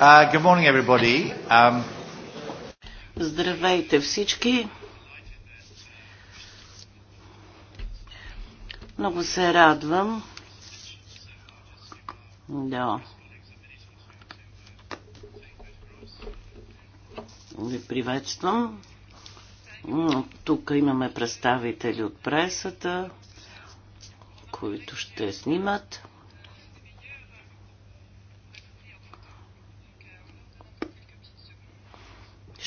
Uh, good morning, everybody. Um, Здравейте всички. Много се радвам. Да. Ви приветствам. Тук имаме представители от пресата, които ще снимат.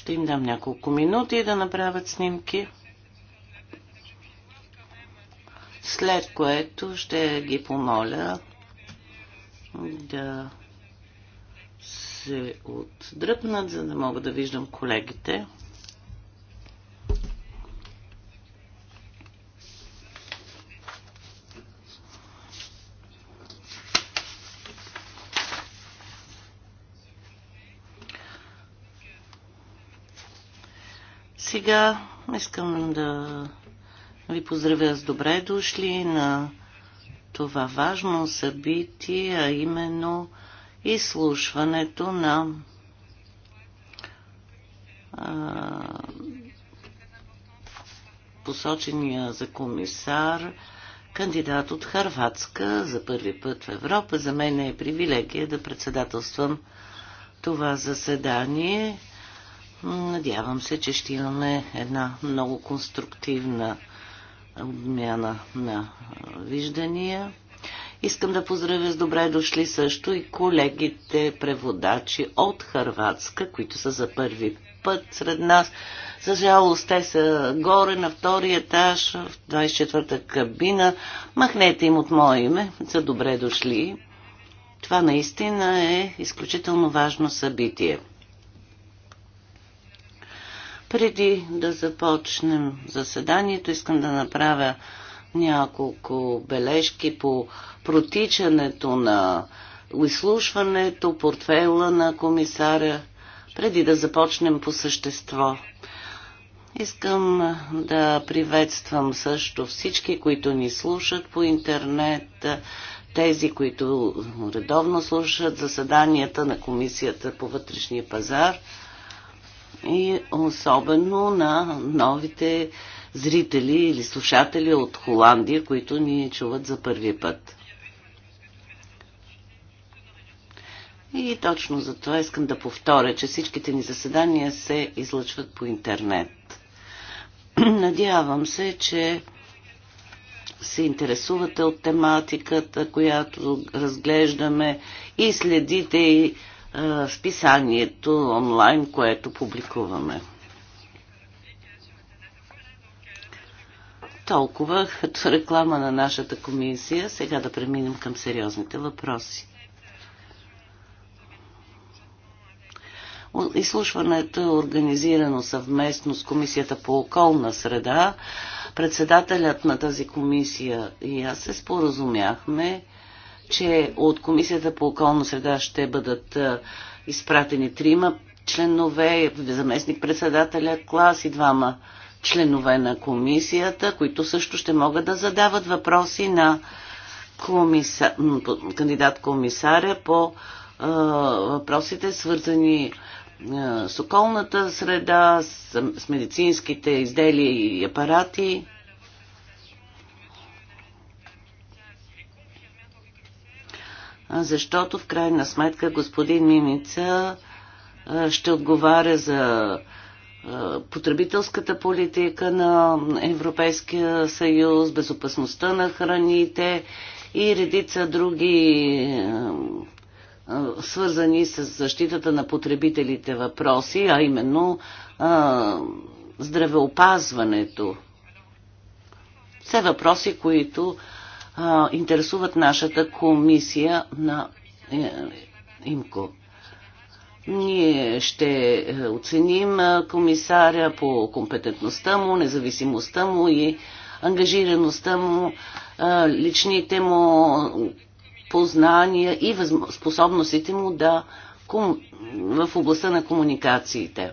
Ще им дам няколко минути да направят снимки, след което ще ги помоля да се отдръпнат, за да мога да виждам колегите. Сега искам да ви поздравя с добре дошли на това важно събитие, а именно изслушването на а, посочения за комисар кандидат от Харватска за първи път в Европа. За мен е привилегия да председателствам това заседание. Надявам се, че ще имаме една много конструктивна обмяна на виждания. Искам да поздравя с добре дошли също и колегите преводачи от Харватска, които са за първи път сред нас. За жалост те са горе на втория етаж, в 24-та кабина. Махнете им от мое име, са добре дошли. Това наистина е изключително важно събитие. Преди да започнем заседанието, искам да направя няколко бележки по протичането на изслушването, портфела на комисаря, преди да започнем по същество. Искам да приветствам също всички, които ни слушат по интернет, тези, които редовно слушат заседанията на Комисията по вътрешния пазар – и особено на новите зрители или слушатели от Холандия, които ни чуват за първи път. И точно за това искам да повторя, че всичките ни заседания се излъчват по интернет. Надявам се, че се интересувате от тематиката, която разглеждаме и следите и списанието онлайн, което публикуваме. Толкова като реклама на нашата комисия. Сега да преминем към сериозните въпроси. Изслушването е организирано съвместно с Комисията по околна среда. Председателят на тази комисия и аз се споразумяхме че от Комисията по околна среда ще бъдат изпратени трима членове, заместник председателя клас и двама членове на комисията, които също ще могат да задават въпроси на комиса... кандидат-комисаря по е, въпросите свързани е, с околната среда, с, с медицинските изделия и апарати. защото в крайна сметка господин миница ще отговаря за потребителската политика на Европейския съюз, безопасността на храните и редица други свързани с защитата на потребителите въпроси, а именно здравеопазването. Все въпроси, които а, интересуват нашата комисия на е, ИМКО. Ние ще е, оценим комисаря по компетентността му, независимостта му и ангажираността му, личните му познания и способностите му да в областта на комуникациите.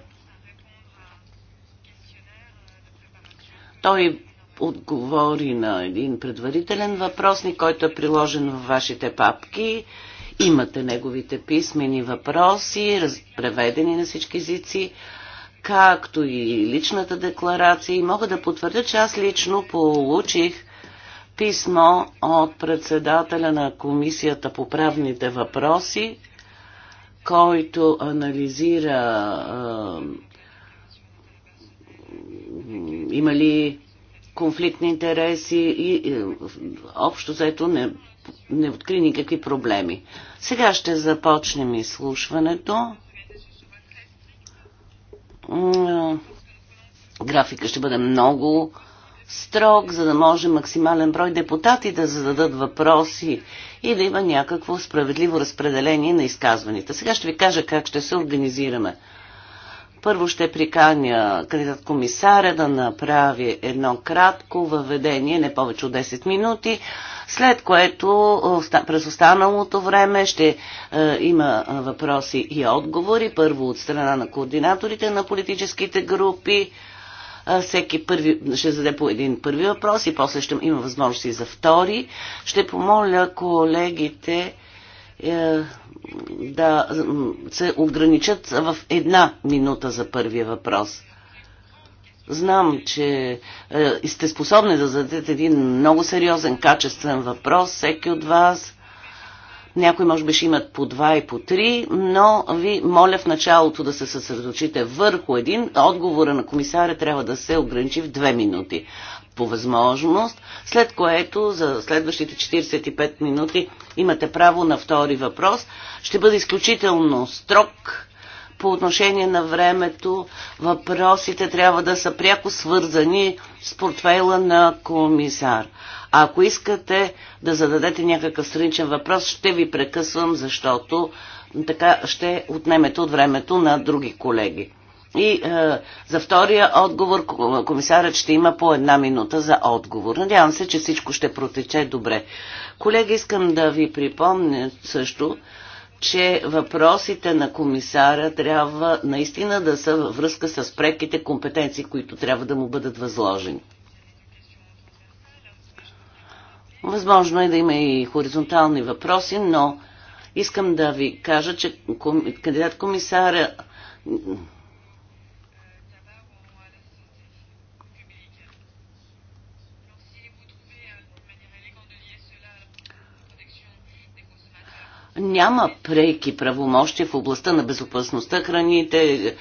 Той отговори на един предварителен въпросник, който е приложен в вашите папки. Имате неговите писмени въпроси, преведени на всички езици, както и личната декларация. И мога да потвърдя, че аз лично получих писмо от председателя на Комисията по правните въпроси, който анализира има ли конфликт на интереси и, и общо заето не, не откри никакви проблеми. Сега ще започнем изслушването. Графика ще бъде много строг, за да може максимален брой депутати да зададат въпроси и да има някакво справедливо разпределение на изказваните. Сега ще ви кажа как ще се организираме. Първо ще приканя кандидат комисаря да направи едно кратко въведение, не повече от 10 минути, след което през останалото време ще е, има въпроси и отговори, първо от страна на координаторите на политическите групи. Е, всеки първи, ще заде по един първи въпрос и после ще има възможности за втори. Ще помоля колегите е, да се ограничат в една минута за първия въпрос. Знам, че е, сте способни да зададете един много сериозен, качествен въпрос, всеки от вас. Някои може би ще имат по два и по три, но ви моля в началото да се съсредоточите върху един. Отговора на комисаря трябва да се ограничи в две минути по възможност, след което за следващите 45 минути имате право на втори въпрос. Ще бъде изключително строг по отношение на времето. Въпросите трябва да са пряко свързани с портфейла на комисар. А ако искате да зададете някакъв страничен въпрос, ще ви прекъсвам, защото така ще отнемете от времето на други колеги. И е, за втория отговор комисарът ще има по една минута за отговор. Надявам се, че всичко ще протече добре. Колеги, искам да ви припомня също, че въпросите на комисара трябва наистина да са във връзка с преките компетенции, които трябва да му бъдат възложени. Възможно е да има и хоризонтални въпроси, но искам да ви кажа, че кандидат комисара няма преки правомощи в областта на безопасността храните,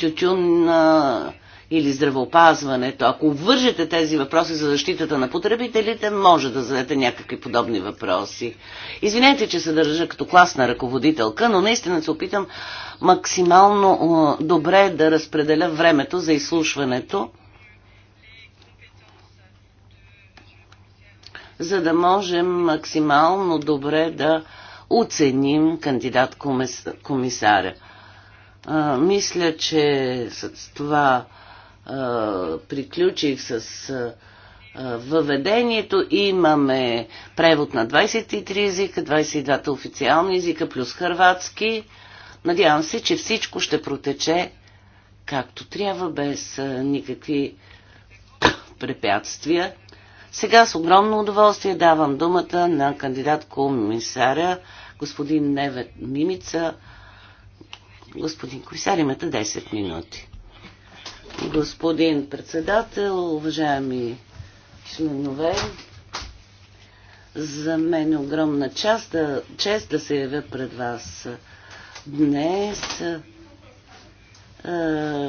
тютюн или здравеопазването. Ако вържете тези въпроси за защитата на потребителите, може да зададете някакви подобни въпроси. Извинете, че се държа като класна ръководителка, но наистина се опитам максимално добре да разпределя времето за изслушването. за да можем максимално добре да оценим кандидат комисаря. мисля, че с това а, приключих с а, въведението. Имаме превод на 23 езика, 22 официални езика, плюс хърватски. Надявам се, че всичко ще протече както трябва, без никакви препятствия. Сега с огромно удоволствие давам думата на кандидат комисаря господин Невет Мимица. Господин комисар, имате 10 минути. Господин председател, уважаеми членове, за мен е огромна част чест да се явя пред вас днес за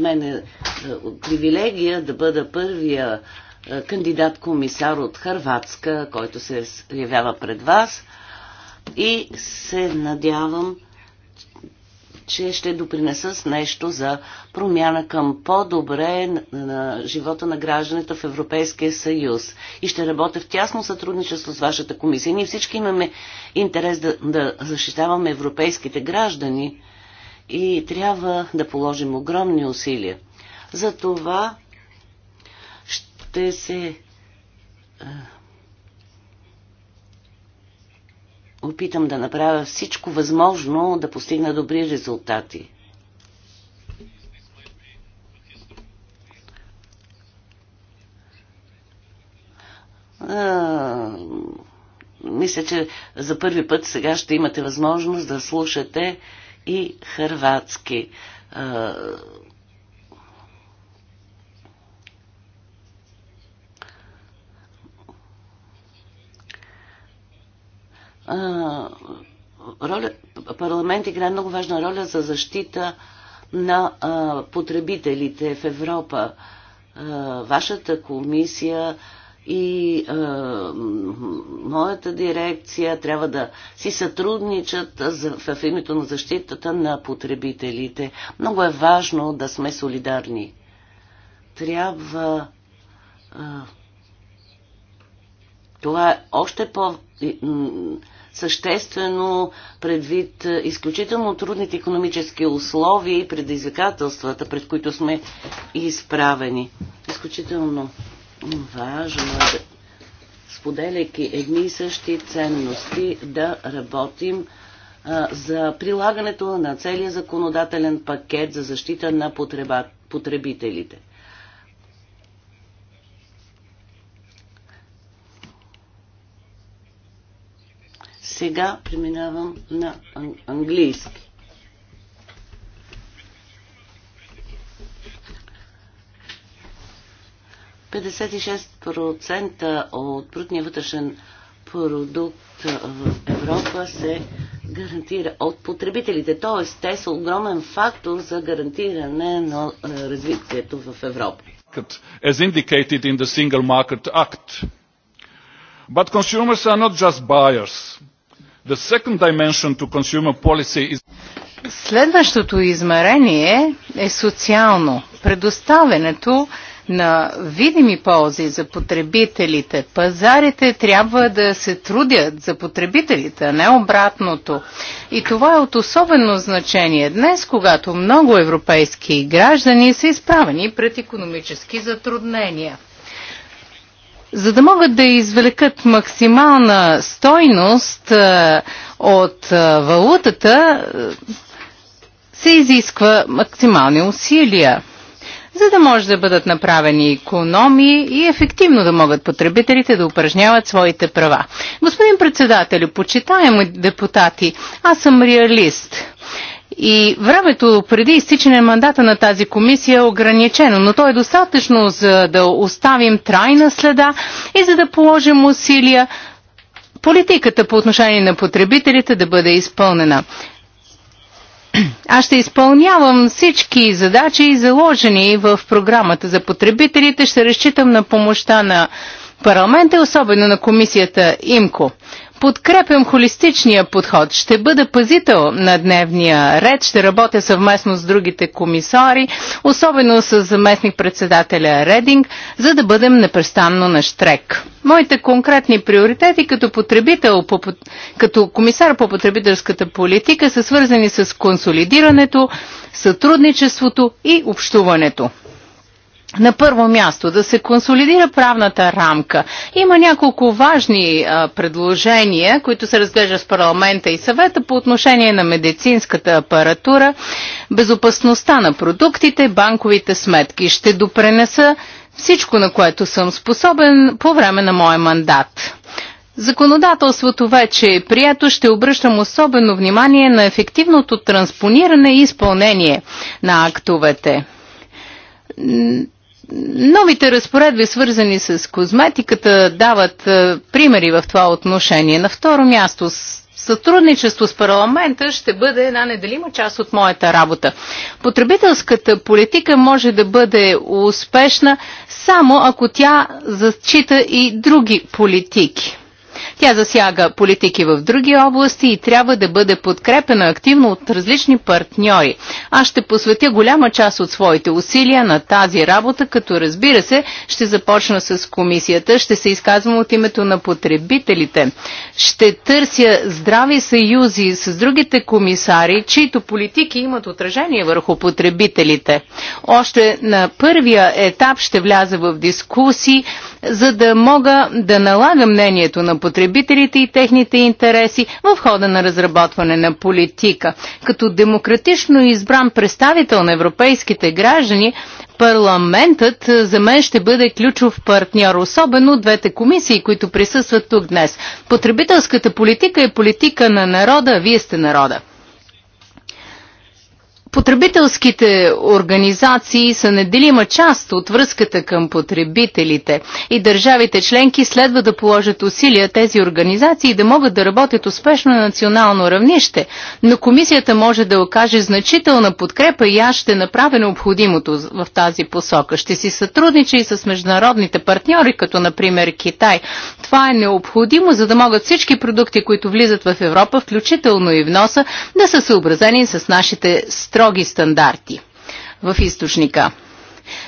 мен е, е привилегия да бъда първия е, кандидат-комисар от Харватска, който се явява пред вас и се надявам че ще допринеса с нещо за промяна към по-добре на живота на гражданите в Европейския съюз. И ще работя в тясно сътрудничество с вашата комисия. Ние всички имаме интерес да, да защитаваме европейските граждани и трябва да положим огромни усилия. За това ще се опитам да направя всичко възможно да постигна добри резултати. А, мисля, че за първи път сега ще имате възможност да слушате и хърватски. А, роля, парламент играе много важна роля за защита на а, потребителите в Европа. А, вашата комисия и а, моята дирекция трябва да си сътрудничат за, в името на защитата на потребителите. Много е важно да сме солидарни. Трябва. А, това е още по съществено предвид е, изключително трудните економически условия и предизвикателствата, пред които сме изправени. Изключително важно е да споделяйки едни и същи ценности, да работим за прилагането на целия законодателен пакет за защита на потреба, потребителите. Сега преминавам на ан- английски. процента от брутния вътрешен продукт в Европа се гарантира от потребителите. Т.е. те са огромен фактор за гарантиране на е, развитието в Европа. As indicated in the Single Market Act. But consumers are not just buyers. Следващото измерение е социално. Предоставянето на видими ползи за потребителите. Пазарите трябва да се трудят за потребителите, а не обратното. И това е от особено значение днес, когато много европейски граждани са изправени пред економически затруднения. За да могат да извлекат максимална стойност е, от е, валутата, е, се изисква максимални усилия за да може да бъдат направени економии и ефективно да могат потребителите да упражняват своите права. Господин председател, почитаеми депутати, аз съм реалист. И времето преди изтичане мандата на тази комисия е ограничено, но то е достатъчно за да оставим трайна следа и за да положим усилия политиката по отношение на потребителите да бъде изпълнена. Аз ще изпълнявам всички задачи, заложени в програмата за потребителите. Ще разчитам на помощта на парламента е, особено на комисията ИМКО. Подкрепям холистичния подход. Ще бъда пазител на дневния ред, ще работя съвместно с другите комисари, особено с заместник председателя Рединг, за да бъдем непрестанно на штрек. Моите конкретни приоритети като, потребител, по, като комисар по потребителската политика са свързани с консолидирането, сътрудничеството и общуването. На първо място да се консолидира правната рамка. Има няколко важни а, предложения, които се разглежда с парламента и съвета по отношение на медицинската апаратура, безопасността на продуктите, банковите сметки. Ще допренеса всичко, на което съм способен по време на моя мандат. Законодателството вече е прието, ще обръщам особено внимание на ефективното транспониране и изпълнение на актовете Новите разпоредби, свързани с козметиката, дават е, примери в това отношение. На второ място, сътрудничество с парламента ще бъде една неделима част от моята работа. Потребителската политика може да бъде успешна само ако тя зачита и други политики. Тя засяга политики в други области и трябва да бъде подкрепена активно от различни партньори. Аз ще посветя голяма част от своите усилия на тази работа, като разбира се, ще започна с комисията, ще се изказвам от името на потребителите. Ще търся здрави съюзи с другите комисари, чието политики имат отражение върху потребителите. Още на първия етап ще вляза в дискусии за да мога да налага мнението на потребителите и техните интереси в хода на разработване на политика. Като демократично избран представител на европейските граждани, парламентът за мен ще бъде ключов партньор, особено двете комисии, които присъстват тук днес. Потребителската политика е политика на народа, а вие сте народа. Потребителските организации са неделима част от връзката към потребителите и държавите членки следва да положат усилия тези организации да могат да работят успешно на национално равнище, но комисията може да окаже значителна подкрепа и аз ще направя необходимото в тази посока. Ще си сътруднича и с международните партньори, като например Китай. Това е необходимо, за да могат всички продукти, които влизат в Европа, включително и вноса, да са съобразени с нашите страни строги стандарти в източника.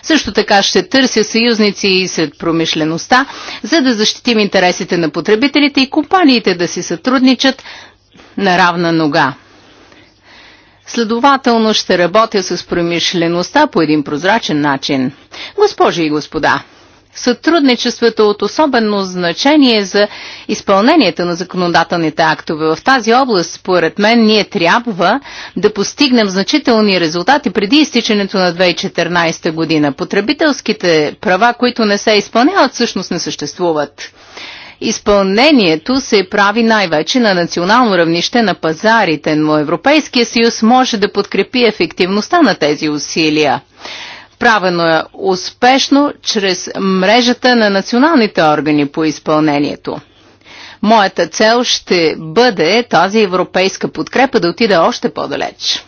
Също така ще търся съюзници и сред промишлеността, за да защитим интересите на потребителите и компаниите да си сътрудничат на равна нога. Следователно ще работя с промишлеността по един прозрачен начин. Госпожи и господа, сътрудничеството е от особено значение за изпълнението на законодателните актове. В тази област, според мен, ние трябва да постигнем значителни резултати преди изтичането на 2014 година. Потребителските права, които не се изпълняват, всъщност не съществуват. Изпълнението се прави най-вече на национално равнище на пазарите, но Европейския съюз може да подкрепи ефективността на тези усилия. Правено е успешно чрез мрежата на националните органи по изпълнението. Моята цел ще бъде тази европейска подкрепа да отида още по-далеч.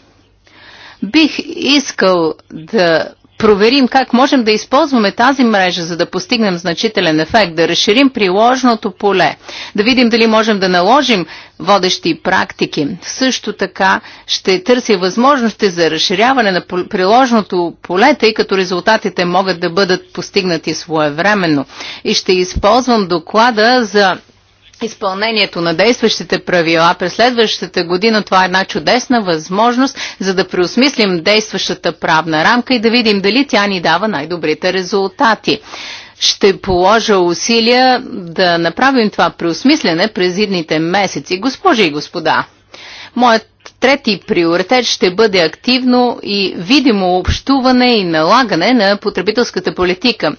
Бих искал да проверим как можем да използваме тази мрежа, за да постигнем значителен ефект, да разширим приложното поле, да видим дали можем да наложим водещи практики. Също така ще търся възможности за разширяване на приложното поле, тъй като резултатите могат да бъдат постигнати своевременно. И ще използвам доклада за изпълнението на действащите правила през следващата година, това е една чудесна възможност, за да преосмислим действащата правна рамка и да видим дали тя ни дава най-добрите резултати. Ще положа усилия да направим това преосмислене през идните месеци. Госпожи и господа, моят Трети приоритет ще бъде активно и видимо общуване и налагане на потребителската политика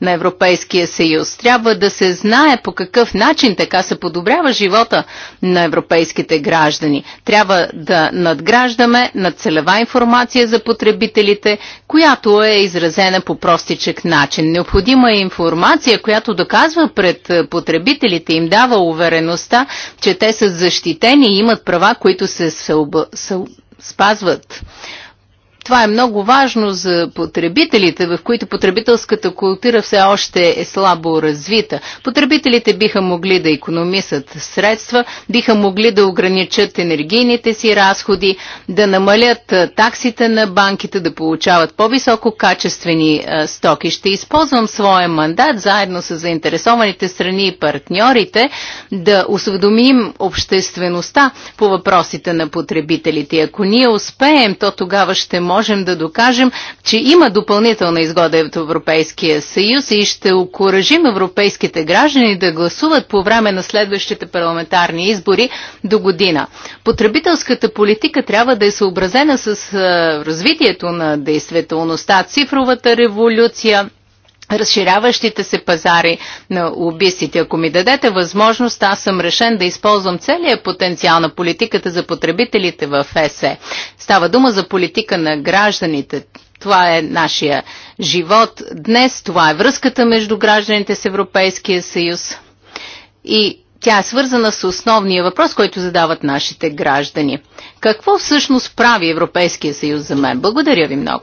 на Европейския съюз. Трябва да се знае по какъв начин така се подобрява живота на европейските граждани. Трябва да надграждаме на целева информация за потребителите, която е изразена по простичък начин. Необходима е информация, която доказва пред потребителите, им дава увереността, че те са защитени и имат права, които се съобразяват спазват това е много важно за потребителите, в които потребителската култура все още е слабо развита. Потребителите биха могли да економисат средства, биха могли да ограничат енергийните си разходи, да намалят таксите на банките, да получават по-високо качествени стоки. Ще използвам своя мандат заедно с заинтересованите страни и партньорите да осведомим обществеността по въпросите на потребителите. Ако ние успеем, то тогава ще можем да докажем, че има допълнителна изгода в Европейския съюз и ще окоръжим европейските граждани да гласуват по време на следващите парламентарни избори до година. Потребителската политика трябва да е съобразена с развитието на действителността, цифровата революция, разширяващите се пазари на убийците. Ако ми дадете възможност, аз съм решен да използвам целият потенциал на политиката за потребителите в ЕСЕ. Става дума за политика на гражданите. Това е нашия живот днес, това е връзката между гражданите с Европейския съюз. И тя е свързана с основния въпрос, който задават нашите граждани. Какво всъщност прави Европейския съюз за мен? Благодаря ви много.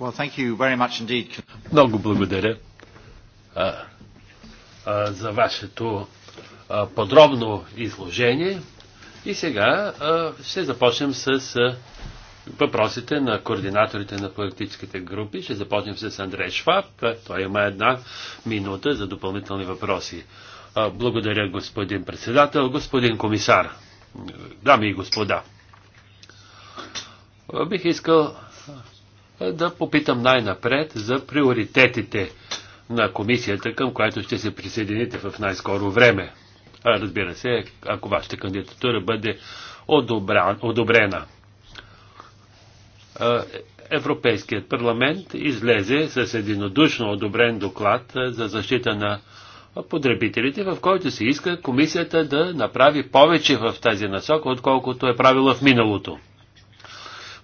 Well, thank you very much indeed. Много благодаря а, а, за вашето а, подробно изложение. И сега а, ще започнем с а, въпросите на координаторите на политическите групи. Ще започнем с Андрей Шваб. Той има една минута за допълнителни въпроси. А, благодаря, господин председател, господин комисар, дами и господа. Бих искал да попитам най-напред за приоритетите на комисията, към която ще се присъедините в най-скоро време. Разбира се, ако вашата кандидатура бъде одобрена. Европейският парламент излезе с единодушно одобрен доклад за защита на потребителите, в който се иска комисията да направи повече в тази насока, отколкото е правила в миналото.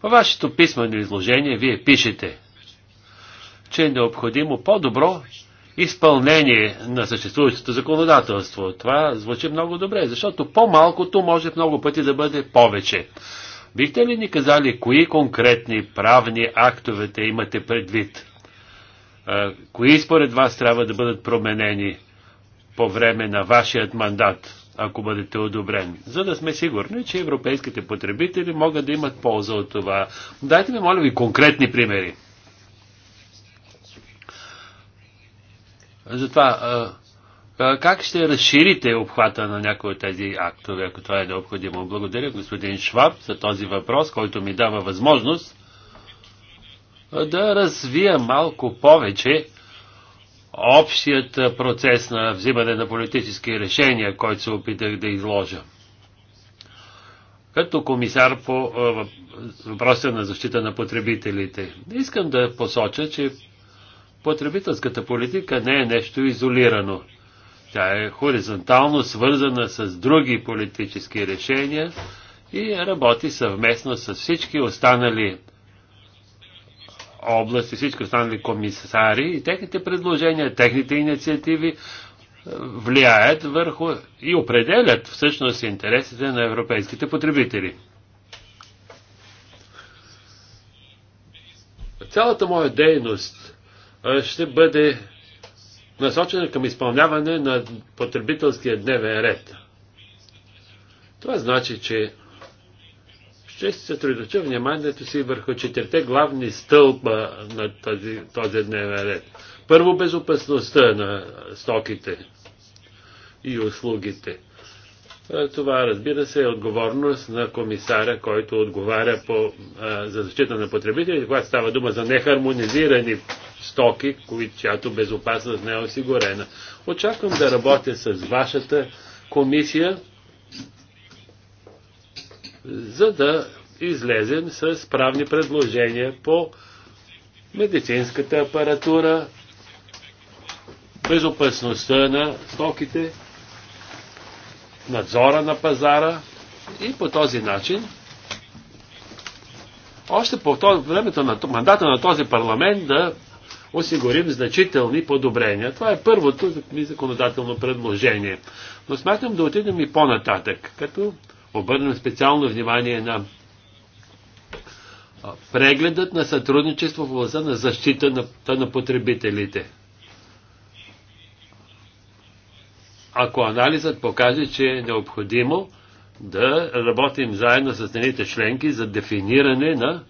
Във вашето писмено изложение вие пишете, че е необходимо по-добро изпълнение на съществуващото законодателство. Това звучи много добре, защото по-малкото може много пъти да бъде повече. Бихте ли ни казали кои конкретни правни актовете имате предвид? Кои според вас трябва да бъдат променени по време на вашият мандат? ако бъдете одобрени. За да сме сигурни, че европейските потребители могат да имат полза от това. Дайте ми, моля ви, конкретни примери. Затова, как ще разширите обхвата на някои от тези актове, ако това е необходимо? Благодаря господин Шваб за този въпрос, който ми дава възможност да развия малко повече общият процес на взимане на политически решения, който се опитах да изложа. Като комисар по въпроса на защита на потребителите, искам да посоча, че потребителската политика не е нещо изолирано. Тя е хоризонтално свързана с други политически решения и работи съвместно с всички останали област и всички останали комисари и техните предложения, техните инициативи е, влияят върху и определят всъщност интересите на европейските потребители. Цялата моя дейност е, ще бъде насочена към изпълняване на потребителския дневен ред. Това значи, че ще се съсредоточа вниманието си върху четирите главни стълба на този, този дневен ред. Първо, безопасността на стоките и услугите. Това, разбира се, е отговорност на комисаря, който отговаря по, а, за защита на потребителите, когато става дума за нехармонизирани стоки, които чиято безопасност не е осигурена. Очаквам да работя с вашата комисия за да излезем с правни предложения по медицинската апаратура, безопасността на стоките, надзора на пазара и по този начин още по времето на мандата на този парламент да осигурим значителни подобрения. Това е първото ми законодателно предложение. Но смятам да отидем и по-нататък, като обърнем специално внимание на прегледът на сътрудничество в областта на защита на, на потребителите. Ако анализът покаже, че е необходимо да работим заедно с страните членки за дефиниране на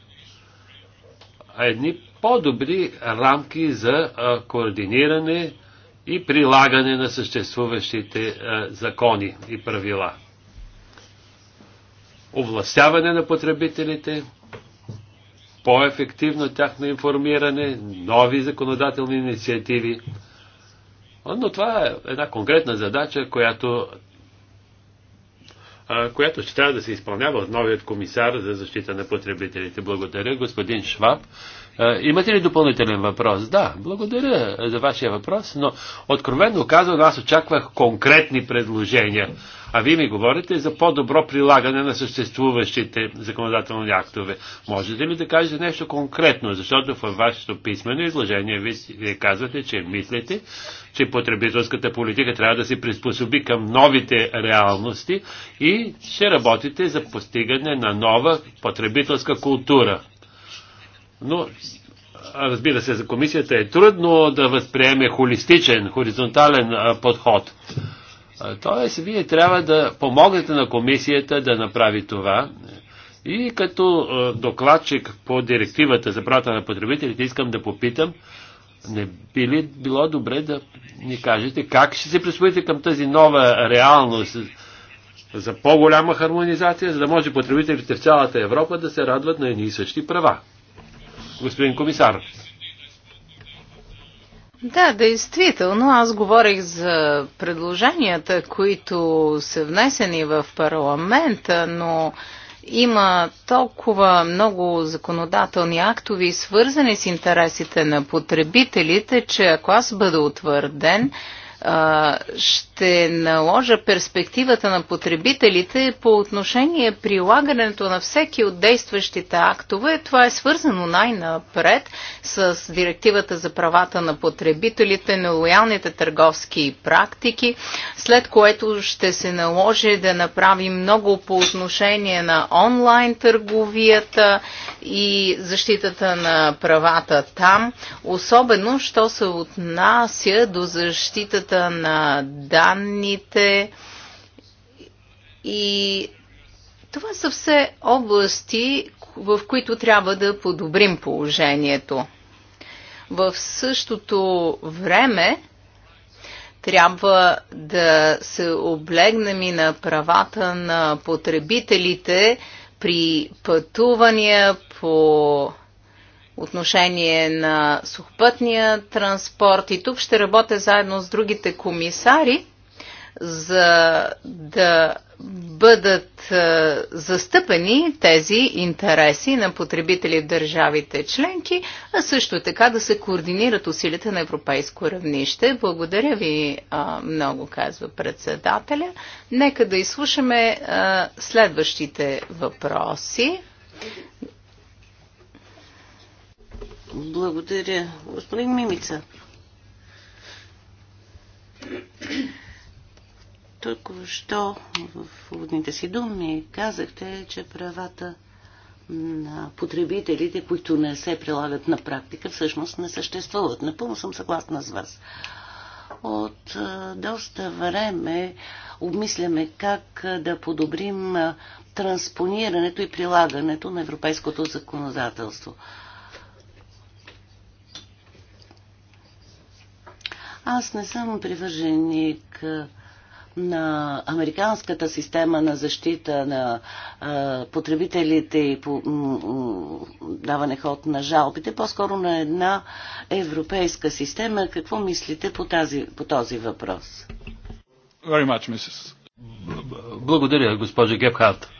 едни по-добри рамки за координиране и прилагане на съществуващите закони и правила овластяване на потребителите, по-ефективно тяхно информиране, нови законодателни инициативи. Но това е една конкретна задача, която, която ще трябва да се изпълнява от новият комисар за защита на потребителите. Благодаря, господин Шваб. Е, имате ли допълнителен въпрос? Да, благодаря за вашия въпрос, но откровенно казвам, аз очаквах конкретни предложения. А вие ми говорите за по-добро прилагане на съществуващите законодателни актове. Можете ли да кажете нещо конкретно? Защото във вашето писмено изложение вие, вие казвате, че мислите, че потребителската политика трябва да се приспособи към новите реалности и ще работите за постигане на нова потребителска култура. Но, разбира се, за комисията е трудно да възприеме холистичен, хоризонтален подход. Тоест, вие трябва да помогнете на комисията да направи това. И като докладчик по директивата за правата на потребителите искам да попитам, не би ли било добре да ни кажете как ще се присвоите към тази нова реалност за по-голяма хармонизация, за да може потребителите в цялата Европа да се радват на едни и същи права? господин комисар. Да, действително. Аз говорих за предложенията, които са внесени в парламента, но има толкова много законодателни актови, свързани с интересите на потребителите, че ако аз бъда утвърден, ще наложа перспективата на потребителите по отношение прилагането на всеки от действащите актове. Това е свързано най-напред с директивата за правата на потребителите, нелоялните търговски практики, след което ще се наложи да направим много по отношение на онлайн търговията и защитата на правата там, особено що се отнася до защитата защита на данните и това са все области, в които трябва да подобрим положението. В същото време трябва да се облегнем и на правата на потребителите при пътувания по отношение на сухопътния транспорт. И тук ще работя заедно с другите комисари, за да бъдат е, застъпени тези интереси на потребители в държавите членки, а също така да се координират усилите на европейско равнище. Благодаря ви е, много, казва председателя. Нека да изслушаме е, следващите въпроси. Благодаря. Господин Мимица. Тук, що в водните си думи казахте, че правата на потребителите, които не се прилагат на практика, всъщност не съществуват. Напълно съм съгласна с вас. От доста време обмисляме как да подобрим транспонирането и прилагането на европейското законодателство. Аз не съм привърженик на американската система на защита на а, потребителите и по, даване ход на жалбите, по-скоро на една европейска система. Какво мислите по, тази, по този въпрос? Very much, Mrs. Благодаря, госпожо Гепхарт.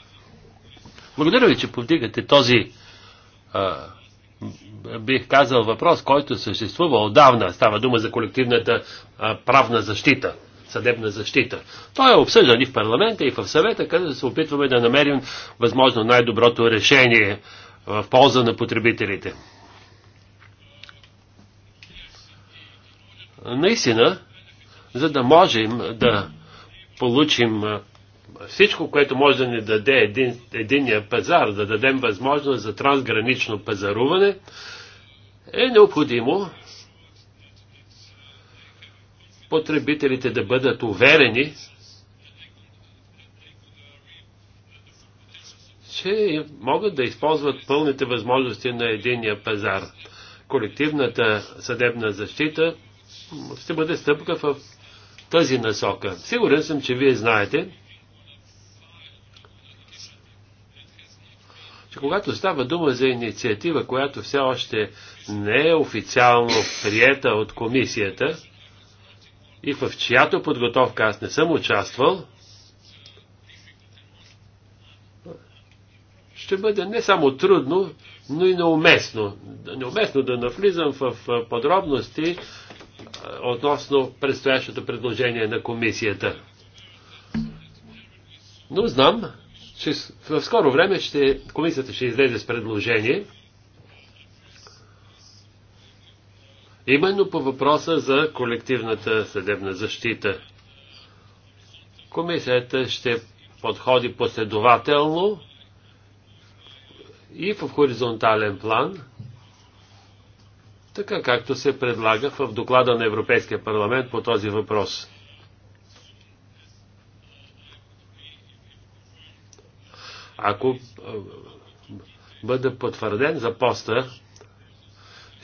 Благодаря ви, че повдигате този а, бих казал, въпрос, който съществува отдавна. Става дума за колективната а, правна защита, съдебна защита. Той е обсъждан и в парламента, и в съвета, където се опитваме да намерим възможно най-доброто решение в полза на потребителите. Наистина, за да можем да получим всичко, което може да ни даде един, единния пазар, да дадем възможност за трансгранично пазаруване, е необходимо потребителите да бъдат уверени, че могат да използват пълните възможности на единия пазар. Колективната съдебна защита ще бъде стъпка в тази насока. Сигурен съм, че вие знаете, че когато става дума за инициатива, която все още не е официално приета от комисията и в чиято подготовка аз не съм участвал, ще бъде не само трудно, но и неуместно. Неуместно да навлизам в подробности относно предстоящото предложение на комисията. Но знам, че в скоро време ще, комисията ще излезе с предложение, именно по въпроса за колективната съдебна защита. Комисията ще подходи последователно и в хоризонтален план, така както се предлага в доклада на Европейския парламент по този въпрос. Ако е, бъда потвърден за поста,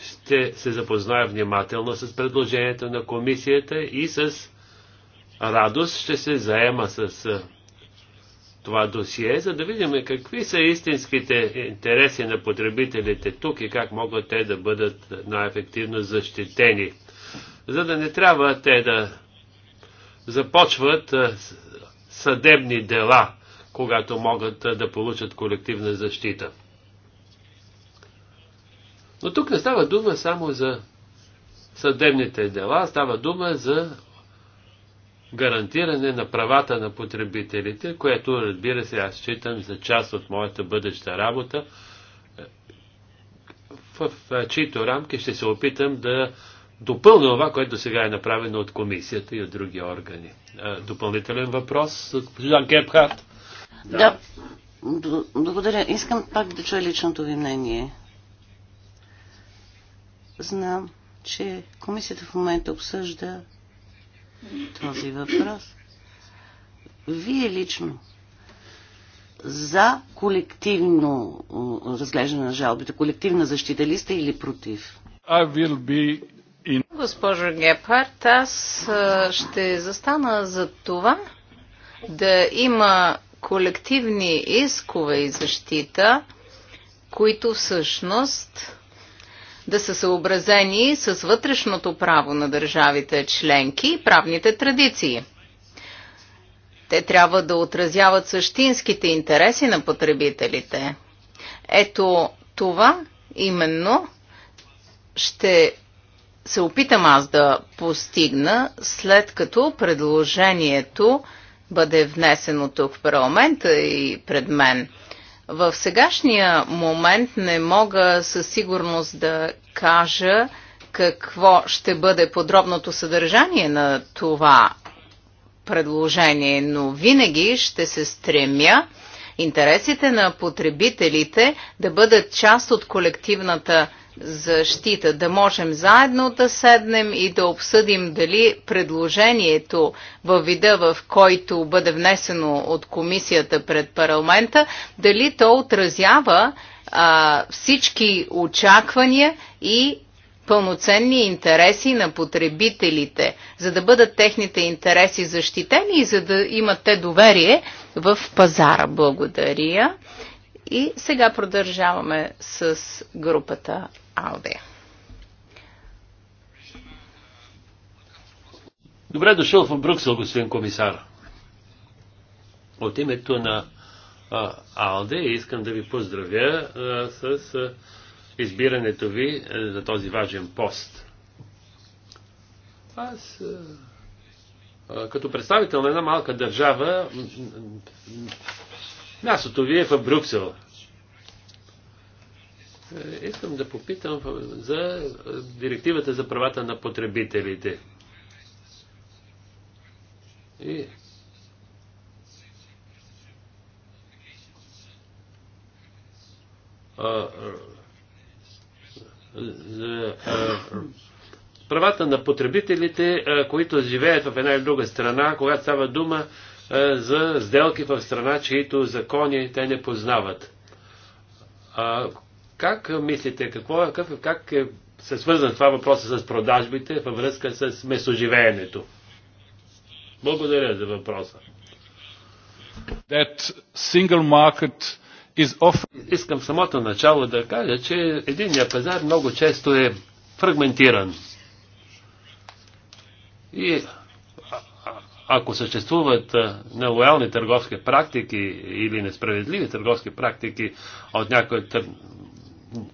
ще се запозная внимателно с предложението на комисията и с радост ще се заема с е, това досие, за да видим какви са истинските интереси на потребителите тук и как могат те да бъдат най-ефективно защитени. За да не трябва те да започват е, съдебни дела когато могат да получат колективна защита. Но тук не става дума само за съдебните дела, става дума за гарантиране на правата на потребителите, което разбира се аз считам за част от моята бъдеща работа, е, в чието рамки ще се опитам да допълня това, което сега е направено от комисията и от други органи. Е, допълнителен въпрос от Жан Гебхарт. Да. да. Благодаря. Искам пак да чуя личното ви мнение. Знам, че комисията в момента обсъжда този въпрос. Вие лично за колективно разглеждане на жалбите, колективна защита ли сте или против? In... Госпожо Гепхарт, аз ще застана за това да има колективни искове и защита, които всъщност да са съобразени с вътрешното право на държавите членки и правните традиции. Те трябва да отразяват същинските интереси на потребителите. Ето това именно ще се опитам аз да постигна, след като предложението бъде внесено тук в парламента и пред мен. В сегашния момент не мога със сигурност да кажа какво ще бъде подробното съдържание на това предложение, но винаги ще се стремя интересите на потребителите да бъдат част от колективната защита, да можем заедно да седнем и да обсъдим дали предложението във вида, в който бъде внесено от комисията пред парламента, дали то отразява а, всички очаквания и пълноценни интереси на потребителите, за да бъдат техните интереси защитени и за да имат те доверие в пазара. Благодаря. И сега продължаваме с групата Алде. Добре дошъл в Брюксел, господин комисар. От името на а, Алде искам да ви поздравя а, с а, избирането ви а, за този важен пост. Аз а, като представител на една малка държава Мястото ви е в Брюксел. Е, искам да попитам за директивата за правата на потребителите. И правата на потребителите, които живеят в една или друга страна, когато става дума е, за сделки в страна, чието закони те не познават. А, как мислите, какво, е как е, се свързан това въпроса с продажбите във връзка с месоживеенето? Благодаря за въпроса. That single market is often... Искам самото начало да кажа, че единният пазар много често е фрагментиран. И ако съществуват нелоялни търговски практики или несправедливи търговски практики от някои тър...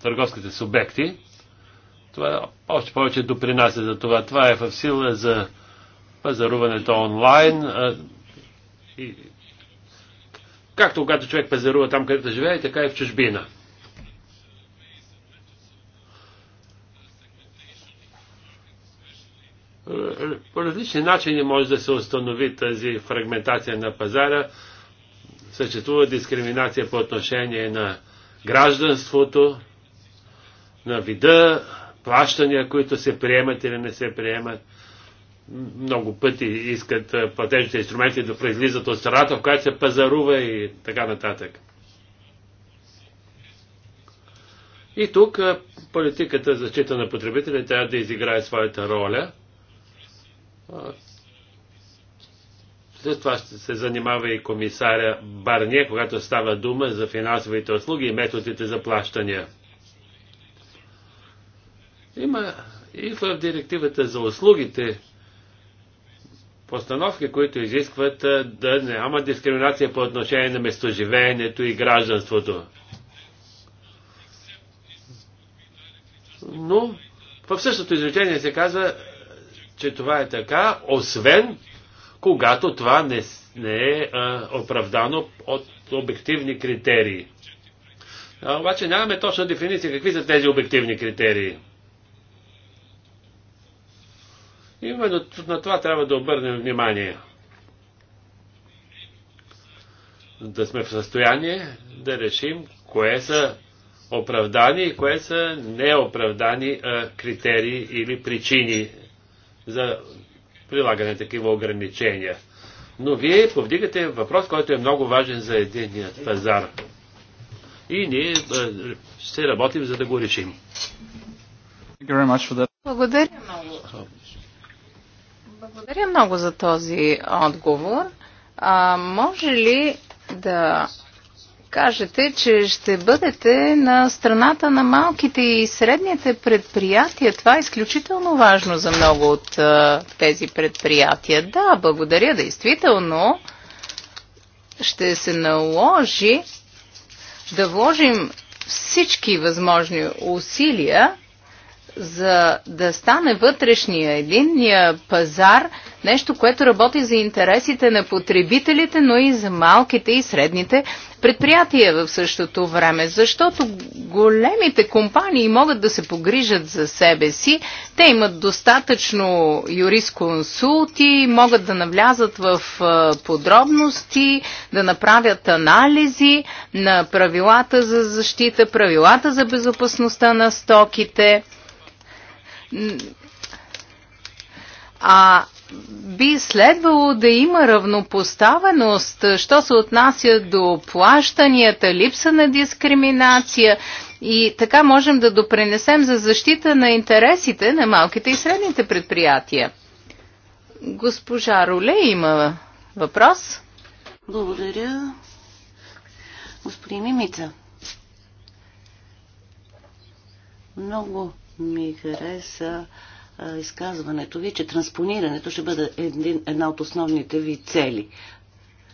търговските субекти, това още повече допринася за това. Това е в сила за пазаруването онлайн. А, и, както когато човек пазарува там, където живее, така и в чужбина. По различни начини може да се установи тази фрагментация на пазара. Съществува дискриминация по отношение на гражданството, на вида, плащания, които се приемат или не се приемат. Много пъти искат платежните инструменти да произлизат от страната, в която се пазарува и така нататък. И тук политиката за защита на потребителя трябва да изиграе своята роля – след това ще се занимава и комисаря Барне, когато става дума за финансовите услуги и методите за плащания. Има и в директивата за услугите постановки, които изискват да няма дискриминация по отношение на местоживеенето и гражданството. Но в същото изречение се казва, че това е така, освен когато това не, не е а, оправдано от обективни критерии. А, обаче нямаме точна дефиниция какви са тези обективни критерии. Именно на това трябва да обърнем внимание. Да сме в състояние да решим кое са оправдани и кое са неоправдани а, критерии или причини за прилагане на такива ограничения. Но вие повдигате въпрос, който е много важен за единият пазар. И ние ще работим, за да го решим. Благодаря много. Благодаря много за този отговор. А, може ли да кажете, че ще бъдете на страната на малките и средните предприятия. Това е изключително важно за много от а, тези предприятия. Да, благодаря, действително ще се наложи да вложим всички възможни усилия, за да стане вътрешния единния пазар нещо, което работи за интересите на потребителите, но и за малките и средните предприятия предприятия в същото време, защото големите компании могат да се погрижат за себе си, те имат достатъчно юрисконсулти, могат да навлязат в подробности, да направят анализи на правилата за защита, правилата за безопасността на стоките. А би следвало да има равнопоставеност, що се отнася до плащанията, липса на дискриминация и така можем да допренесем за защита на интересите на малките и средните предприятия. Госпожа Роле има въпрос. Благодаря. Господин Мимица. Много ми хареса изказването ви, че транспонирането ще бъде един, една от основните ви цели.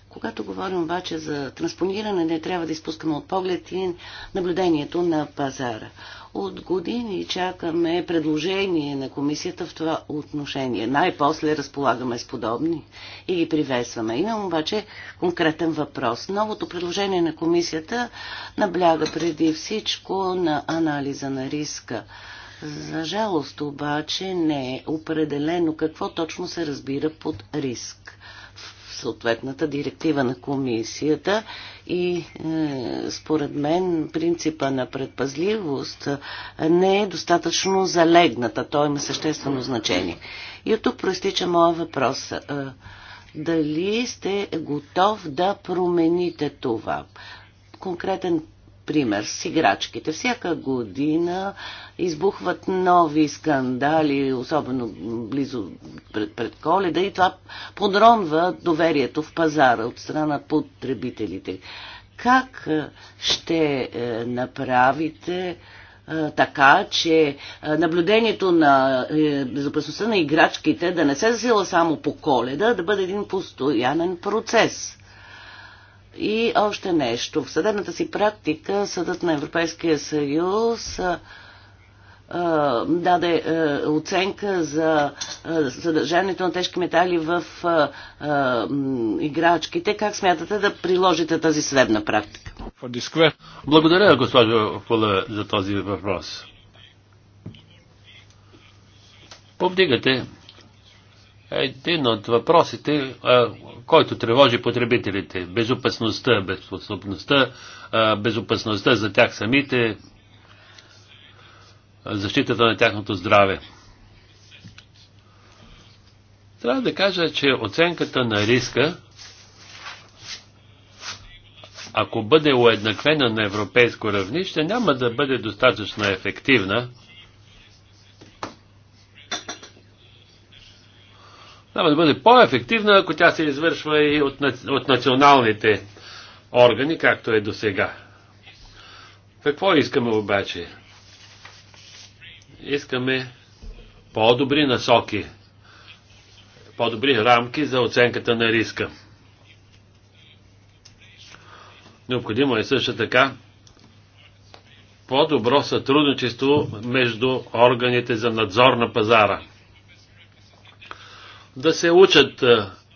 Когато говорим обаче за транспониране, не трябва да изпускаме от поглед и наблюдението на пазара. От години чакаме предложение на комисията в това отношение. Най-после разполагаме с подобни и ги приветстваме. Имам обаче конкретен въпрос. Новото предложение на комисията набляга преди всичко на анализа на риска за жалост обаче не е определено какво точно се разбира под риск в съответната директива на комисията и е, според мен принципа на предпазливост е, не е достатъчно залегната. Той има съществено значение. И от тук проистича моя въпрос. Е, дали сте готов да промените това? конкретен пример с играчките. Всяка година избухват нови скандали, особено близо пред, пред коледа и това подронва доверието в пазара от страна на потребителите. Как е, ще е, направите е, така, че наблюдението на безопасността на играчките да не се засила само по коледа, да бъде един постоянен процес? И още нещо. В съдебната си практика Съдът на Европейския съюз даде оценка за съдържанието на тежки метали в играчките. Как смятате да приложите тази съдебна практика? Благодаря, госпожо Фула, за този въпрос. Повдигате един от въпросите, който тревожи потребителите. Безопасността, безопасността, безопасността за тях самите, защитата на тяхното здраве. Трябва да кажа, че оценката на риска, ако бъде уеднаквена на европейско равнище, няма да бъде достатъчно ефективна, трябва да бъде по-ефективна, ако тя се извършва и от, от националните органи, както е до сега. Какво искаме обаче? Искаме по-добри насоки, по-добри рамки за оценката на риска. Необходимо е също така по-добро сътрудничество между органите за надзор на пазара – да се учат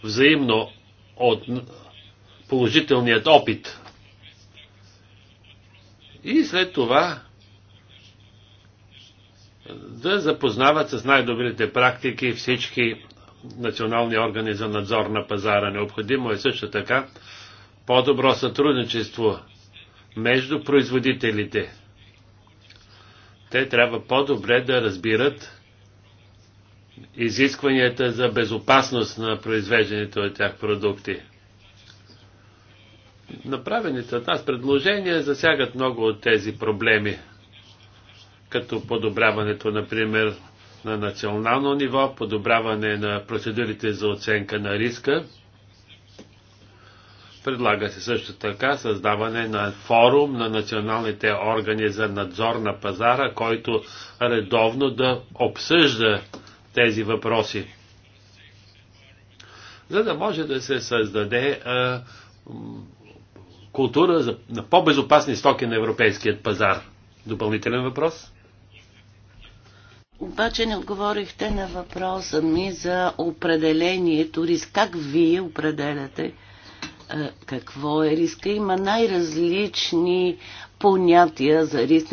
взаимно от положителният опит. И след това да запознават с най-добрите практики всички национални органи за надзор на пазара. Необходимо е също така по-добро сътрудничество между производителите. Те трябва по-добре да разбират изискванията за безопасност на произвеждането от тях продукти. Направените от нас предложения засягат много от тези проблеми, като подобряването, например, на национално ниво, подобряване на процедурите за оценка на риска. Предлага се също така създаване на форум на националните органи за надзор на пазара, който редовно да обсъжда тези въпроси, за да може да се създаде а, култура за, на по-безопасни стоки на европейският пазар. Допълнителен въпрос? Обаче не отговорихте на въпроса ми за определението риск. Как вие определяте е, какво е риска. Има най-различни понятия за риск.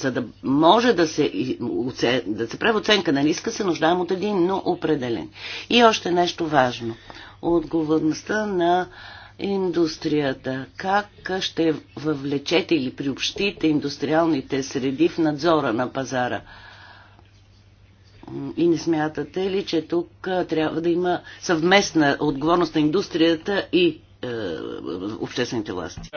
За да може да се, да се прави оценка на риска, се нуждаем от един, но определен. И още нещо важно. Отговорността на индустрията. Как ще въвлечете или приобщите индустриалните среди в надзора на пазара? И не смятате ли, че тук трябва да има съвместна отговорност на индустрията и е, обществените власти?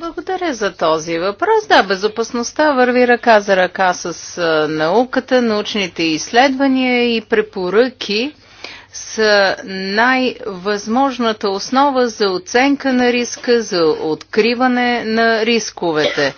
Благодаря за този въпрос. Да, безопасността върви ръка за ръка с науката, научните изследвания и препоръки с най-възможната основа за оценка на риска, за откриване на рисковете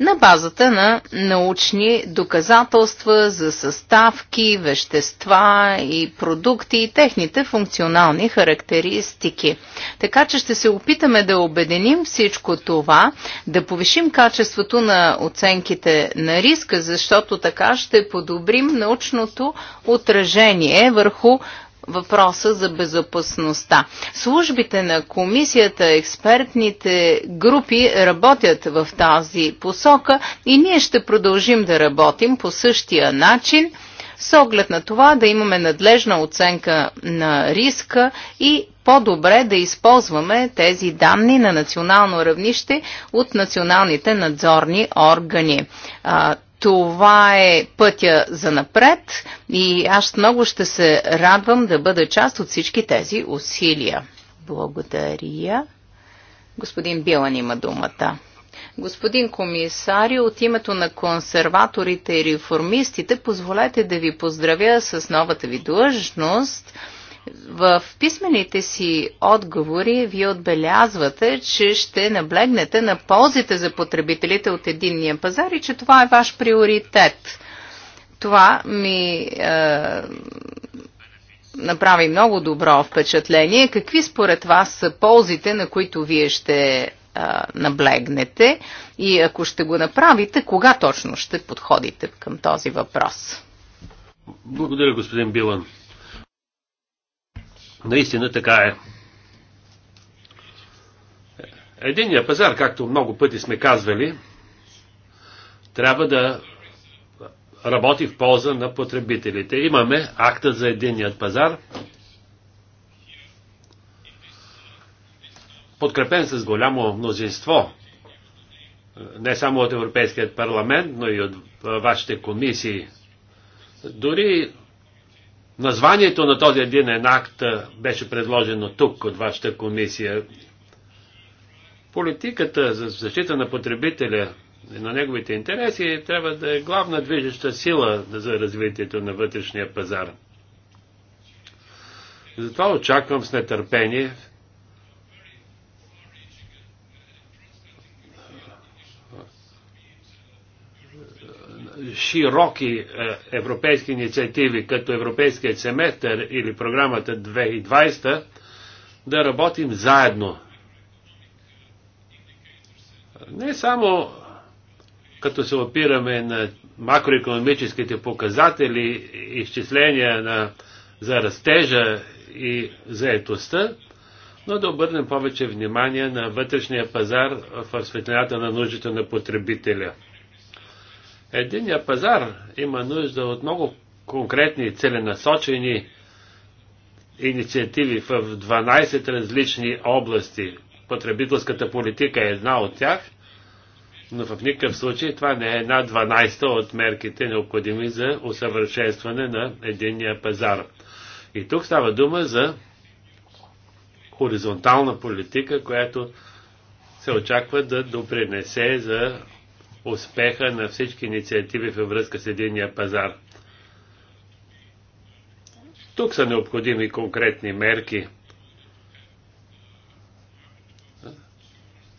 на базата на научни доказателства за съставки, вещества и продукти и техните функционални характеристики. Така че ще се опитаме да обединим всичко това, да повишим качеството на оценките на риска, защото така ще подобрим научното отражение върху въпроса за безопасността. Службите на комисията, експертните групи работят в тази посока и ние ще продължим да работим по същия начин с оглед на това да имаме надлежна оценка на риска и по-добре да използваме тези данни на национално равнище от националните надзорни органи. А, това е пътя за напред и аз много ще се радвам да бъда част от всички тези усилия. Благодаря. Господин Билан има думата. Господин комисари, от името на консерваторите и реформистите, позволете да ви поздравя с новата ви длъжност – в писмените си отговори вие отбелязвате, че ще наблегнете на ползите за потребителите от единния пазар и че това е ваш приоритет. Това ми е, направи много добро впечатление. Какви според вас са ползите, на които вие ще е, наблегнете и ако ще го направите, кога точно ще подходите към този въпрос? Благодаря, господин Билан. Наистина така е. Единия пазар, както много пъти сме казвали, трябва да работи в полза на потребителите. Имаме акта за единият пазар, подкрепен с голямо мнозинство, не само от Европейският парламент, но и от вашите комисии. Дори Названието на този един акт беше предложено тук от вашата комисия. Политиката за защита на потребителя и на неговите интереси трябва да е главна движеща сила за развитието на вътрешния пазар. Затова очаквам с нетърпение широки е, европейски инициативи, като Европейският семестър или програмата 2020, да работим заедно. Не само като се опираме на макроекономическите показатели, изчисления на, за растежа и заетостта, но да обърнем повече внимание на вътрешния пазар в светлината на нуждите на потребителя – Единият пазар има нужда от много конкретни, целенасочени инициативи в 12 различни области. Потребителската политика е една от тях, но в никакъв случай това не е една 12 та от мерките необходими за усъвършенстване на единния пазар. И тук става дума за хоризонтална политика, която се очаква да допринесе за успеха на всички инициативи във връзка с единия пазар. Тук са необходими конкретни мерки,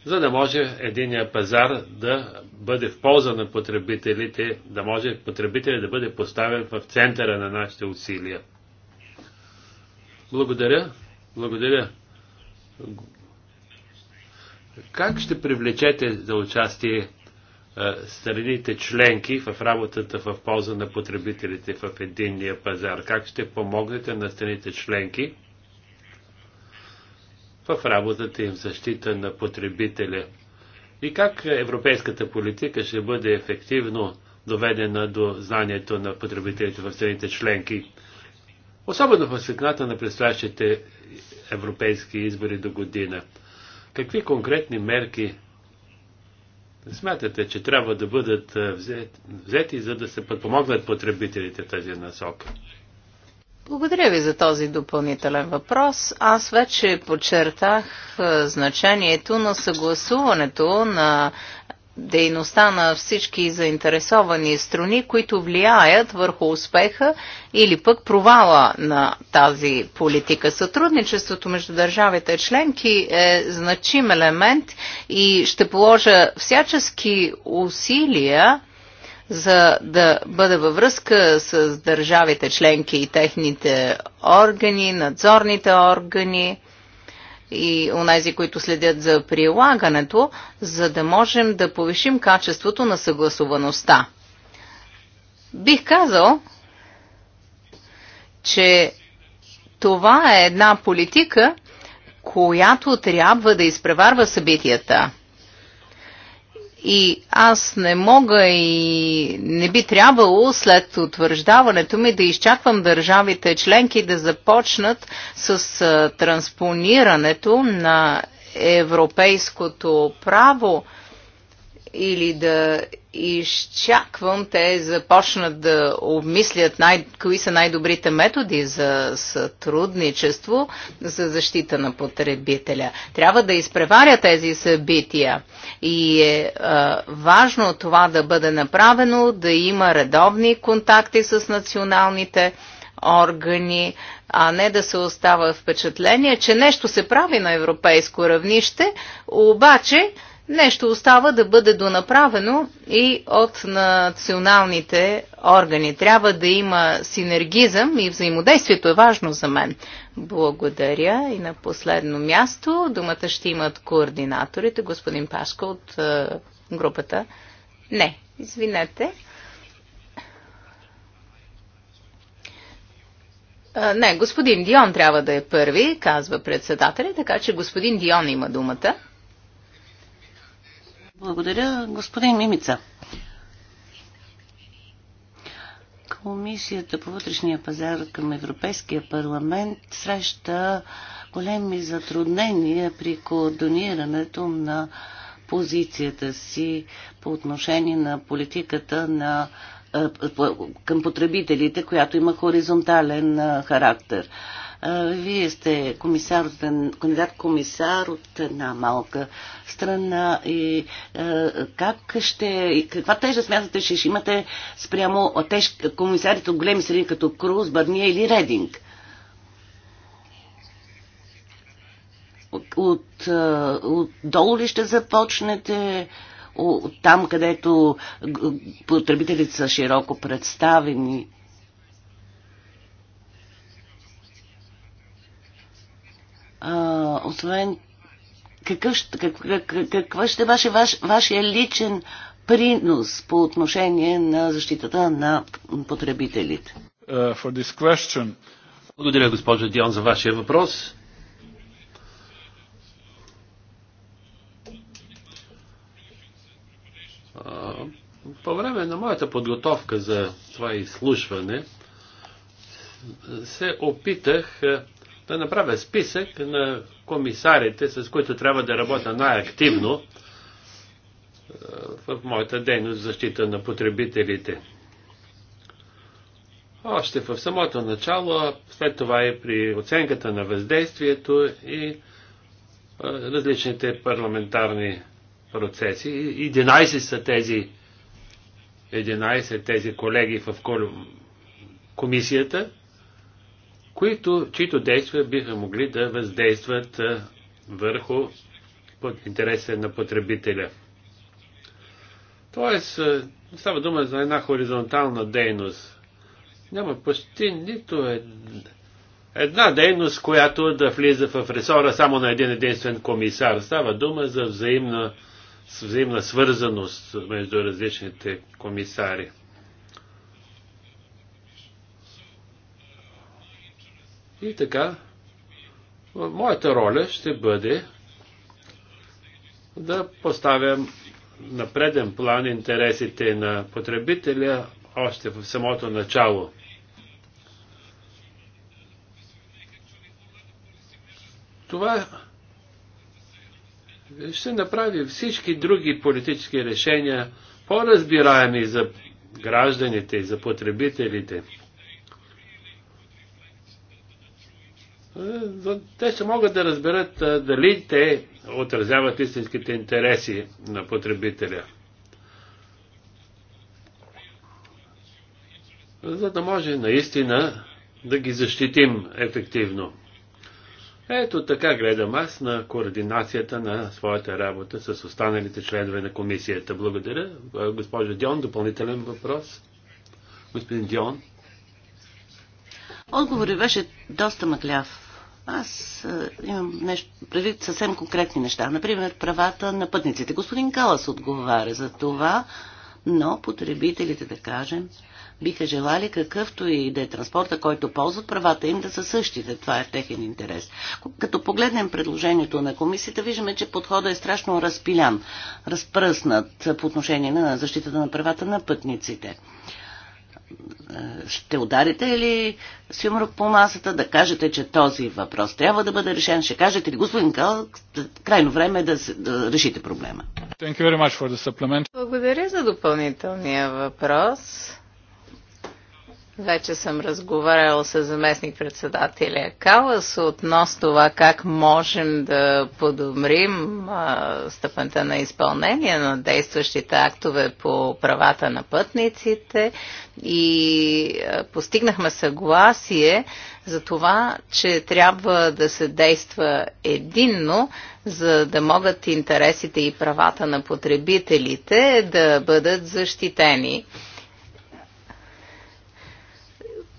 за да може единия пазар да бъде в полза на потребителите, да може потребителят да бъде поставен в центъра на нашите усилия. Благодаря. Благодаря. Как ще привлечете за участие страните членки в работата в полза на потребителите в единния пазар? Как ще помогнете на страните членки в работата им защита на потребителя? И как европейската политика ще бъде ефективно доведена до знанието на потребителите в страните членки? Особено в светлината на предстоящите европейски избори до година. Какви конкретни мерки смятате, че трябва да бъдат взети, за да се подпомогнат потребителите тази насока? Благодаря ви за този допълнителен въпрос. Аз вече подчертах значението на съгласуването на дейността на всички заинтересовани страни, които влияят върху успеха или пък провала на тази политика. Сътрудничеството между държавите членки е значим елемент и ще положа всячески усилия за да бъде във връзка с държавите членки и техните органи, надзорните органи, и онези, които следят за прилагането, за да можем да повишим качеството на съгласуваността. Бих казал, че това е една политика, която трябва да изпреварва събитията. И аз не мога и не би трябвало след утвърждаването ми да изчаквам държавите членки да започнат с транспонирането на европейското право или да изчаквам те започнат да обмислят най- кои са най-добрите методи за сътрудничество за защита на потребителя. Трябва да изпреваря тези събития и е а, важно това да бъде направено, да има редовни контакти с националните органи, а не да се остава впечатление, че нещо се прави на европейско равнище, обаче Нещо остава да бъде донаправено и от националните органи. Трябва да има синергизъм и взаимодействието е важно за мен. Благодаря. И на последно място думата ще имат координаторите, господин Пашко от е, групата. Не, извинете. Е, не, господин Дион трябва да е първи, казва председателя, така че господин Дион има думата. Благодаря, господин Мимица. Комисията по вътрешния пазар към Европейския парламент среща големи затруднения при координирането на позицията си по отношение на политиката на, е, към потребителите, която има хоризонтален е, характер. Вие сте комисар, кандидат комисар от една малка страна и как ще, каква тежа смятате, че ще имате спрямо теж, комисарите от големи страни като Круз, Барния или Рединг? От, от долу ли ще започнете? От там, където потребителите са широко представени? А, освен какъв, как, каква ще ваше ваш, вашия личен принос по отношение на защитата на потребителите? Uh, Благодаря, госпожа Дион, за вашия въпрос. Uh, по време на моята подготовка за това изслушване се опитах uh, да направя списък на комисарите, с които трябва да работя най-активно е, в моята дейност защита на потребителите. Още в самото начало, след това и при оценката на въздействието и е, различните парламентарни процеси. 11 са тези 11 тези колеги в комисията, които, чието действия биха могли да въздействат върху интереса на потребителя. Тоест, става дума за една хоризонтална дейност. Няма почти нито една дейност, която да влиза в ресора само на един единствен комисар. Става дума за взаимна, взаимна свързаност между различните комисари. И така, моята роля ще бъде да поставям на преден план интересите на потребителя още в самото начало. Това ще направи всички други политически решения по-разбираеми за гражданите и за потребителите. Е, те ще могат да разберат дали те отразяват истинските интереси на потребителя. За да може наистина да ги защитим ефективно. Ето така гледам аз на координацията на своята работа с останалите членове на комисията. Благодаря. Госпожо Дион, допълнителен въпрос. Господин Дион. Отговорът беше доста мъгляв. Аз е, имам нещо, предвид съвсем конкретни неща. Например, правата на пътниците. Господин Калас отговаря за това, но потребителите, да кажем, биха желали какъвто и да е транспорта, който ползват, правата им да са същите. Това е в техен интерес. Като погледнем предложението на комисията, виждаме, че подходът е страшно разпилян, разпръснат по отношение на защитата на правата на пътниците. Е, ще ударите ли с по масата да кажете, че този въпрос трябва да бъде решен? Ще кажете ли, господин Кал, крайно време е да, да решите проблема? Благодаря за допълнителния въпрос. Вече съм разговарял с заместник председателя Калас относно това как можем да подобрим а, стъпента на изпълнение на действащите актове по правата на пътниците и а, постигнахме съгласие за това, че трябва да се действа единно, за да могат интересите и правата на потребителите да бъдат защитени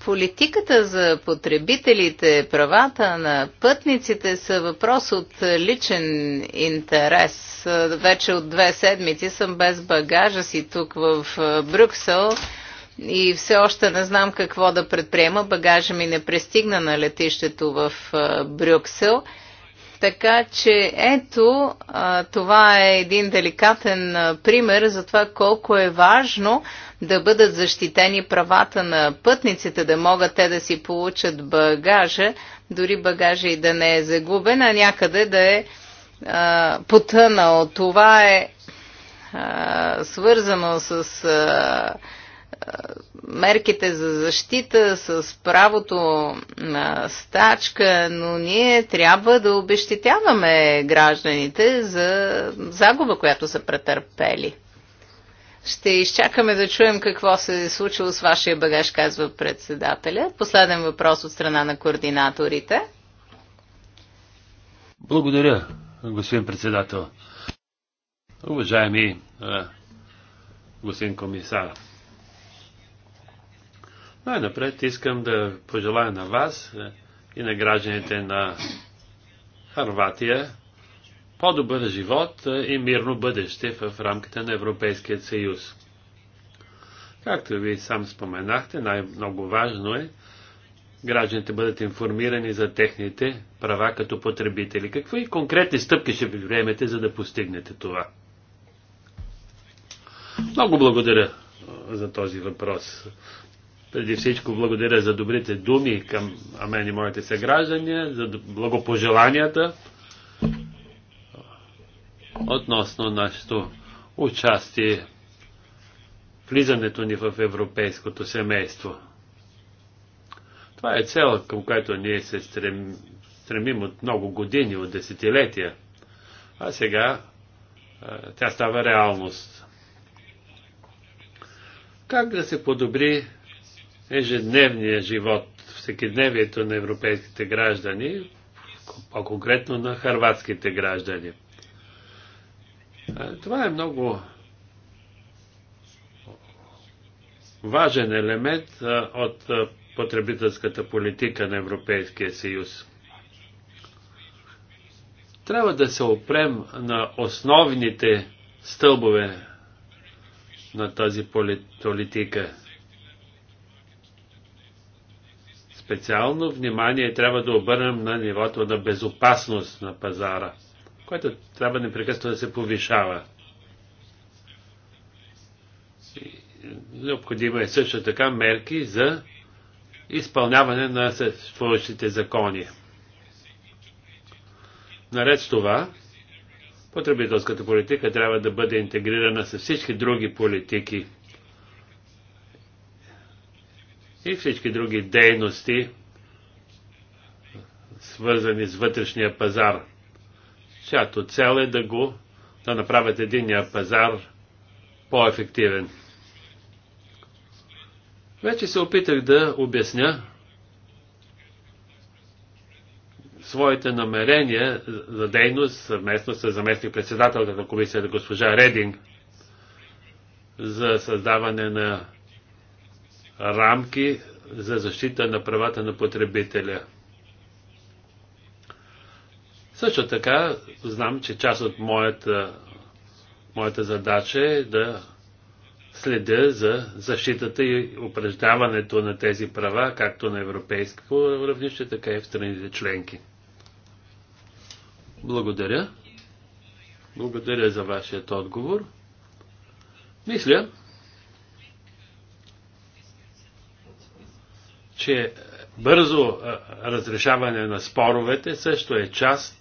Политиката за потребителите, правата на пътниците са въпрос от личен интерес. Вече от две седмици съм без багажа си тук в Брюксел и все още не знам какво да предприема. Багажа ми не пристигна на летището в Брюксел. Така че ето, това е един деликатен пример за това колко е важно да бъдат защитени правата на пътниците, да могат те да си получат багажа, дори багажа и да не е загубен, а някъде да е потънал. Това е свързано с мерките за защита, с правото на стачка, но ние трябва да обещетяваме гражданите за загуба, която са претърпели. Ще изчакаме да чуем какво се е случило с вашия багаж, казва председателя. Последен въпрос от страна на координаторите. Благодаря, господин председател. Уважаеми господин комисар, най-напред искам да пожелая на вас е, и на гражданите на Харватия по-добър живот е, и мирно бъдеще в рамките на Европейския съюз. Както ви сам споменахте, най-много важно е гражданите бъдат информирани за техните права като потребители. Какви конкретни стъпки ще ви приемете, за да постигнете това? Много благодаря е, за този въпрос. Преди всичко благодаря за добрите думи към мен и моите съграждани, за благопожеланията относно нашето участие, влизането ни в европейското семейство. Това е цел, към която ние се стрем, стремим от много години, от десетилетия. А сега тя става реалност. Как да се подобри ежедневния живот, всекидневието на европейските граждани, по-конкретно на харватските граждани. Това е много важен елемент от потребителската политика на Европейския съюз. Трябва да се опрем на основните стълбове на тази политика. Специално внимание трябва да обърнем на нивото на безопасност на пазара, което трябва непрекъснато да се повишава. Необходимо е също така мерки за изпълняване на съществуващите закони. Наред с това, потребителската политика трябва да бъде интегрирана с всички други политики – и всички други дейности, свързани с вътрешния пазар, чиято цел е да го да направят единния пазар по-ефективен. Вече се опитах да обясня своите намерения за дейност съвместно с заместник председателката на комисията госпожа Рединг за създаване на рамки за защита на правата на потребителя. Също така знам, че част от моята, моята задача е да следя за защитата и упреждаването на тези права, както на европейско равнище, така и в страните членки. Благодаря. Благодаря за вашият отговор. Мисля, че бързо разрешаване на споровете също е част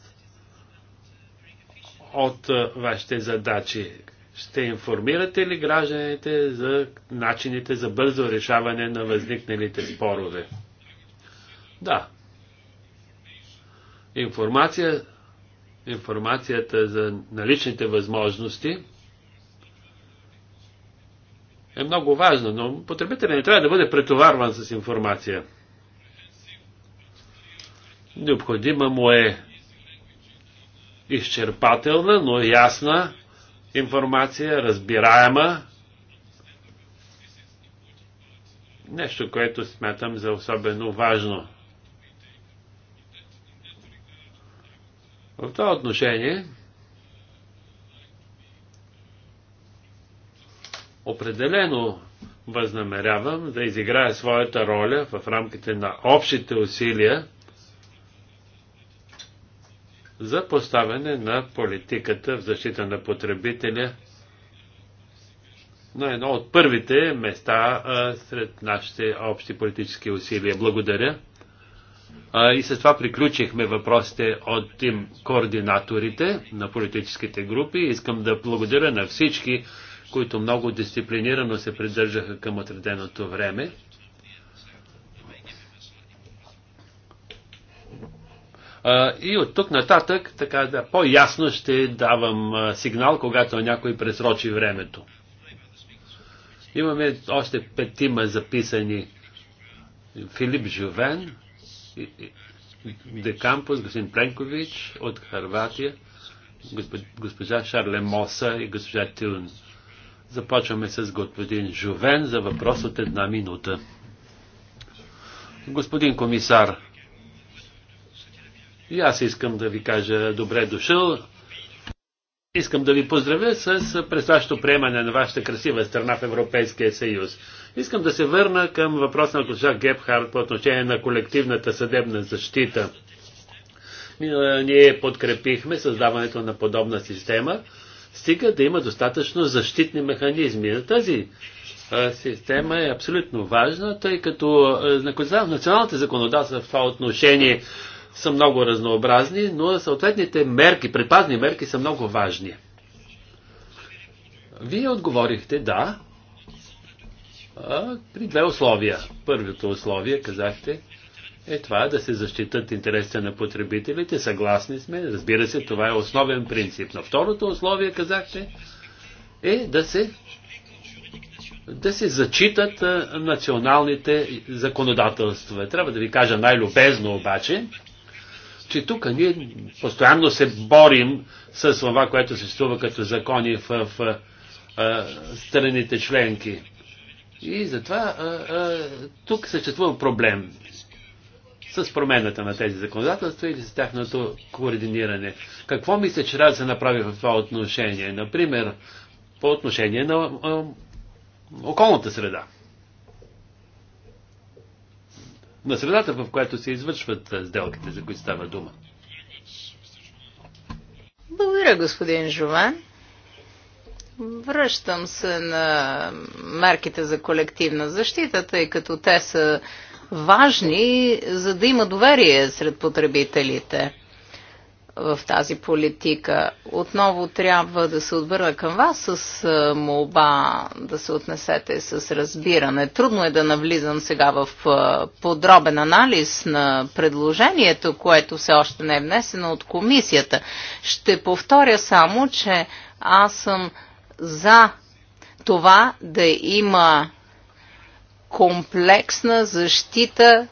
от вашите задачи. Ще информирате ли гражданите за начините за бързо решаване на възникналите спорове? Да. Информация, информацията за наличните възможности – е много важно, но потребителя не трябва да бъде претоварван с информация. Необходима му е изчерпателна, но ясна информация, разбираема. Нещо, което смятам за особено важно. В това отношение определено възнамерявам да изиграя своята роля в рамките на общите усилия за поставяне на политиката в защита на потребителя на едно от първите места а, сред нашите общи политически усилия. Благодаря. А, и с това приключихме въпросите от им координаторите на политическите групи. Искам да благодаря на всички които много дисциплинирано се придържаха към отреденото време. И от тук нататък, така да, по-ясно ще давам сигнал, когато някой пресрочи времето. Имаме още петима записани. Филип Жовен, Де Кампус, господин Пленкович от Харватия, госпожа Шарле Моса и госпожа Тюн. Започваме с господин Жовен за въпрос от една минута. Господин комисар, и аз искам да ви кажа добре дошъл. Искам да ви поздравя с предстоящото приемане на вашата красива страна в Европейския съюз. Искам да се върна към въпрос на госпожа Гепхард по отношение на колективната съдебна защита. Ние подкрепихме създаването на подобна система, стига да има достатъчно защитни механизми. Тази система е абсолютно важна, тъй като националните законодателства в това отношение са много разнообразни, но съответните мерки, предпазни мерки са много важни. Вие отговорихте да, при две условия. Първото условие казахте, е това да се защитат интересите на потребителите. Съгласни сме. Разбира се, това е основен принцип. Но второто условие, казахте, е да се да се зачитат националните законодателства. Трябва да ви кажа най-любезно обаче, че тук ние постоянно се борим с това, което съществува като закони в, в, в страните членки. И затова а, а, тук съществува проблем с промената на тези законодателства или с тяхното координиране. Какво мисля, че трябва да се направи в това отношение? Например, по отношение на а, околната среда. На средата, в която се извършват сделките, за които става дума. Благодаря, господин Жован. Връщам се на марките за колективна защита, тъй като те са важни, за да има доверие сред потребителите в тази политика. Отново трябва да се отвърна към вас с молба да се отнесете с разбиране. Трудно е да навлизам сега в подробен анализ на предложението, което все още не е внесено от комисията. Ще повторя само, че аз съм за това да има комплексна защита,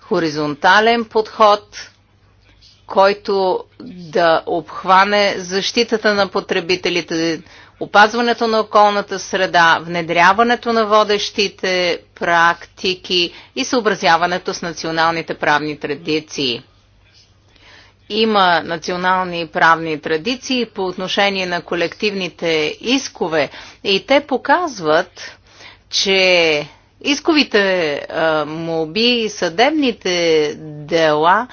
хоризонтален подход, който да обхване защитата на потребителите, опазването на околната среда, внедряването на водещите практики и съобразяването с националните правни традиции. Има национални правни традиции по отношение на колективните искове и те показват, че Исковите моби и съдебните дела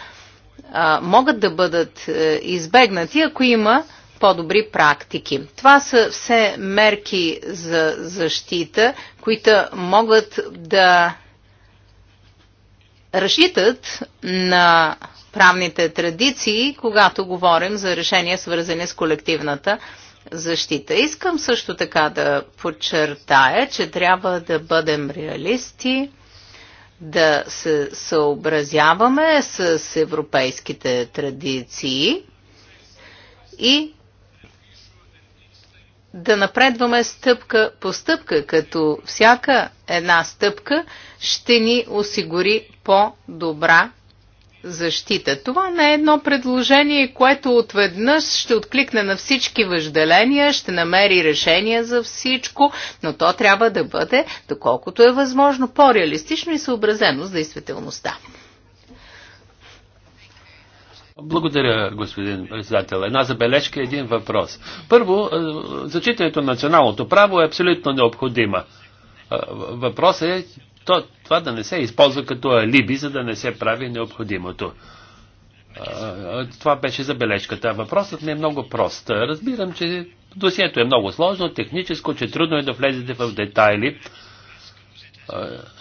а, могат да бъдат е, избегнати, ако има по-добри практики. Това са все мерки за защита, които могат да разчитат на правните традиции, когато говорим за решения свързани с колективната защита. Искам също така да подчертая, че трябва да бъдем реалисти, да се съобразяваме с европейските традиции и да напредваме стъпка по стъпка, като всяка една стъпка ще ни осигури по-добра защита. Това не е едно предложение, което отведнъж ще откликне на всички въжделения, ще намери решение за всичко, но то трябва да бъде, доколкото е възможно, по-реалистично и съобразено с действителността. Благодаря, господин председател. Една забележка, един въпрос. Първо, е, зачитането на националното право е абсолютно необходимо. Е, въпросът е, то, това да не се използва като алиби, за да не се прави необходимото. А, това беше забележката. Въпросът ми е много прост. Разбирам, че досието е много сложно, техническо, че трудно е да влезете в детайли.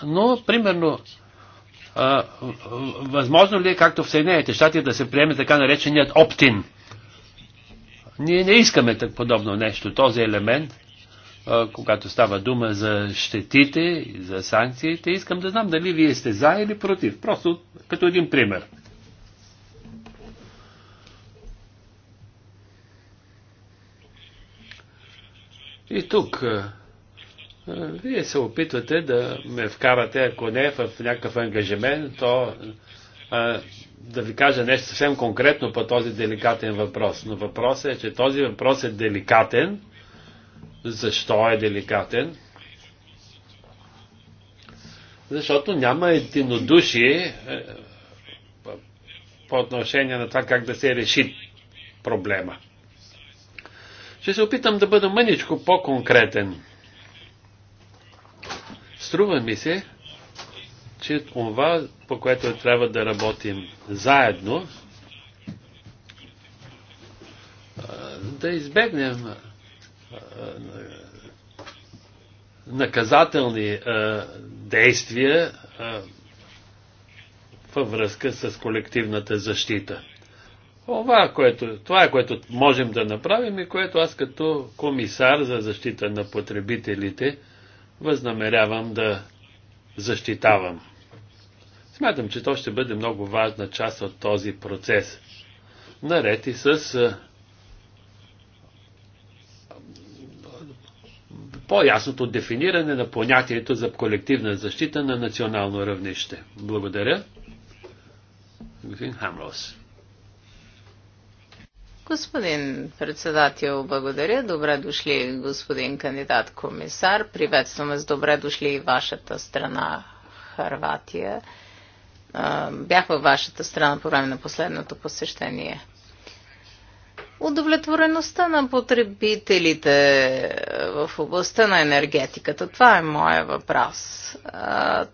но, примерно, а, възможно ли е, както в Съединените щати, да се приеме така нареченият оптин? Ние не искаме так подобно нещо, този елемент когато става дума за щетите и за санкциите, искам да знам дали вие сте за или против. Просто като един пример. И тук вие се опитвате да ме вкарате, ако не в някакъв ангажимент, то а, да ви кажа нещо съвсем конкретно по този деликатен въпрос. Но въпросът е, че този въпрос е деликатен защо е деликатен? Защото няма единодушие е, по отношение на това как да се реши проблема. Ще се опитам да бъда мъничко по-конкретен. Струва ми се, че това, по което трябва да работим заедно, е, да избегнем е, е, наказателни е, действия във връзка с колективната защита. Това, което, това е което можем да направим и което аз като комисар за защита на потребителите възнамерявам да защитавам. Смятам, че то ще бъде много важна част от този процес. Наред и с по-ясното дефиниране на понятието за колективна защита на национално равнище. Благодаря. Господин Хамрос. Господин председател, благодаря. Добре дошли, господин кандидат комисар. Приветстваме с добре дошли и вашата страна, Харватия. Бях във вашата страна по време на последното посещение удовлетвореността на потребителите е, в областта на енергетиката. Това е моя въпрос.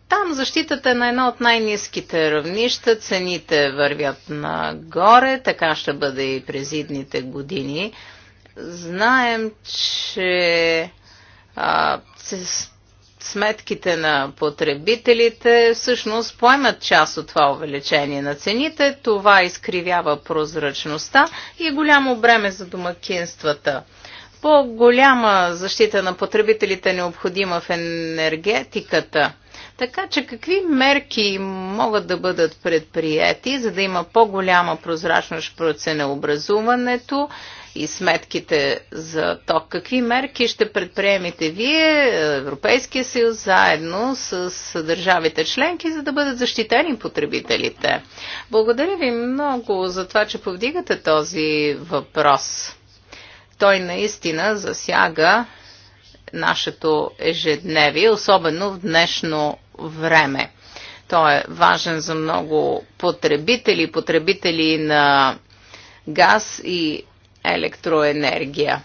Там защитата е на едно от най-низките равнища, цените вървят нагоре, така ще бъде и през идните години. Знаем, че а, сметките на потребителите всъщност поемат част от това увеличение на цените. Това изкривява прозрачността и е голямо бреме за домакинствата. По-голяма защита на потребителите е необходима в енергетиката. Така че какви мерки могат да бъдат предприяти, за да има по-голяма прозрачност про ценообразуването? и сметките за ток. Какви мерки ще предприемете вие, Европейския съюз, заедно с държавите членки, за да бъдат защитени потребителите? Благодаря ви много за това, че повдигате този въпрос. Той наистина засяга нашето ежедневие, особено в днешно време. Той е важен за много потребители, потребители на газ и електроенергия.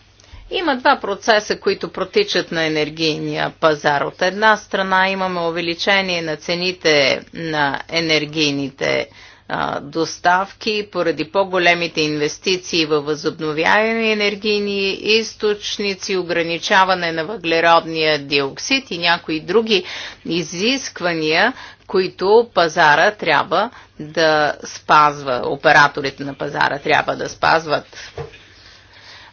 Има два процеса, които протичат на енергийния пазар. От една страна имаме увеличение на цените на енергийните а, доставки поради по-големите инвестиции във възобновяеми енергийни източници, ограничаване на въглеродния диоксид и някои други изисквания, които пазара трябва да спазва, операторите на пазара трябва да спазват.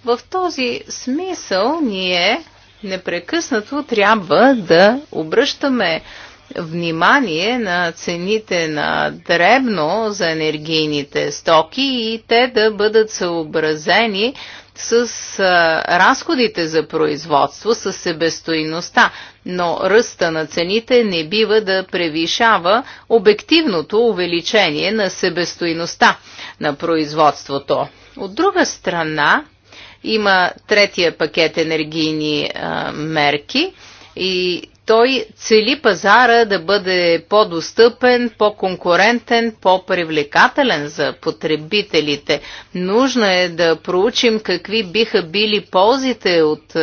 В този смисъл ние непрекъснато трябва да обръщаме внимание на цените на дребно за енергийните стоки и те да бъдат съобразени с разходите за производство, с себестойността, но ръста на цените не бива да превишава обективното увеличение на себестойността на производството. От друга страна, има третия пакет енергийни а, мерки и той цели пазара да бъде по-достъпен, по-конкурентен, по-привлекателен за потребителите. Нужно е да проучим какви биха били ползите от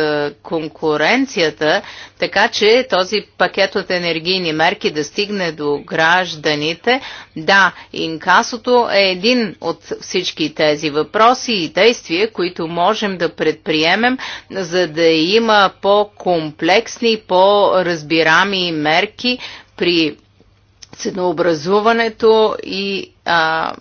конкуренцията така че този пакет от енергийни мерки да стигне до гражданите. Да, инкасото е един от всички тези въпроси и действия, които можем да предприемем, за да има по-комплексни, по-разбирами мерки при ценообразуването и а,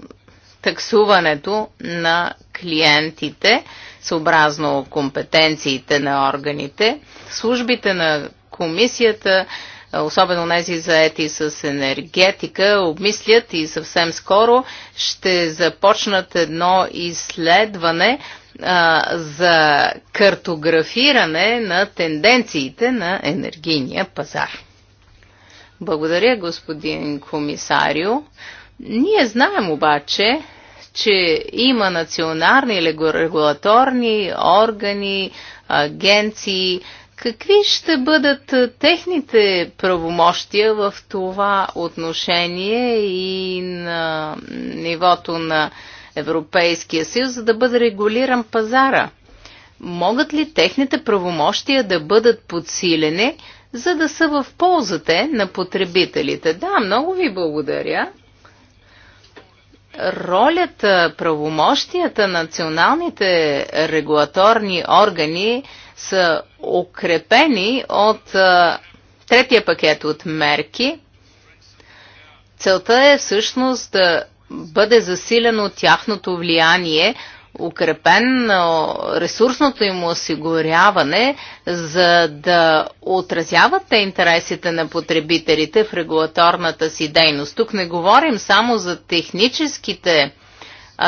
таксуването на клиентите съобразно компетенциите на органите. Службите на комисията, особено тези заети с енергетика, обмислят и съвсем скоро ще започнат едно изследване а, за картографиране на тенденциите на енергийния пазар. Благодаря, господин комисарио. Ние знаем обаче, че има национални или регулаторни органи, агенции. Какви ще бъдат техните правомощия в това отношение и на нивото на Европейския съюз, за да бъде регулиран пазара? Могат ли техните правомощия да бъдат подсилени, за да са в ползата на потребителите? Да, много ви благодаря ролята, правомощията на националните регулаторни органи са укрепени от а, третия пакет от мерки. Целта е всъщност да бъде засилено тяхното влияние укрепен ресурсното им осигуряване, за да отразяват те интересите на потребителите в регулаторната си дейност. Тук не говорим само за техническите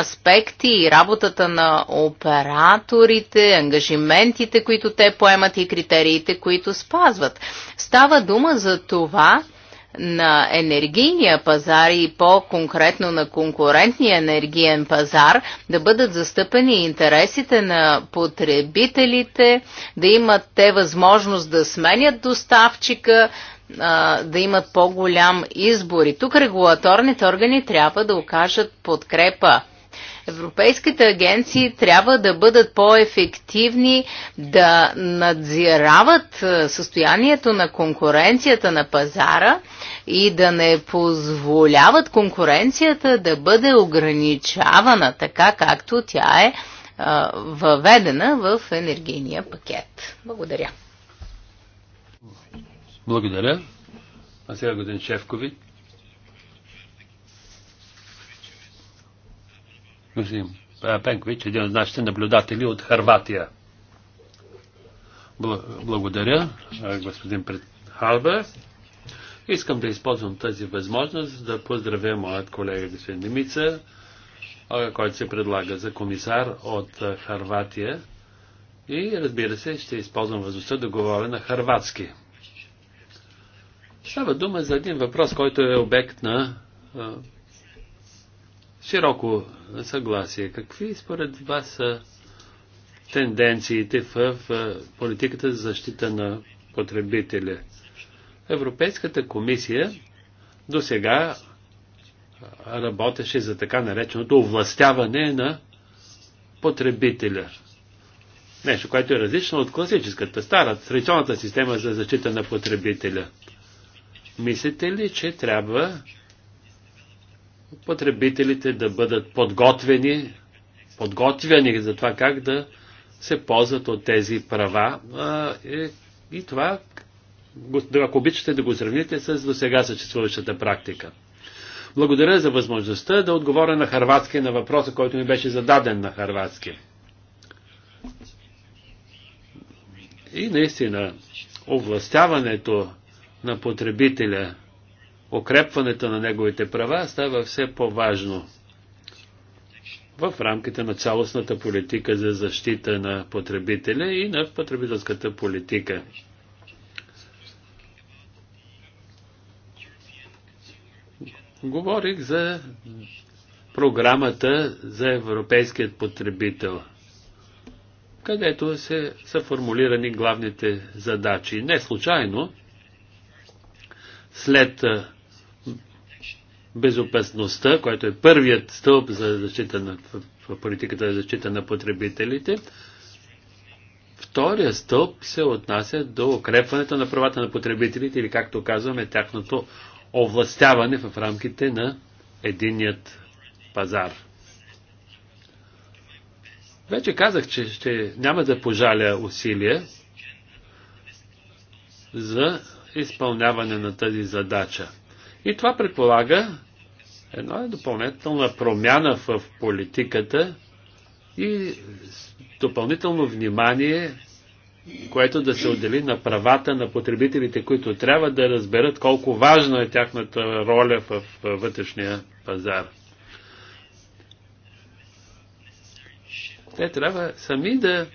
аспекти и работата на операторите, ангажиментите, които те поемат и критериите, които спазват. Става дума за това, на енергийния пазар и по-конкретно на конкурентния енергиен пазар, да бъдат застъпени интересите на потребителите, да имат те възможност да сменят доставчика, да имат по-голям избор. И тук регулаторните органи трябва да окажат подкрепа Европейските агенции трябва да бъдат по-ефективни, да надзирават е, състоянието на конкуренцията на пазара и да не позволяват конкуренцията да бъде ограничавана така, както тя е, е въведена в енергийния пакет. Благодаря. Благодаря. А сега господин Шефкович. господин Пенкович, един от нашите наблюдатели от Харватия. Благодаря, господин Харбер. Искам да използвам тази възможност да поздравя моят колега господин Немица, който се предлага за комисар от Харватия. И разбира се, ще използвам възможността да говоря на харватски. Става дума за един въпрос, който е обект на широко съгласие. Какви според вас са тенденциите в политиката за защита на потребителя? Европейската комисия до сега работеше за така нареченото овластяване на потребителя. Нещо, което е различно от класическата, стара, традиционната система за защита на потребителя. Мислите ли, че трябва потребителите да бъдат подготвени, подготвяни за това как да се ползват от тези права. А, и, е, и това, ако обичате да го сравните с до сега съществуващата практика. Благодаря за възможността да отговоря на харватски на въпроса, който ми беше зададен на харватски. И наистина, овластяването на потребителя укрепването на неговите права става все по-важно в рамките на цялостната политика за защита на потребителя и на потребителската политика. Говорих за програмата за европейският потребител, където се, са формулирани главните задачи. Не случайно, след безопасността, който е първият стълб за защита на в политиката за защита на потребителите. Втория стълб се отнася до укрепването на правата на потребителите или както казваме тяхното овластяване в рамките на единият пазар. Вече казах, че ще, няма да пожаля усилия за изпълняване на тази задача. И това предполага една допълнителна промяна в политиката и допълнително внимание, което да се отдели на правата на потребителите, които трябва да разберат колко важна е тяхната роля в вътрешния пазар. Те трябва сами да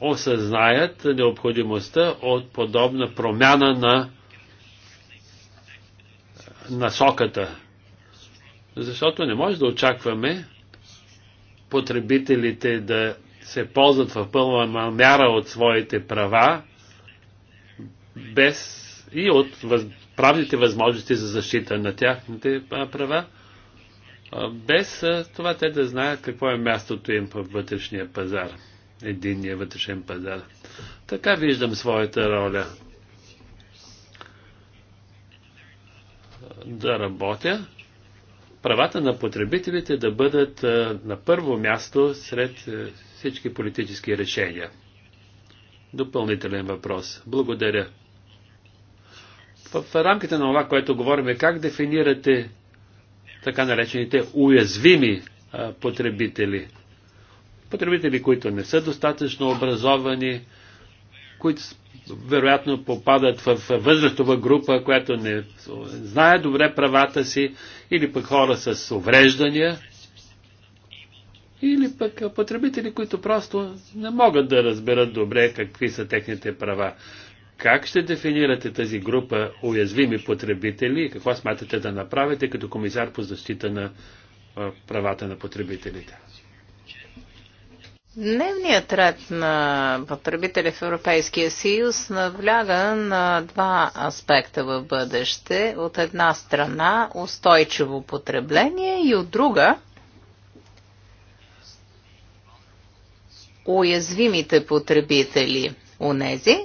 осъзнаят необходимостта от подобна промяна на насоката. Защото не може да очакваме потребителите да се ползват в пълна мяра от своите права без и от въз... правните възможности за защита на тяхните права, без това те да знаят какво е мястото им в вътрешния пазар, единния вътрешен пазар. Така виждам своята роля. да работя, правата на потребителите да бъдат на първо място сред всички политически решения. Допълнителен въпрос. Благодаря. В рамките на това, което говорим, е как дефинирате така наречените уязвими потребители? Потребители, които не са достатъчно образовани, които вероятно попадат в възрастова група, която не знае добре правата си, или пък хора с увреждания, или пък потребители, които просто не могат да разберат добре какви са техните права. Как ще дефинирате тази група уязвими потребители и какво смятате да направите като комисар по защита на правата на потребителите? Дневният ред на потребители в Европейския съюз навляга на два аспекта в бъдеще. От една страна устойчиво потребление и от друга уязвимите потребители, нези,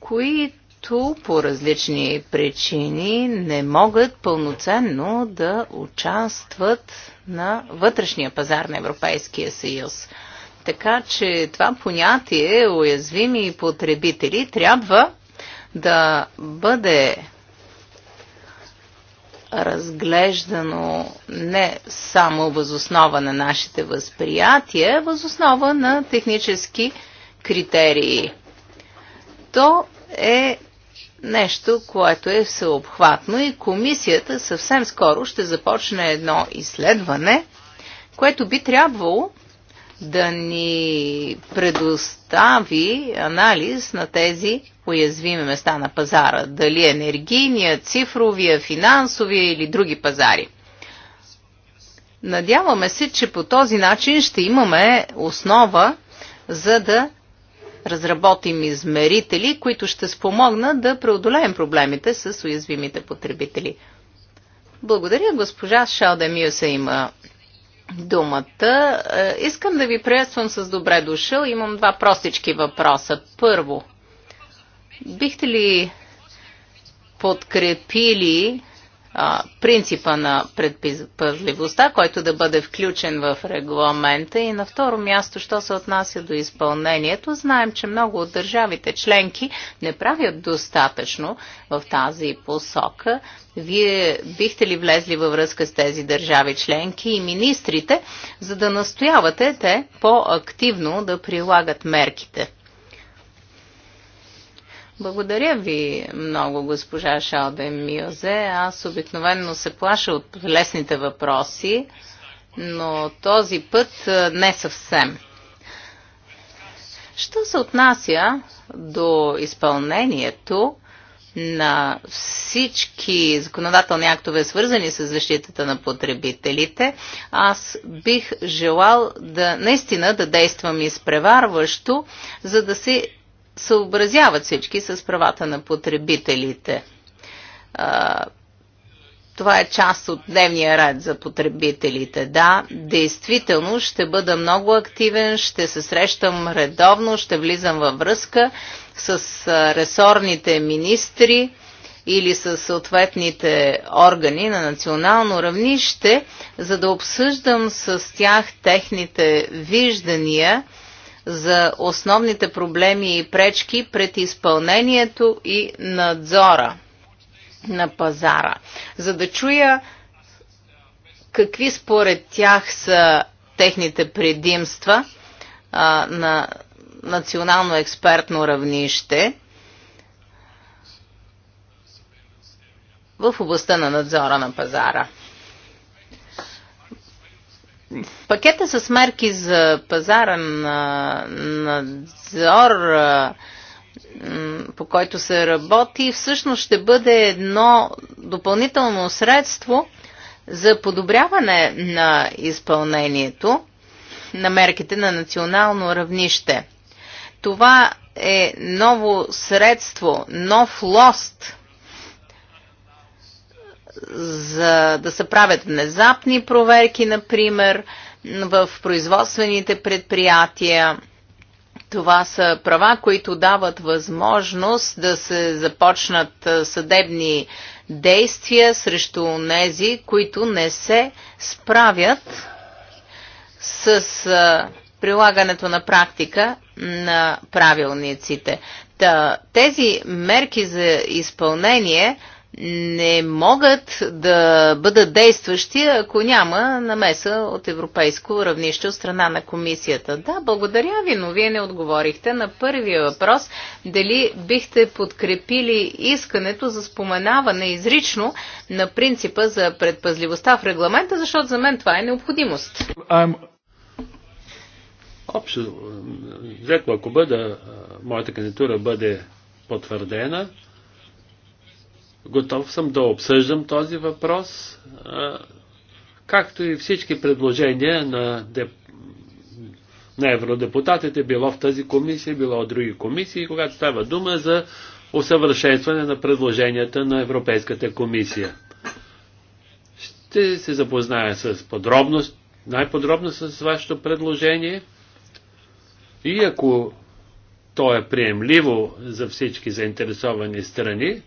които които по различни причини не могат пълноценно да участват на вътрешния пазар на Европейския съюз. Така че това понятие уязвими потребители трябва да бъде разглеждано не само възоснова на нашите възприятия, възоснова на технически критерии. То е нещо, което е всеобхватно и комисията съвсем скоро ще започне едно изследване, което би трябвало да ни предостави анализ на тези уязвими места на пазара, дали енергийния, цифровия, финансовия или други пазари. Надяваме се, че по този начин ще имаме основа, за да разработим измерители, които ще спомогнат да преодолеем проблемите с уязвимите потребители. Благодаря, госпожа Шалде Мюса има думата. Е, искам да ви приветствам с добре дошъл. Имам два простички въпроса. Първо, бихте ли подкрепили принципа на предпазливостта, който да бъде включен в регламента. И на второ място, що се отнася до изпълнението, знаем, че много от държавите членки не правят достатъчно в тази посока. Вие бихте ли влезли във връзка с тези държави членки и министрите, за да настоявате те по-активно да прилагат мерките? Благодаря ви много, госпожа Шалде Миозе. Аз обикновенно се плаша от лесните въпроси, но този път е, не съвсем. Що се отнася до изпълнението на всички законодателни актове, свързани с защитата на потребителите, аз бих желал да наистина да действам изпреварващо, за да се съобразяват всички с правата на потребителите. Това е част от дневния ред за потребителите. Да, действително ще бъда много активен, ще се срещам редовно, ще влизам във връзка с ресорните министри или с съответните органи на национално равнище, за да обсъждам с тях техните виждания за основните проблеми и пречки пред изпълнението и надзора на пазара, за да чуя какви според тях са техните предимства а, на национално експертно равнище в областта на надзора на пазара. Пакета с мерки за пазара на надзор, по който се работи, всъщност ще бъде едно допълнително средство за подобряване на изпълнението на мерките на национално равнище. Това е ново средство, нов лост – за да се правят внезапни проверки, например, в производствените предприятия. Това са права, които дават възможност да се започнат съдебни действия срещу нези, които не се справят с прилагането на практика на правилниците. тези мерки за изпълнение не могат да бъдат действащи, ако няма намеса от европейско равнище от страна на комисията. Да, благодаря ви, но вие не отговорихте на първия въпрос дали бихте подкрепили искането за споменаване изрично на принципа за предпазливостта в регламента, защото за мен това е необходимост. I'm... Общо, взето, ако бъда, моята кандидатура бъде потвърдена, Готов съм да обсъждам този въпрос, както и всички предложения на, деп... на евродепутатите, било в тази комисия, било от други комисии, когато става дума за усъвършенстване на предложенията на Европейската комисия. Ще се запозная с подробност, най-подробно с вашето предложение и ако то е приемливо за всички заинтересовани страни,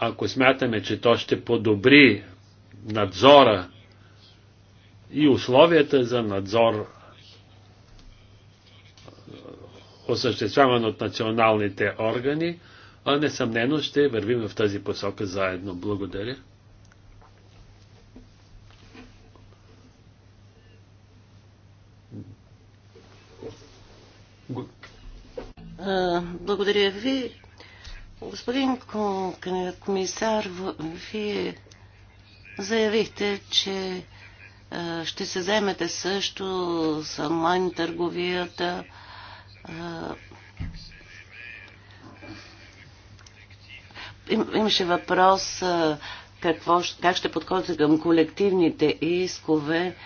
ако смятаме, че то ще подобри надзора и условията за надзор, е, осъществяван от националните органи, а несъмнено ще вървим в тази посока заедно. Благодаря. Благодаря ви. Господин комисар, вие заявихте, че ще се вземете също с онлайн търговията. имаше въпрос какво, как ще подходите към колективните искове,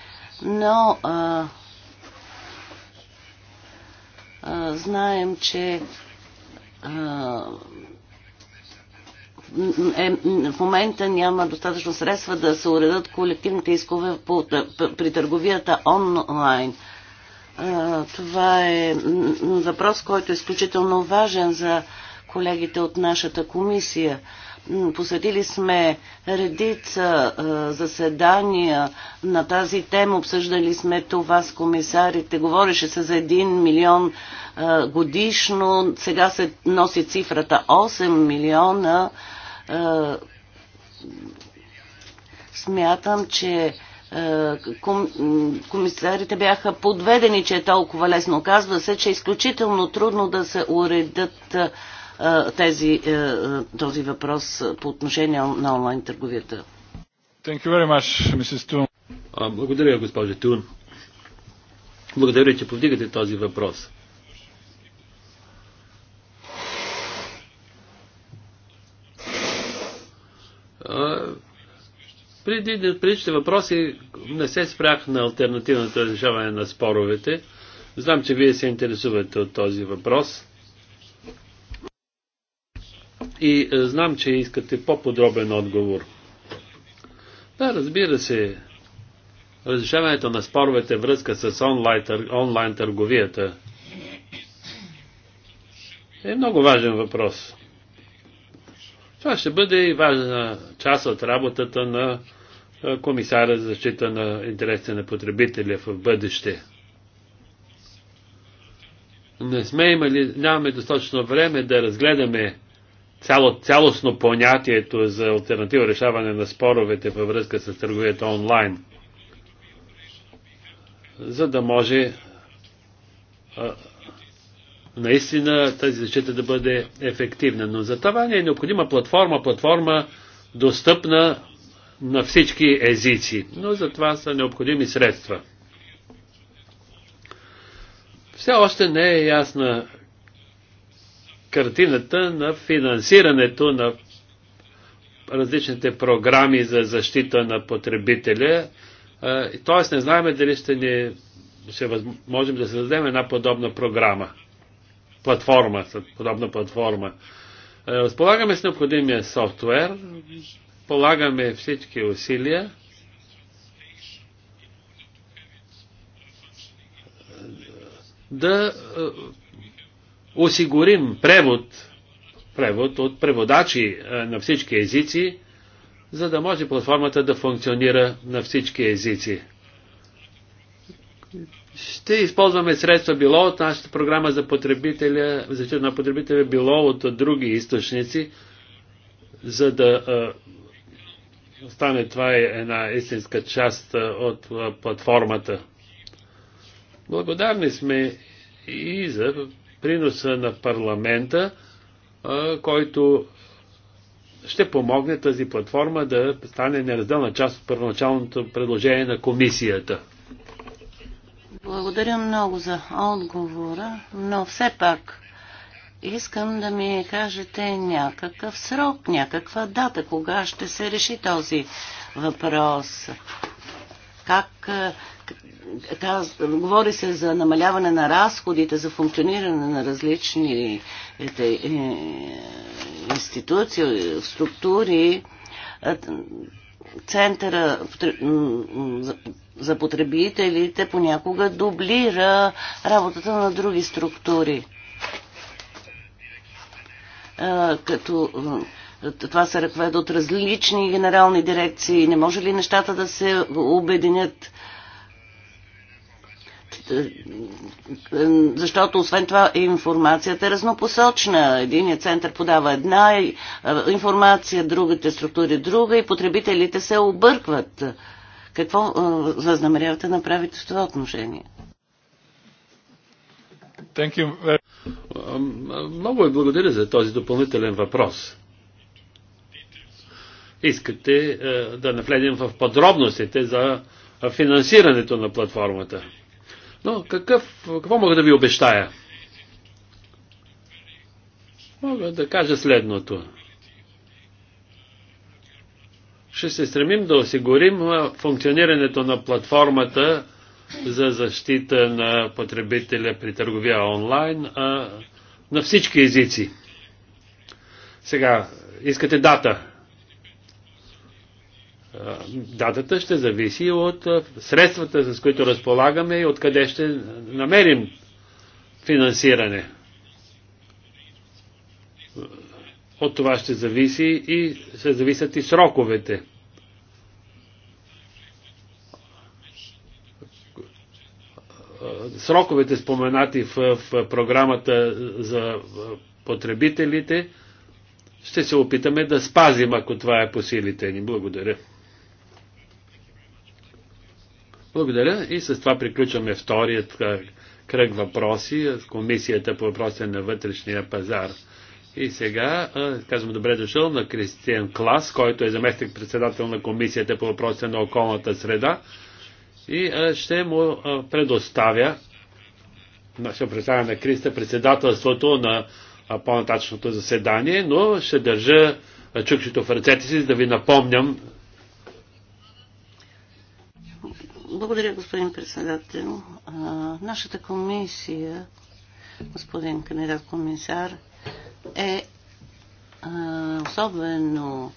но а, а, знаем, че а, е, в момента няма достатъчно средства да се уредат колективните искове по, при търговията онлайн. Това е въпрос, който е изключително важен за колегите от нашата комисия. Посетили сме редица заседания на тази тема, обсъждали сме това с комисарите. Говореше се за 1 милион годишно, сега се носи цифрата 8 милиона е, смятам, че е, комисарите бяха подведени, че е толкова лесно. Оказва се, че е изключително трудно да се уредят е, тези, този въпрос по отношение на онлайн търговията. Thank you very much, Mrs. Тун. Благодаря, госпожа Тун. Благодаря, че повдигате този въпрос. Преди предишните въпроси не се спрях на альтернативното решаване на споровете. Знам, че вие се интересувате от този въпрос. И знам, че искате по-подробен отговор. Да, разбира се, разрешаването на споровете връзка с онлайн, онлайн търговията е много важен въпрос. Това ще бъде и важна част от работата на комисара за защита на интересите на потребителя в бъдеще. Не сме имали, нямаме достатъчно време да разгледаме цяло, цялостно понятието за альтернативно решаване на споровете във връзка с търговията онлайн, за да може наистина тази защита да бъде ефективна. Но за това не е необходима платформа, платформа достъпна на всички езици. Но за това са необходими средства. Все още не е ясна картината на финансирането на различните програми за защита на потребителя. Тоест не знаем дали ще ни ще можем да създадем една подобна програма платформа, с подобна платформа. Е, разполагаме с необходимия софтуер, полагаме всички усилия да е, осигурим превод, превод от преводачи е, на всички езици, за да може платформата да функционира на всички езици ще използваме средства било от нашата програма за потребителя, защита на потребителя, било от други източници, за да а, стане това е една истинска част от а, платформата. Благодарни сме и за приноса на парламента, а, който ще помогне тази платформа да стане неразделна част от първоначалното предложение на комисията. Благодаря много за отговора, но все пак искам да ми кажете някакъв срок, някаква дата, кога ще се реши този въпрос. Как е, каз, говори се за намаляване на разходите, за функциониране на различни ете, е, институции, структури. Е, центъра за потребителите понякога дублира работата на други структури. Като това се ръкведа от различни генерални дирекции. Не може ли нещата да се обединят? Защото освен това информацията е разнопосочна. Единият е център подава една е, информация, другите структури друга и потребителите се объркват. Какво възнамерявате да направите с това отношение? Thank you. Много ви благодаря за този допълнителен въпрос. Искате да навледим в подробностите за финансирането на платформата. Но какъв, какво мога да ви обещая? Мога да кажа следното ще се стремим да осигурим функционирането на платформата за защита на потребителя при търговия онлайн а, на всички езици. Сега, искате дата. Датата ще зависи от средствата, с които разполагаме и откъде ще намерим финансиране. От това ще зависи и ще зависят и сроковете. Сроковете споменати в, в програмата за потребителите ще се опитаме да спазим, ако това е по силите ни. Благодаря. Благодаря и с това приключваме вторият кръг въпроси от Комисията по въпросите на вътрешния пазар. И сега казвам добре дошъл на Кристиан Клас, който е заместник председател на Комисията по въпросите на околната среда. И ще му предоставя, ще представя на Криста председателството на по-нататъчното заседание, но ще държа чукчето в ръцете си, за да ви напомням. Благодаря, господин председател. Нашата комисия, господин кандидат комисар, е а, особено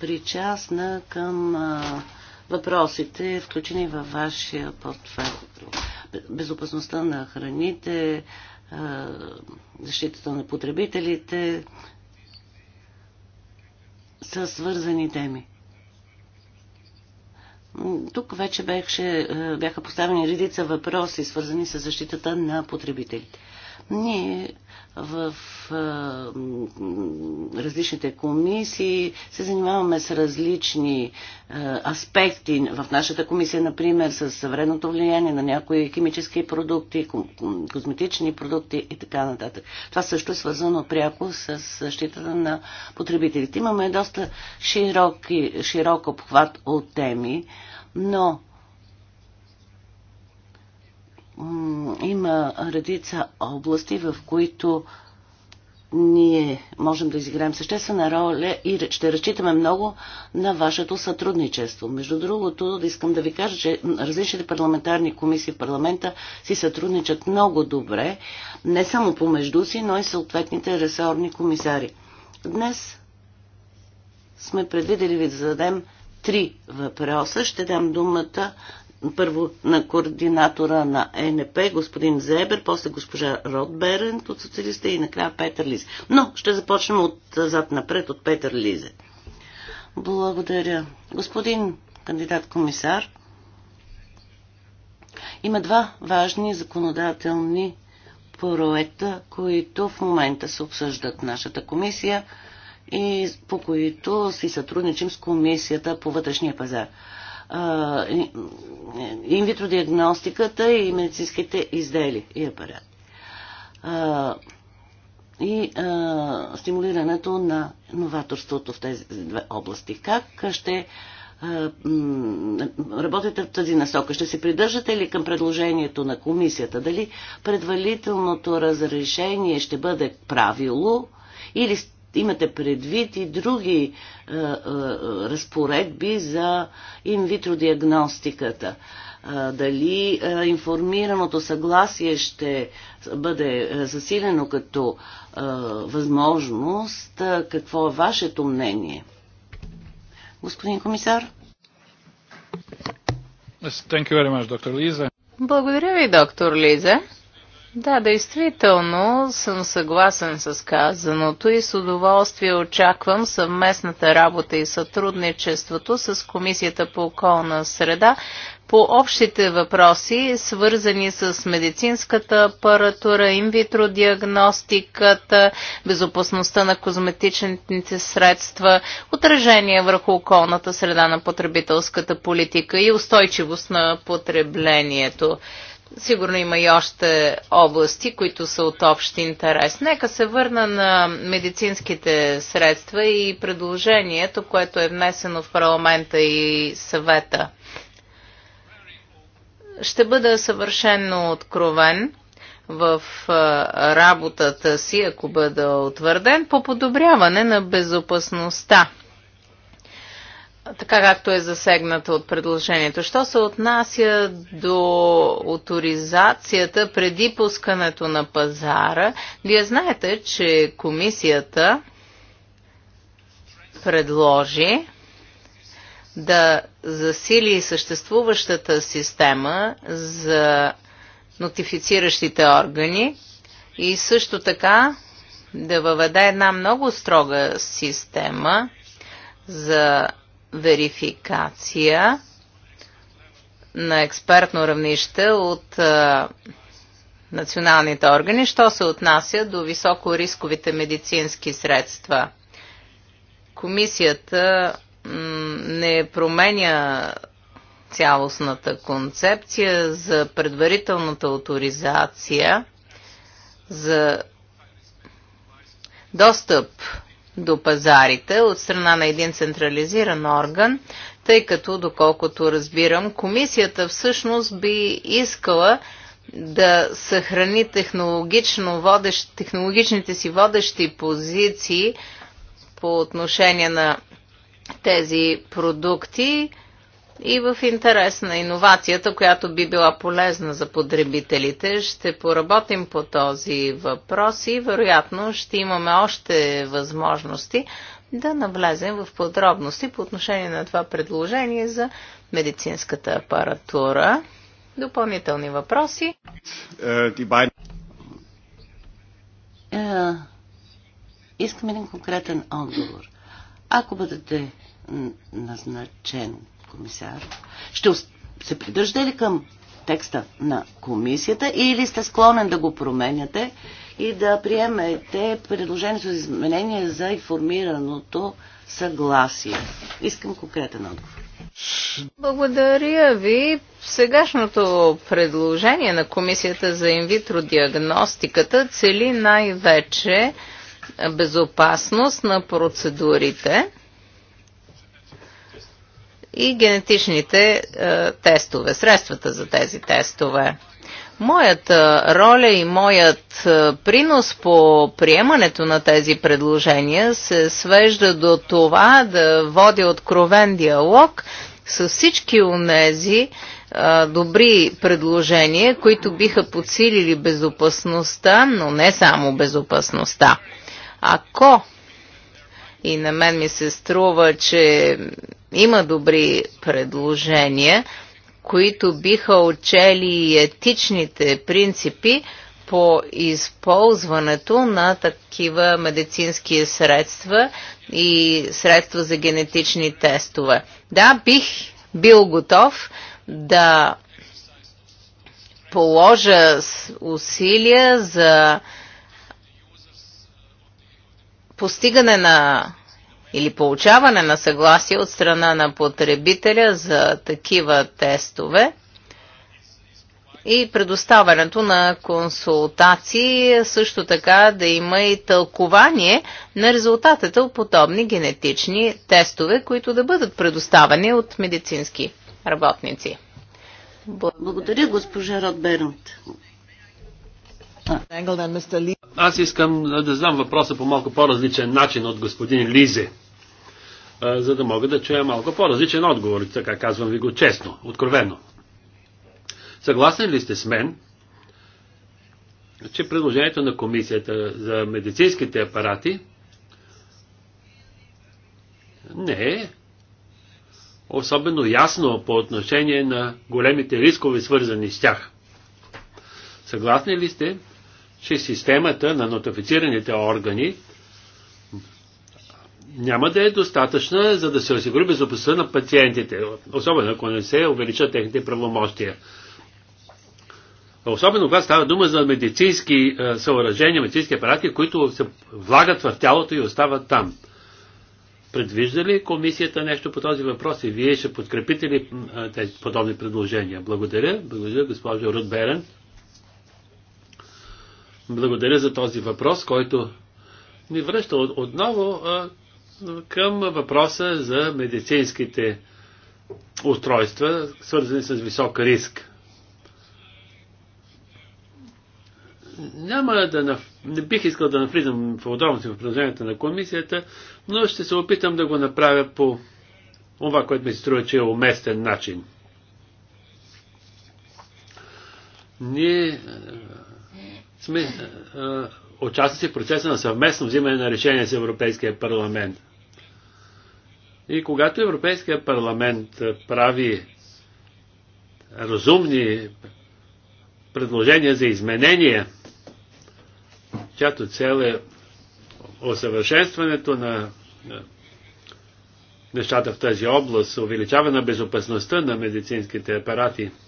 причастна към а, въпросите, включени във вашия портфел. Безопасността на храните, а, защитата на потребителите са свързани теми. Тук вече бяха поставени редица въпроси, свързани с защитата на потребителите. Ние в а, различните комисии се занимаваме с различни а, аспекти. В нашата комисия, например, с вредното влияние на някои химически продукти, козметични продукти и така нататък. Това също е свързано пряко с защитата на потребителите. Имаме доста широк, широк обхват от теми, но има редица области, в които ние можем да изиграем съществена роля и ще разчитаме много на вашето сътрудничество. Между другото, искам да ви кажа, че различните парламентарни комисии в парламента си сътрудничат много добре, не само помежду си, но и съответните ресорни комисари. Днес сме предвидели ви да зададем три въпроса. Ще дам думата първо на координатора на ЕНП, господин Зебер, после госпожа Род Берент от социалиста и накрая Петър Лизе. Но ще започнем от зад напред от Петър Лизе. Благодаря. Господин кандидат комисар, има два важни законодателни проекта, които в момента се обсъждат нашата комисия и по които си сътрудничим с комисията по вътрешния пазар. Инвитродиагностиката и медицинските изделия и апарати. И а, стимулирането на новаторството в тези две области. Как ще работите в тази насока? Ще се придържате ли към предложението на комисията? Дали предварителното разрешение ще бъде правило или имате предвид и други е, е, разпоредби за инвитро диагностиката. Е, дали е, информираното съгласие ще бъде е, засилено като е, възможност? Е, какво е вашето мнение? Господин комисар? Thank you very much, доктор Лиза. Благодаря ви, доктор Лиза. Да, действително съм съгласен с казаното и с удоволствие очаквам съвместната работа и сътрудничеството с Комисията по околна среда по общите въпроси, свързани с медицинската апаратура, инвитро диагностиката, безопасността на козметичните средства, отражение върху околната среда на потребителската политика и устойчивост на потреблението. Сигурно има и още области, които са от общ интерес. Нека се върна на медицинските средства и предложението, което е внесено в парламента и съвета. Ще бъда съвършенно откровен в работата си, ако бъда утвърден, по подобряване на безопасността така както е засегната от предложението. Що се отнася до авторизацията преди пускането на пазара, вие знаете, че комисията предложи да засили съществуващата система за нотифициращите органи и също така да въведе една много строга система за верификация на експертно равнище от а, националните органи, що се отнася до високо рисковите медицински средства. Комисията не променя цялостната концепция за предварителната авторизация за достъп до пазарите от страна на един централизиран орган, тъй като, доколкото разбирам, комисията всъщност би искала да съхрани технологично водещ, технологичните си водещи позиции по отношение на тези продукти, и в интерес на иновацията, която би била полезна за потребителите. Ще поработим по този въпрос и вероятно ще имаме още възможности да навлезем в подробности по отношение на това предложение за медицинската апаратура. Допълнителни въпроси. Е, е, искам един конкретен отговор. Ако бъдете назначен комисар, ще се придържате ли към текста на комисията или сте склонен да го променяте и да приемете предложението за изменение за информираното съгласие? Искам конкретен отговор. Благодаря ви. Сегашното предложение на Комисията за инвитро диагностиката цели най-вече безопасност на процедурите и генетичните е, тестове, средствата за тези тестове. Моята роля и моят е, принос по приемането на тези предложения се свежда до това да водя откровен диалог с всички онези а, е, добри предложения, които биха подсилили безопасността, но не само безопасността. Ако и на мен ми се струва, че има добри предложения, които биха отчели и етичните принципи по използването на такива медицински средства и средства за генетични тестове. Да, бих бил готов да положа усилия за постигане на или получаване на съгласие от страна на потребителя за такива тестове и предоставянето на консултации, също така да има и тълкование на резултатите от подобни генетични тестове, които да бъдат предоставени от медицински работници. Благодаря, госпожа Ротбернт. Аз искам да знам въпроса по малко по-различен начин от господин Лизе за да мога да чуя малко по-различен отговор, така казвам ви го честно, откровенно. Съгласни ли сте с мен, че предложението на комисията за медицинските апарати не е особено ясно по отношение на големите рискове, свързани с тях. Съгласни ли сте, че системата на нотифицираните органи няма да е достатъчна, за да се осигури безопасността на пациентите, особено ако не се увеличат техните правомощия. Особено когато става дума за медицински е, съоръжения, медицински апарати, които се влагат в тялото и остават там. Предвижда ли комисията нещо по този въпрос и вие ще подкрепите ли е, тези подобни предложения? Благодаря. Благодаря, госпожо Руд Берен. Благодаря за този въпрос, който ни връща отново е, към въпроса за медицинските устройства, свързани с висок риск. Няма да нав... не бих искал да навлизам в подробности в предложението на комисията, но ще се опитам да го направя по това, което ми се струва, че е уместен начин. Ние сме участници в процеса на съвместно взимане на решение с Европейския парламент. И когато Европейския парламент е, прави разумни предложения за изменения, чиято цел е усъвършенстването на нещата в тази област, увеличаване на безопасността на медицинските апарати –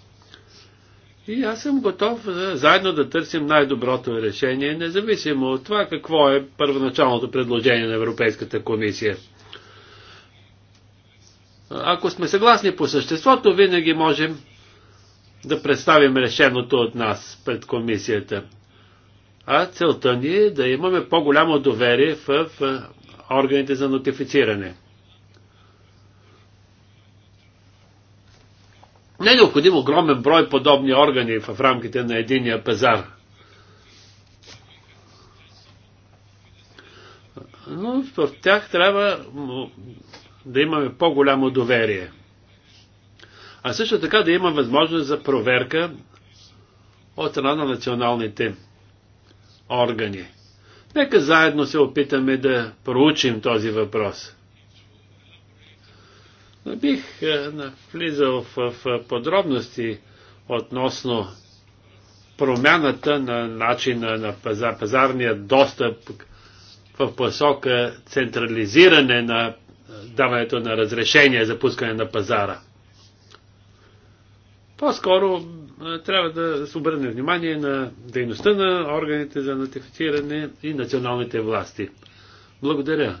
и аз съм готов да, заедно да търсим най-доброто решение, независимо от това какво е първоначалното предложение на Европейската комисия. Ако сме съгласни по съществото, винаги можем да представим решеното от нас пред комисията. А целта ни е да имаме по-голямо доверие в органите за нотифициране. Не е необходим огромен брой подобни органи в рамките на единия пазар. Но в тях трябва да имаме по-голямо доверие. А също така да има възможност за проверка от страна на националните органи. Нека заедно се опитаме да проучим този въпрос. Не бих е, влизал в подробности относно промяната на начина на пазар, пазарния достъп в посока централизиране на даването на разрешение за пускане на пазара. По-скоро е, трябва да се обърне внимание на дейността на органите за нотифициране и националните власти. Благодаря.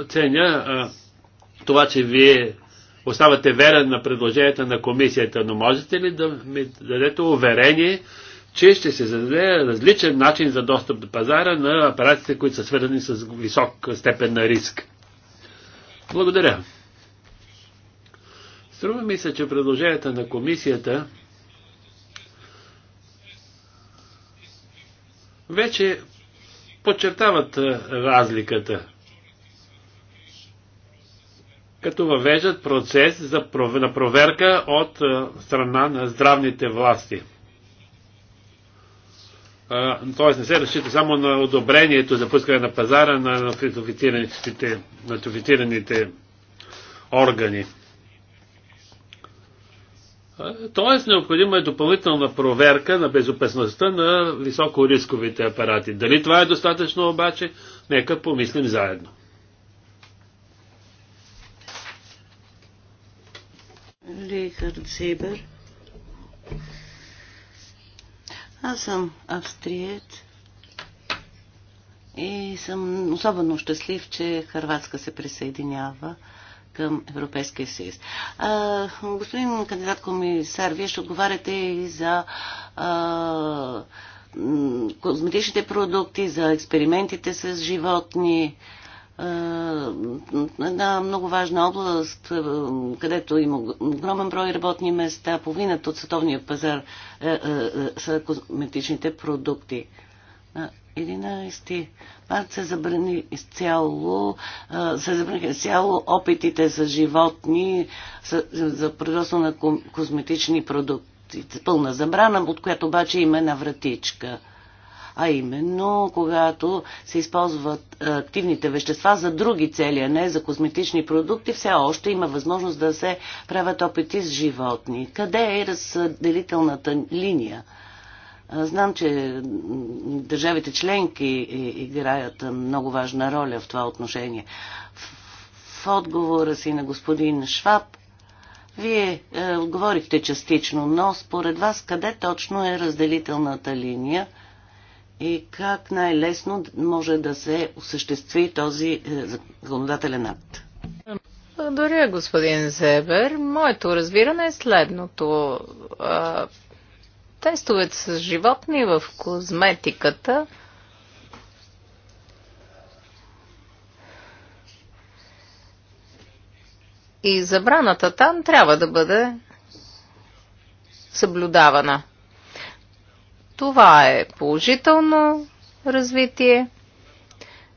Оценя това, че вие оставате верен на предложенията на комисията, но можете ли да ми дадете уверение, че ще се зададе различен начин за достъп до пазара на апаратите, които са свързани с висок степен на риск? Благодаря. Струва ми се, че предложенията на комисията вече подчертават разликата като въвеждат процес за, на проверка от страна на здравните власти. Тоест не се разчита само на одобрението за пускане на пазара на нотифицираните, нотифицираните органи. Тоест необходима е допълнителна проверка на безопасността на високорисковите апарати. Дали това е достатъчно обаче, нека помислим заедно. Рихард Зибер. Аз съм австриец и съм особено щастлив, че Харватска се присъединява към Европейския съюз. господин кандидат комисар, вие ще отговаряте и за а, козметичните продукти, за експериментите с животни. А, е, една много важна област, е, където има огромен брой работни места, половината от световния пазар е, е, е са косметичните продукти. На 11 март се забрани изцяло, се забраниха изцяло опитите за животни, за, за производство на косметични продукти. Пълна забрана, от която обаче има една вратичка – а именно когато се използват е, активните вещества за други цели, а не за козметични продукти, все още има възможност да се правят опити с животни. Къде е разделителната линия? Е, знам, че държавите членки играят много важна роля в това отношение. В отговора си на господин Шваб, вие е, отговорихте частично, но според вас къде точно е разделителната линия и как най-лесно може да се осъществи този е, законодателен акт. Благодаря, господин Зебер. Моето разбиране е следното. Тестовете с животни в козметиката и забраната там трябва да бъде съблюдавана. Това е положително развитие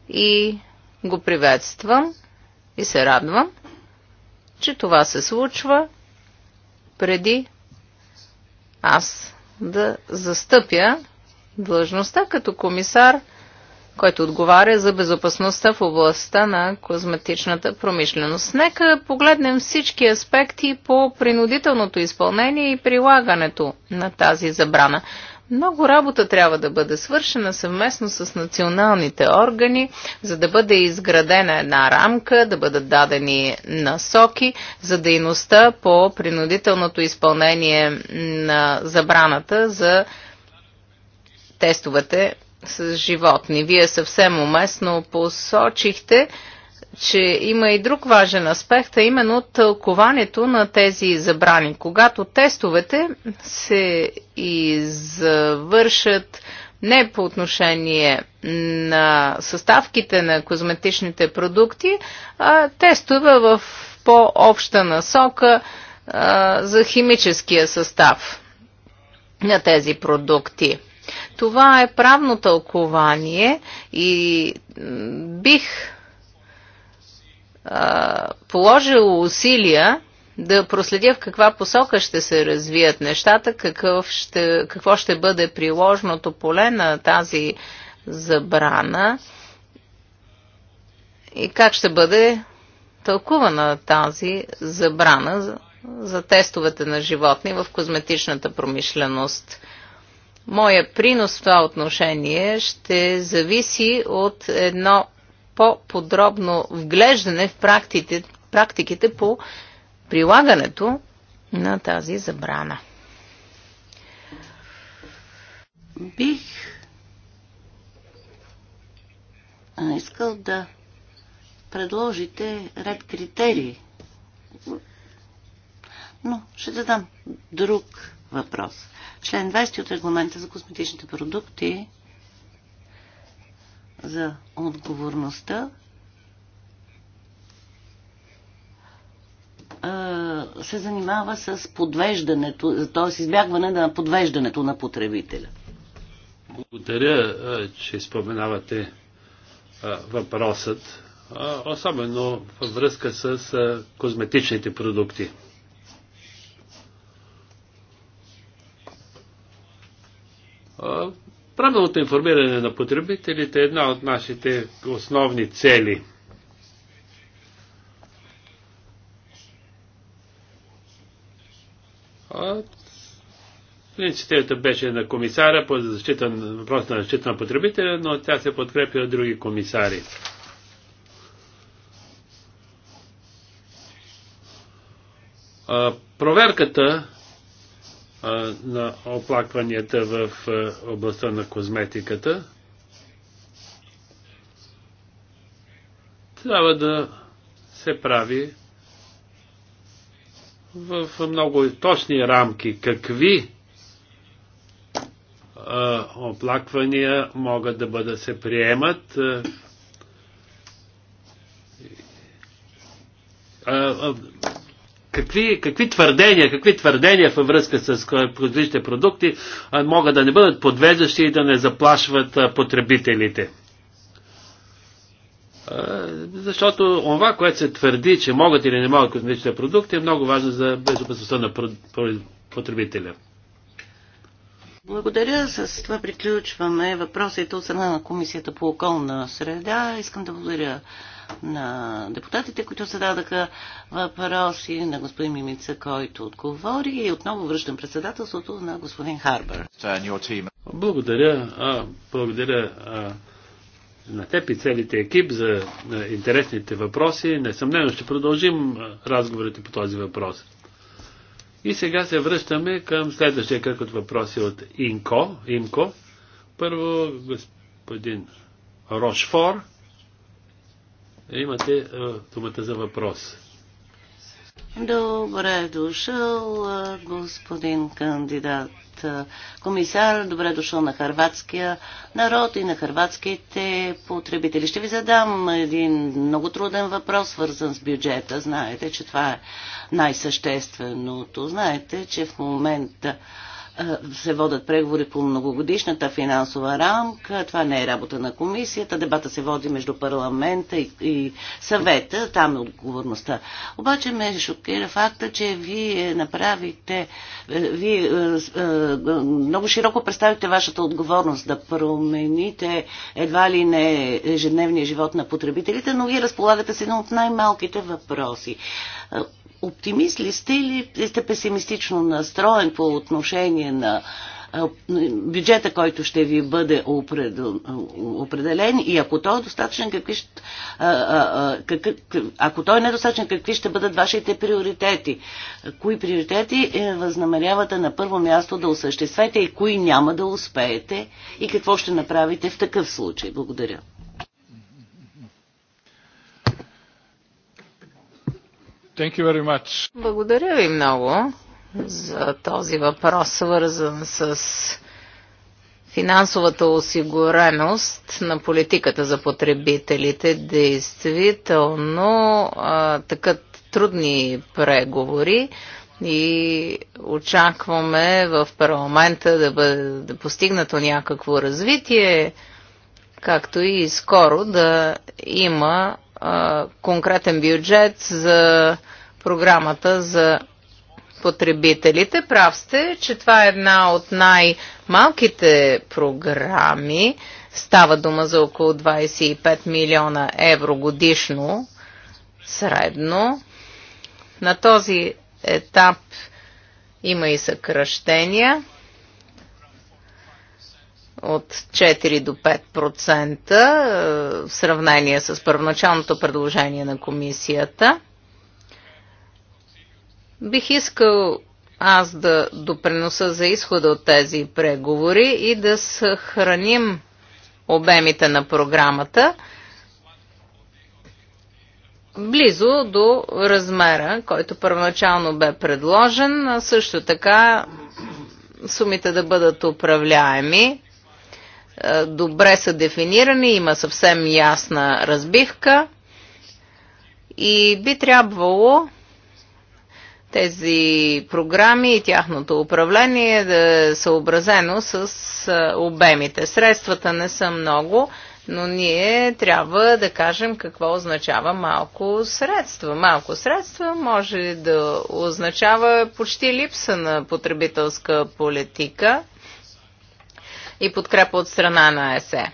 и го приветствам и се радвам, че това се случва преди аз да застъпя длъжността като комисар, който отговаря за безопасността в областта на козметичната промишленост. Нека погледнем всички аспекти по принудителното изпълнение и прилагането на тази забрана. Много работа трябва да бъде свършена съвместно с националните органи, за да бъде изградена една рамка, да бъдат дадени насоки за дейността по принудителното изпълнение на забраната за тестовете с животни. Вие съвсем уместно посочихте, че има и друг важен аспект, а именно тълкованието на тези забрани. Когато тестовете се извършат не по отношение на съставките на козметичните продукти, а тестове в по-обща насока а, за химическия състав на тези продукти. Това е правно тълкование и бих положило усилия да проследя в каква посока ще се развият нещата, какъв ще, какво ще бъде приложното поле на тази забрана и как ще бъде тълкувана тази забрана за, за тестовете на животни в козметичната промишленост. Моя принос в това отношение ще зависи от едно по-подробно вглеждане в практиките, практиките по прилагането на тази забрана. Бих искал да предложите ред критерии. Но ще задам друг въпрос. Член 20 от регламента за косметичните продукти за отговорността. се занимава с подвеждането, т.е. избягване на подвеждането на потребителя. Благодаря, че споменавате въпросът, особено във връзка с козметичните продукти. Правилното информиране на потребителите е една от нашите основни цели. Инициативата беше на комисара по защита, въпроса на защита на потребителя, но тя се подкрепи от други комисари. проверката на оплакванията в областта на козметиката. Трябва да се прави в много точни рамки какви оплаквания могат да бъдат се приемат какви, какви твърдения, какви твърдения във връзка с различните продукти могат да не бъдат подвеждащи и да не заплашват потребителите. Защото това, което се твърди, че могат или не могат козметичните продукти, е много важно за безопасността на потребителя. Благодаря. С това приключваме въпросите от страна на Комисията по околна среда. Искам да благодаря на депутатите, които се дадаха въпроси, на господин Мимица, който отговори и отново връщам председателството на господин Харбър. Благодаря, а, благодаря а, на теб и целите екип за а, интересните въпроси. Несъмнено ще продължим разговорите по този въпрос. И сега се връщаме към следващия кръг от въпроси от Инко. Имко. Първо господин Рошфор Имате думата за въпрос. Добре дошъл, господин кандидат комисар. Добре дошъл на харватския народ и на харватските потребители. Ще ви задам един много труден въпрос, свързан с бюджета. Знаете, че това е най-същественото. Знаете, че в момента е, се водят преговори по многогодишната финансова рамка. Това не е работа на комисията. Дебата се води между парламента и, и съвета. Там е отговорността. Обаче ме шокира факта, че вие направите е, вие е, много широко представите вашата отговорност да промените едва ли не ежедневния живот на потребителите, но вие разполагате с един от най-малките въпроси Оптимист ли сте или сте песимистично настроен по отношение на бюджета, който ще ви бъде определен и ако той е достатъчен, какви ще, ако той е недостатъчен, какви ще бъдат вашите приоритети? Кои приоритети е, възнамерявате на първо място да осъществите и кои няма да успеете и какво ще направите в такъв случай? Благодаря. Thank you very much. Благодаря ви много за този въпрос, свързан с финансовата осигуреност на политиката за потребителите. Действително, така трудни преговори и очакваме в парламента да бъде да постигнато някакво развитие, както и скоро да има конкретен бюджет за програмата за потребителите. Прав сте, че това е една от най-малките програми. Става дума за около 25 милиона евро годишно, средно. На този етап има и съкръщения от 4 до 5% е, в сравнение с първоначалното предложение на комисията. Бих искал аз да допринеса за изхода от тези преговори и да съхраним обемите на програмата близо до размера, който първоначално бе предложен, а също така сумите да бъдат управляеми е, добре са дефинирани, има съвсем ясна разбивка и би трябвало тези програми и тяхното управление да е съобразено с е, обемите. Средствата не са много, но ние трябва да кажем какво означава малко средства. Малко средства може да означава почти липса на потребителска политика – и подкрепа от страна на ЕСЕ.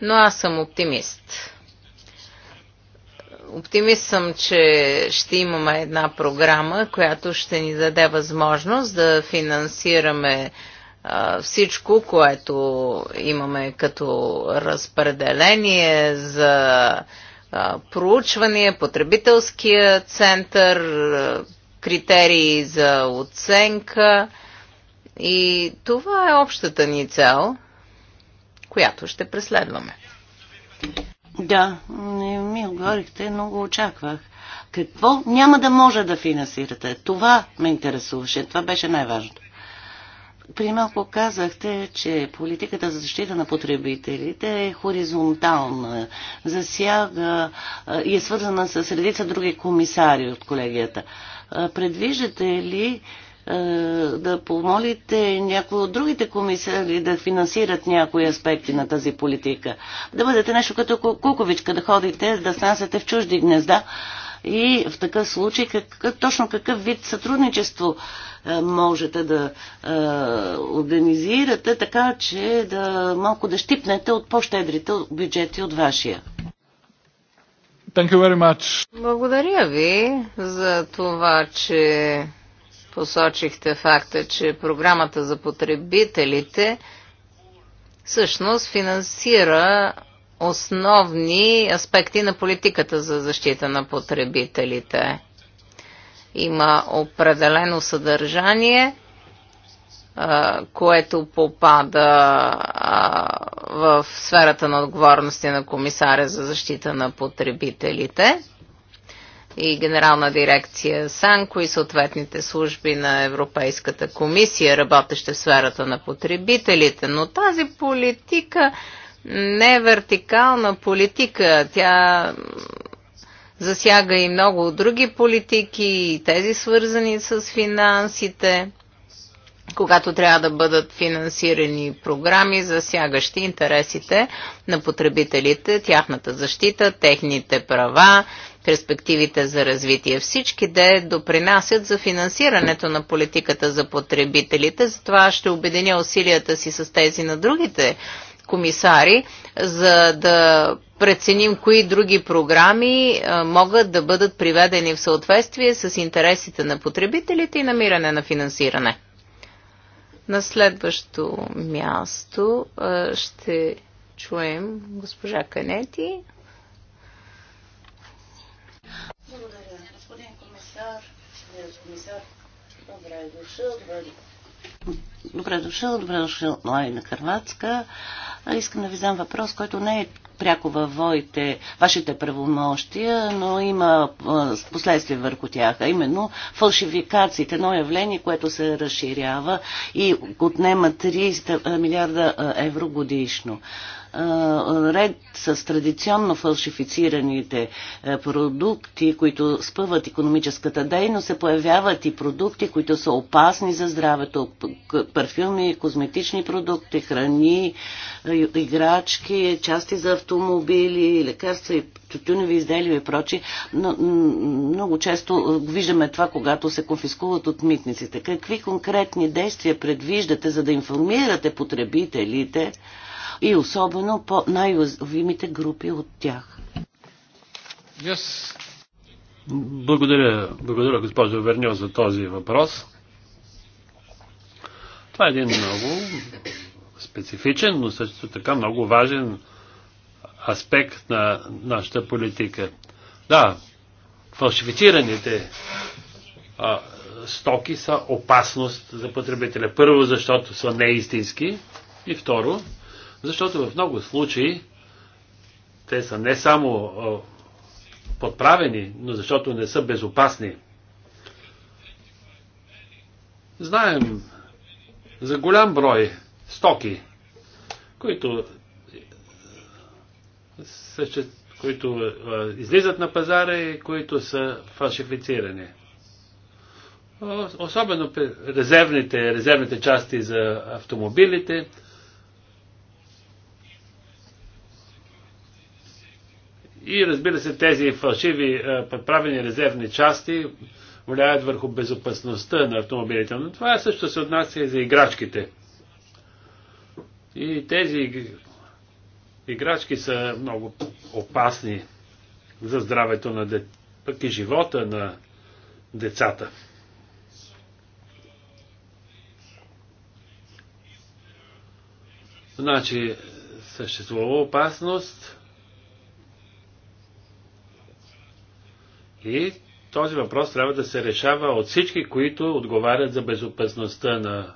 Но аз съм оптимист. Оптимист съм, че ще имаме една програма, която ще ни даде възможност да финансираме всичко, което имаме като разпределение за проучване, потребителския център, критерии за оценка и това е общата ни цел, която ще преследваме. Да, не ми отговорихте, но го очаквах. Какво няма да може да финансирате? Това ме интересуваше. Това беше най-важното. При малко казахте, че политиката за защита на потребителите е хоризонтална, засяга и е свързана с редица други комисари от колегията. Предвиждате ли е, да помолите някои от другите комисари да финансират някои аспекти на тази политика. Да бъдете нещо като куковичка, да ходите, да снасяте в чужди гнезда и в такъв случай как, точно какъв вид сътрудничество е, можете да е, организирате, така че да малко да щипнете от по-щедрите бюджети от вашия. Благодаря ви за това, че посочихте факта, че програмата за потребителите всъщност финансира основни аспекти на политиката за защита на потребителите. Има определено съдържание, което попада в сферата на отговорности на комисаря за защита на потребителите и Генерална дирекция САНКО и съответните служби на Европейската комисия, работеща в сферата на потребителите. Но тази политика не е вертикална политика. Тя засяга и много други политики, и тези свързани с финансите, когато трябва да бъдат финансирани програми, засягащи интересите на потребителите, тяхната защита, техните права, перспективите за развитие. Всички де допринасят за финансирането на политиката за потребителите, затова ще обединя усилията си с тези на другите комисари, за да преценим кои други програми могат да бъдат приведени в съответствие с интересите на потребителите и намиране на финансиране. На следващото място ще чуем госпожа Канети. Благодаря, господин комисар. комисар. Добре е дошъл. Добре, добре дошъл, добре дошъл Лай на Хрватска. Искам да ви задам въпрос, който не е пряко във воите, вашите правомощия, но има последствия върху тях, а именно фалшификациите, едно явление, което се разширява и отнема 30 милиарда евро годишно ред с традиционно фалшифицираните продукти, които спъват економическата дейност, се появяват и продукти, които са опасни за здравето. Парфюми, козметични продукти, храни, играчки, части за автомобили, лекарства и тютюневи изделия и прочи. Но, много често виждаме това, когато се конфискуват от митниците. Какви конкретни действия предвиждате, за да информирате потребителите? и особено по най-уязвимите групи от тях. Yes. Благодаря, благодаря госпожо Верньо за този въпрос. Това е един много специфичен, но също така много важен аспект на нашата политика. Да, фалшифицираните а, стоки са опасност за потребителя. Първо, защото са неистински и второ, защото в много случаи те са не само подправени, но защото не са безопасни. Знаем за голям брой стоки, които, които излизат на пазара и които са фалшифицирани. Особено резервните, резервните части за автомобилите, И разбира се, тези фалшиви е, подправени резервни части влияят върху безопасността на автомобилите. Но това също се отнася и за играчките. И тези играчки са много опасни за здравето на децата, пък и живота на децата. Значи, съществува опасност И този въпрос трябва да се решава от всички, които отговарят за безопасността на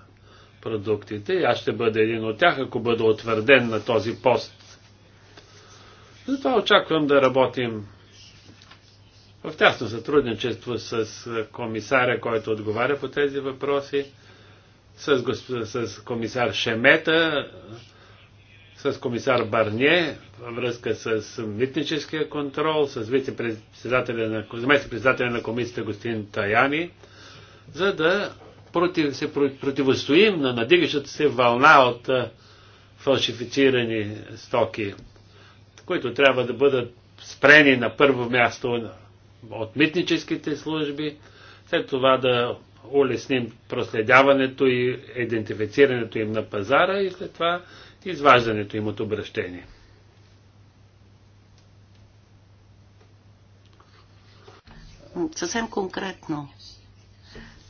продуктите. И аз ще бъда един от тях, ако бъда утвърден на този пост. Затова очаквам да работим в тясно сътрудничество с комисаря, който отговаря по тези въпроси, с, госп... с комисар Шемета, с комисар Барне във връзка с митническия контрол, с заместник-председателя на, на комисията господин Таяни, за да против, се противостоим на надигащата се вълна от фалшифицирани стоки, които трябва да бъдат спрени на първо място от митническите служби, след това да улесним проследяването и идентифицирането им на пазара и след това изваждането им от обращение. Съвсем конкретно,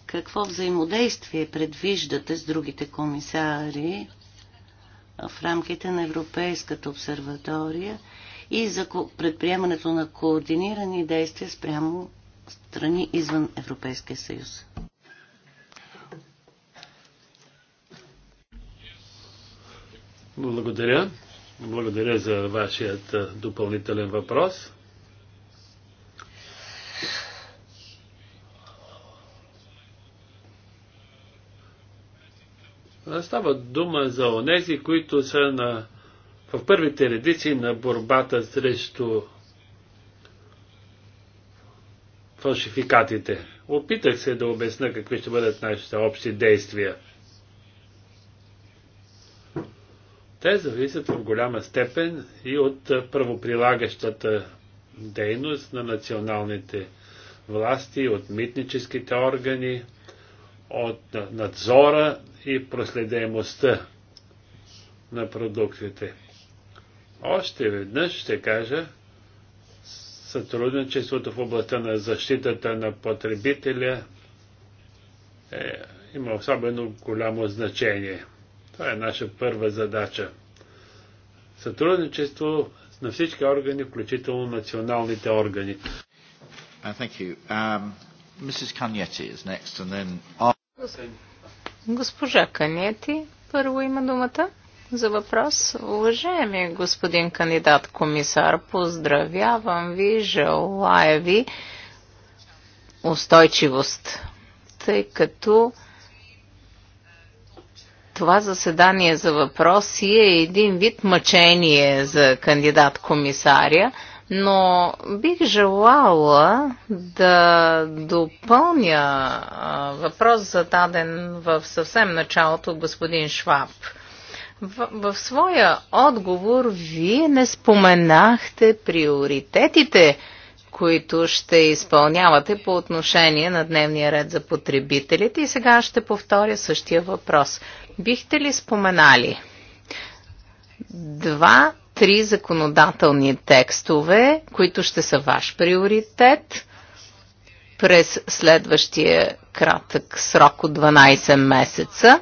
какво взаимодействие предвиждате с другите комисари в рамките на Европейската обсерватория и за предприемането на координирани действия спрямо страни извън Европейския съюз? Благодаря. Благодаря за вашият допълнителен въпрос. Става дума за онези, които са на, в първите редици на борбата срещу фалшификатите. Опитах се да обясна какви ще бъдат нашите общи действия – Те зависят в голяма степен и от правоприлагащата дейност на националните власти, от митническите органи, от надзора и проследемостта на продуктите. Още веднъж ще кажа, сътрудничеството в областта на защитата на потребителя е, има особено голямо значение – това е наша първа задача. Сътрудничество на всички органи, включително националните органи. Uh, um, Госпожа Канети, първо има думата за въпрос. Уважаеми господин кандидат комисар, поздравявам ви, желая ви устойчивост, тъй като това заседание за въпроси е един вид мъчение за кандидат-комисаря, но бих желала да допълня въпрос зададен в съвсем началото от господин Шваб. В, в своя отговор вие не споменахте приоритетите, които ще изпълнявате по отношение на дневния ред за потребителите и сега ще повторя същия въпрос бихте ли споменали два-три законодателни текстове, които ще са ваш приоритет през следващия кратък срок от 12 месеца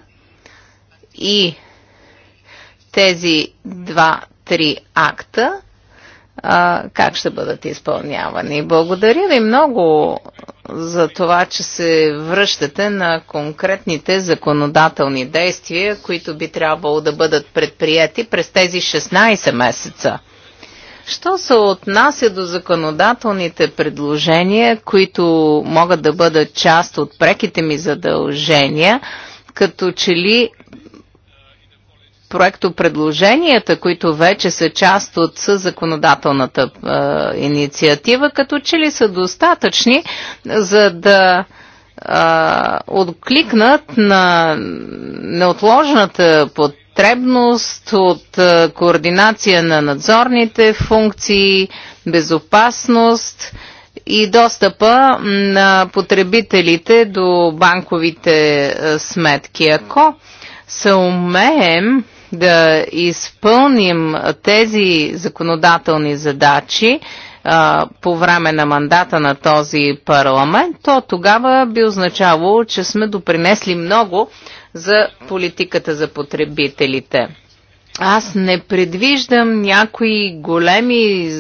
и тези два-три акта а, как ще бъдат изпълнявани. Благодаря ви много за това, че се връщате на конкретните законодателни действия, които би трябвало да бъдат предприяти през тези 16 месеца. Що се отнася до законодателните предложения, които могат да бъдат част от преките ми задължения, като че ли проектопредложенията, които вече са част от законодателната е, инициатива, като че ли са достатъчни, за да е, откликнат на неотложната потребност от е, координация на надзорните функции, безопасност и достъпа на потребителите до банковите е, сметки. Ако се умеем да изпълним тези законодателни задачи а, по време на мандата на този парламент, то тогава би означало, че сме допринесли много за политиката за потребителите. Аз не предвиждам някои големи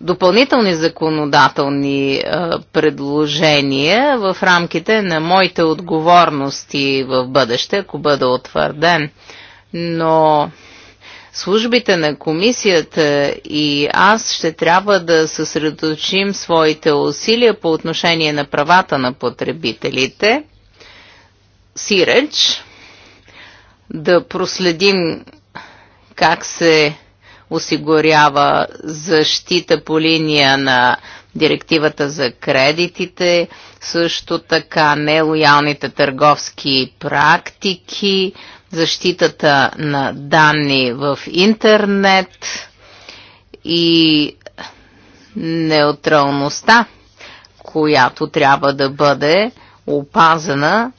допълнителни законодателни а, предложения в рамките на моите отговорности в бъдеще, ако бъда утвърден но службите на комисията и аз ще трябва да съсредоточим своите усилия по отношение на правата на потребителите. Сиреч, да проследим как се осигурява защита по линия на директивата за кредитите, също така нелоялните търговски практики, защитата на данни в интернет и неутралността, която трябва да бъде опазена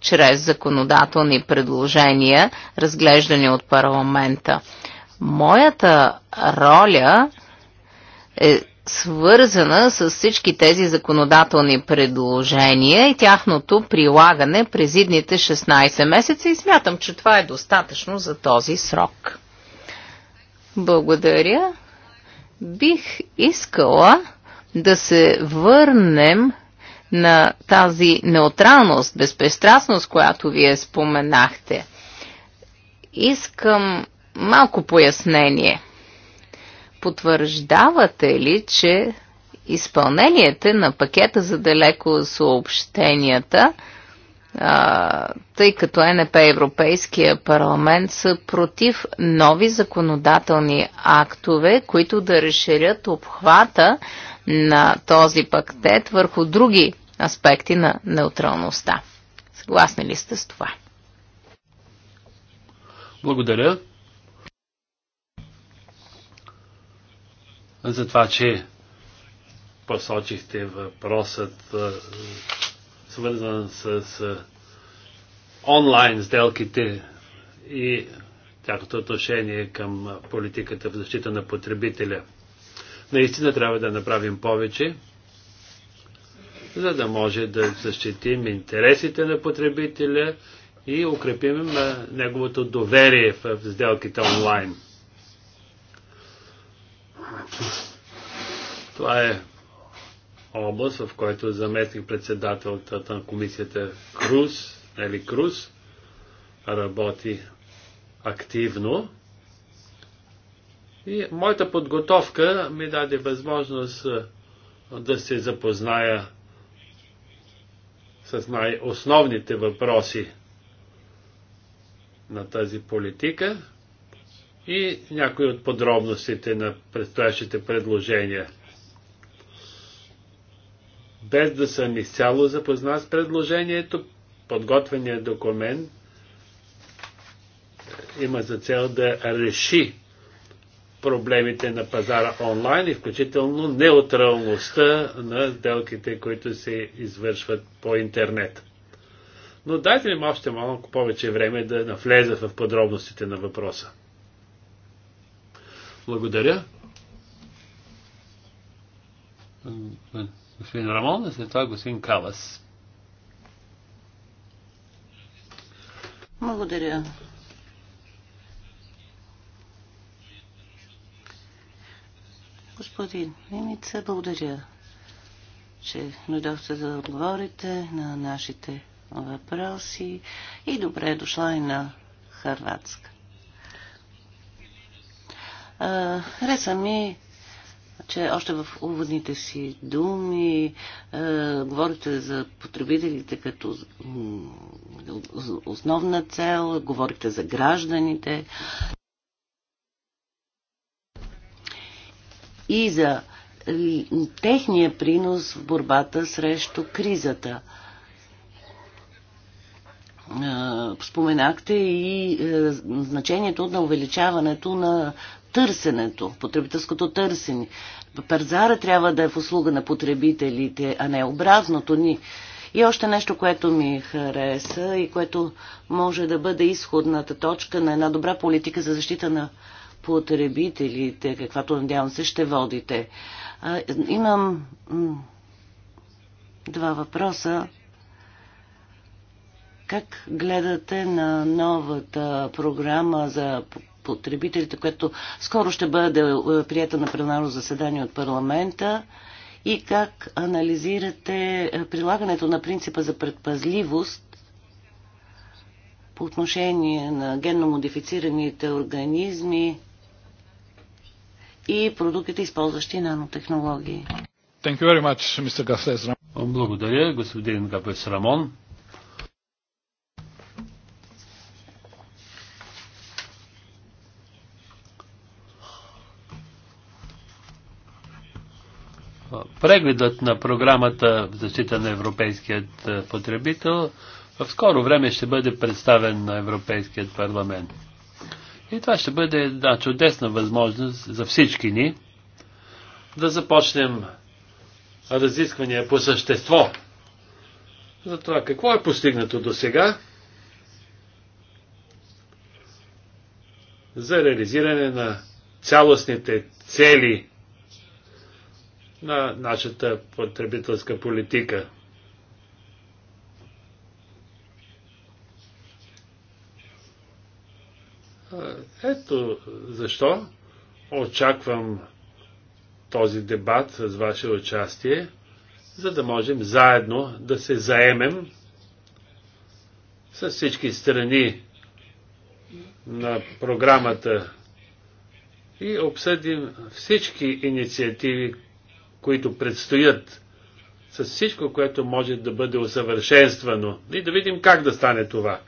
чрез законодателни предложения, разглеждани от парламента. Моята роля е свързана с всички тези законодателни предложения и тяхното прилагане през идните 16 месеца и смятам, че това е достатъчно за този срок. Благодаря. Бих искала да се върнем на тази неутралност, безпристрастност, която вие споменахте. Искам малко пояснение – потвърждавате ли, че изпълнението на пакета за далеко съобщенията, а, тъй като НП Европейския парламент са против нови законодателни актове, които да разширят обхвата на този пакет върху други аспекти на неутралността. Съгласни ли сте с това? Благодаря. за това, че посочихте въпросът свързан с онлайн сделките и тяхното отношение към политиката в защита на потребителя. Наистина трябва да направим повече, за да може да защитим интересите на потребителя и укрепим неговото доверие в сделките онлайн. Това е област, в който заместник председателта на комисията Круз, Ели Круз, работи активно. И моята подготовка ми даде възможност да се запозная с най-основните въпроси на тази политика и някои от подробностите на предстоящите предложения. Без да съм изцяло запознат с предложението, подготвения документ има за цел да реши проблемите на пазара онлайн и включително неутралността на сделките, които се извършват по интернет. Но дайте им още малко повече време да навлеза в подробностите на въпроса. Благодаря. Господин Рамон, а след това господин Калас. Благодаря. Господин Мимица, благодаря, че дойдохте да отговорите на нашите въпроси и добре е дошла и на Харватска хареса ми, че още в уводните си думи говорите за потребителите като основна цел, говорите за гражданите и за техния принос в борбата срещу кризата споменахте и е, значението на увеличаването на търсенето, потребителското търсене. Пазара трябва да е в услуга на потребителите, а не образното ни. И още нещо, което ми хареса и което може да бъде изходната точка на една добра политика за защита на потребителите, каквато надявам се ще водите. А, имам два въпроса. Как гледате на новата програма за потребителите, която скоро ще бъде е, прията на пленарно заседание от парламента? И как анализирате е, прилагането на принципа за предпазливост по отношение на генно модифицираните организми и продуктите, използващи нанотехнологии? Thank you very much, Mr. Благодаря, господин Гапес Рамон. Прегледът на програмата в защита на европейският е, потребител в скоро време ще бъде представен на Европейският парламент. И това ще бъде една чудесна възможност за всички ни да започнем разисквания по същество за това какво е постигнато до сега за реализиране на цялостните цели на нашата потребителска политика. Ето защо очаквам този дебат с ваше участие, за да можем заедно да се заемем с всички страни на програмата и обсъдим всички инициативи, които предстоят, с всичко, което може да бъде усъвършенствано и да видим как да стане това.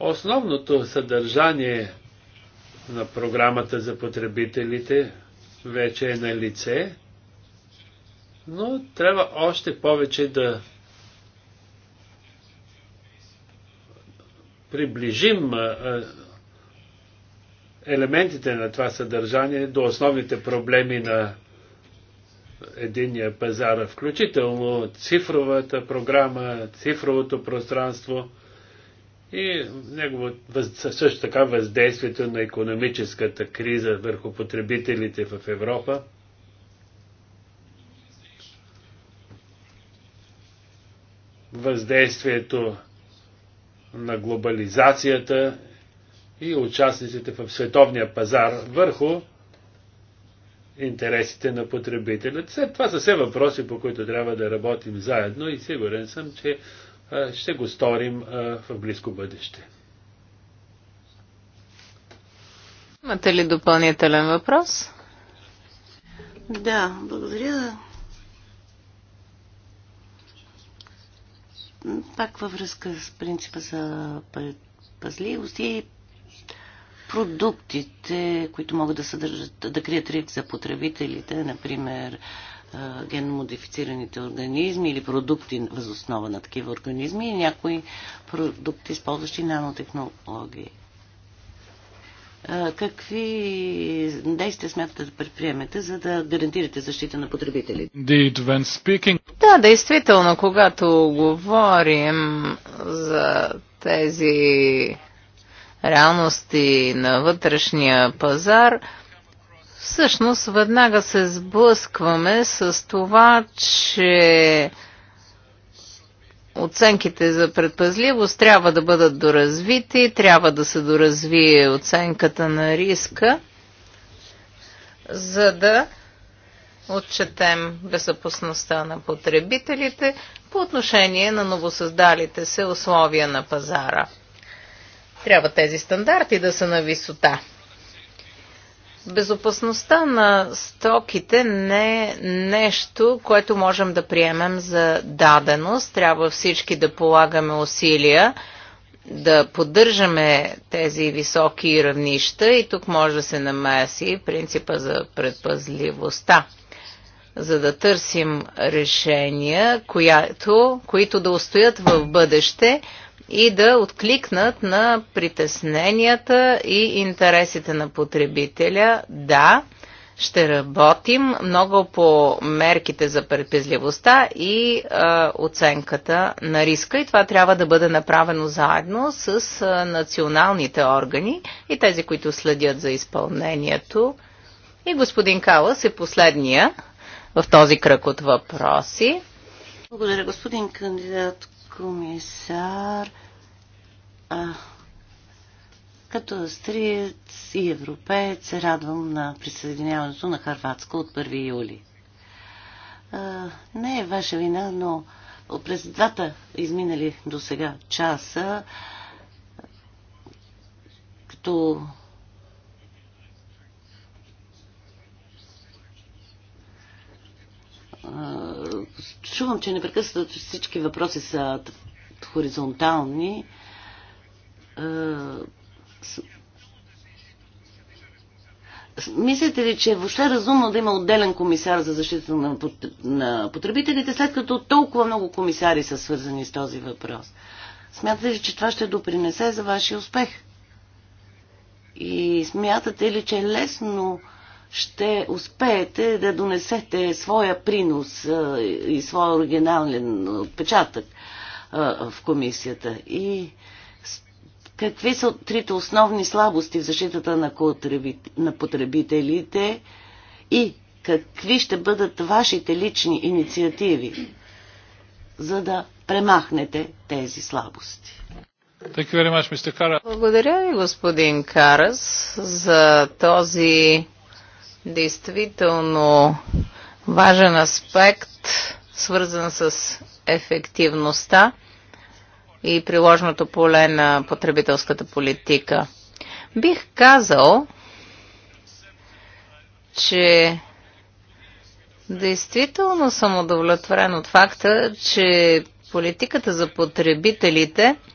Основното съдържание на програмата за потребителите вече е на лице, но трябва още повече да приближим елементите на това съдържание до основните проблеми на единния пазар, включително цифровата програма, цифровото пространство и негово, също така въздействието на економическата криза върху потребителите в Европа. въздействието на глобализацията и участниците в световния пазар върху интересите на потребителят. това са все въпроси, по които трябва да работим заедно и сигурен съм, че ще го сторим в близко бъдеще. Имате ли допълнителен въпрос? Да, благодаря. Пак във връзка с принципа за пазливост и продуктите, които могат да съдържат, да крият риск за потребителите, например генмодифицираните организми или продукти възоснова на такива организми и някои продукти, използващи нанотехнологии. Какви действия смятате да предприемете, за да гарантирате защита на потребителите? Да, действително, когато говорим за тези реалности на вътрешния пазар, всъщност веднага се сблъскваме с това, че оценките за предпазливост трябва да бъдат доразвити, трябва да се доразвие оценката на риска, за да отчетем безопасността на потребителите по отношение на новосъздалите се условия на пазара. Трябва тези стандарти да са на висота. Безопасността на стоките не е нещо, което можем да приемем за даденост. Трябва всички да полагаме усилия да поддържаме тези високи равнища и тук може да се намеси принципа за предпазливостта, за да търсим решения, която, които да устоят в бъдеще, и да откликнат на притесненията и интересите на потребителя. Да, ще работим много по мерките за предпизливостта и а, оценката на риска и това трябва да бъде направено заедно с а, националните органи и тези, които следят за изпълнението. И господин Калас е последния в този кръг от въпроси. Благодаря, господин кандидат комисар, а, като австриец и европеец се радвам на присъединяването на Харватска от 1 юли. А, не е ваша вина, но през двата изминали до сега часа, като чувам, че непрекъснато всички въпроси са хоризонтални. Мислите ли, че е въобще разумно да има отделен комисар за защита на потребителите, след като толкова много комисари са свързани с този въпрос? Смятате ли, че това ще допринесе за вашия успех? И смятате ли, че е лесно ще успеете да донесете своя принос и своя оригинален отпечатък в комисията. И какви са трите основни слабости в защитата на потребителите и какви ще бъдат вашите лични инициативи, за да премахнете тези слабости? Благодаря ви, господин Карас, за този действително важен аспект, свързан с ефективността и приложното поле на потребителската политика. Бих казал, че действително съм удовлетворен от факта, че политиката за потребителите –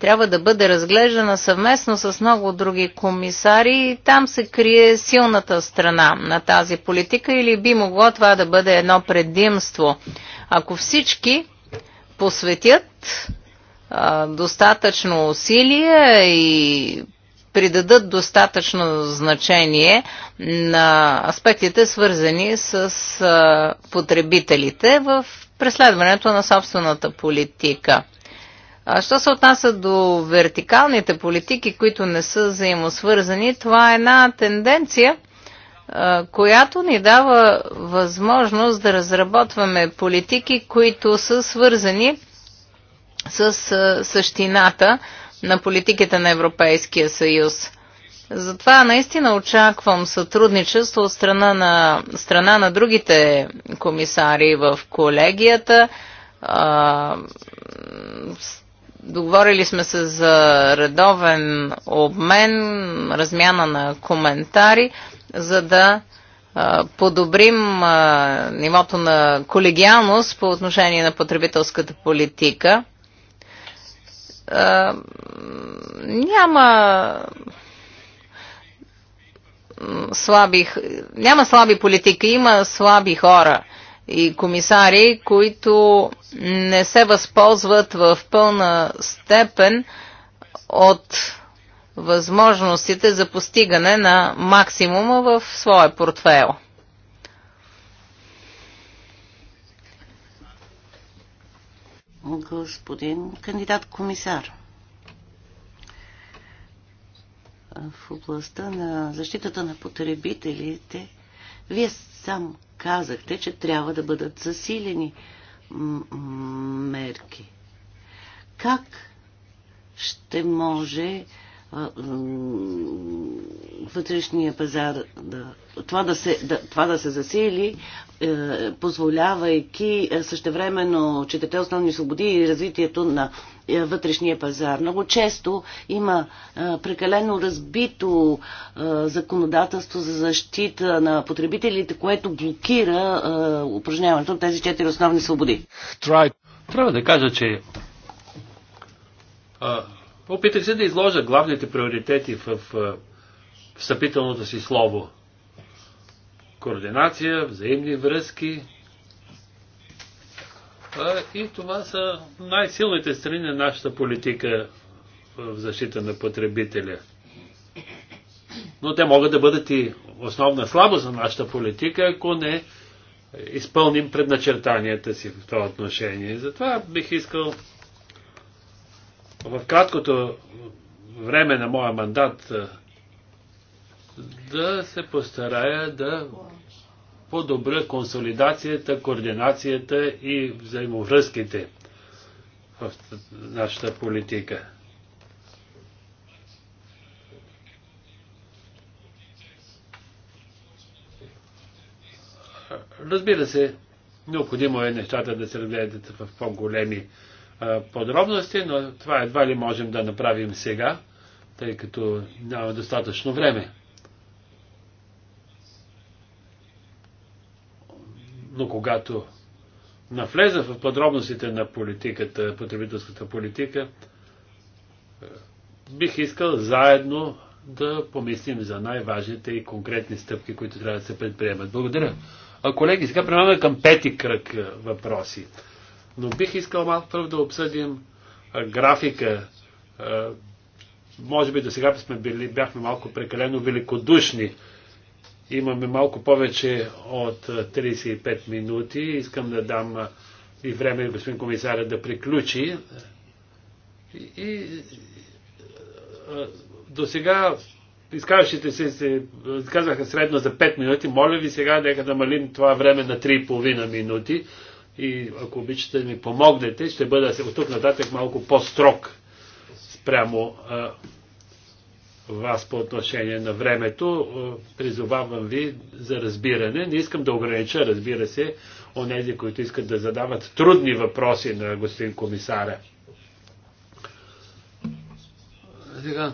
трябва да бъде разглеждана съвместно с много други комисари и там се крие силната страна на тази политика или би могло това да бъде едно предимство. Ако всички посветят а, достатъчно усилия и придадат достатъчно значение на аспектите, свързани с а, потребителите в преследването на собствената политика. А що се отнася до вертикалните политики, които не са взаимосвързани, това е една тенденция, която ни дава възможност да разработваме политики, които са свързани с същината на политиките на Европейския съюз. Затова наистина очаквам сътрудничество от страна на, страна на другите комисари в колегията. А, Договорили сме се за редовен обмен, размяна на коментари, за да подобрим нивото на колегиалност по отношение на потребителската политика. Няма слаби, няма слаби политика, има слаби хора – и комисари, които не се възползват в пълна степен от възможностите за постигане на максимума в своя портфел. Господин кандидат комисар, в областта на защитата на потребителите, вие сам казахте, че трябва да бъдат засилени мерки. Как ще може вътрешния пазар да, това, да се, да, това да се засили, е, позволявайки е, същевременно четете основни свободи и развитието на е, вътрешния пазар. Много често има е, прекалено разбито е, законодателство за защита на потребителите, което блокира упражняването на тези четири основни свободи. Трябва да кажа, че опитах се да изложа главните приоритети в, в встъпителното си слово. Координация, взаимни връзки, и това са най-силните страни на нашата политика в защита на потребителя. Но те могат да бъдат и основна слабост на нашата политика, ако не изпълним предначертанията си в това отношение. Затова бих искал в краткото време на моя мандат да се постарая да по-добра консолидацията, координацията и взаимовръзките в нашата политика. Разбира се, необходимо е нещата да се разгледат в по-големи подробности, но това едва ли можем да направим сега, тъй като няма достатъчно време. Но когато навлеза в подробностите на политиката, потребителската политика, е, бих искал заедно да помислим за най-важните и конкретни стъпки, които трябва да се предприемат. Благодаря. А, колеги, сега преминаваме към пети кръг е, въпроси. Но бих искал малко първо да обсъдим е, графика. А, може би до сега сме били, бяхме малко прекалено великодушни Имаме малко повече от 35 минути. Искам да дам и време господин комисаря да приключи. И, и до сега изказващите се, се казаха средно за 5 минути. Моля ви сега, нека да малим това време на 3,5 минути. И ако обичате да ми помогнете, ще бъда от тук нататък малко по-строг спрямо вас по отношение на времето. Призовавам ви за разбиране. Не искам да огранича, разбира се, онези, които искат да задават трудни въпроси на господин комисаря. Сега,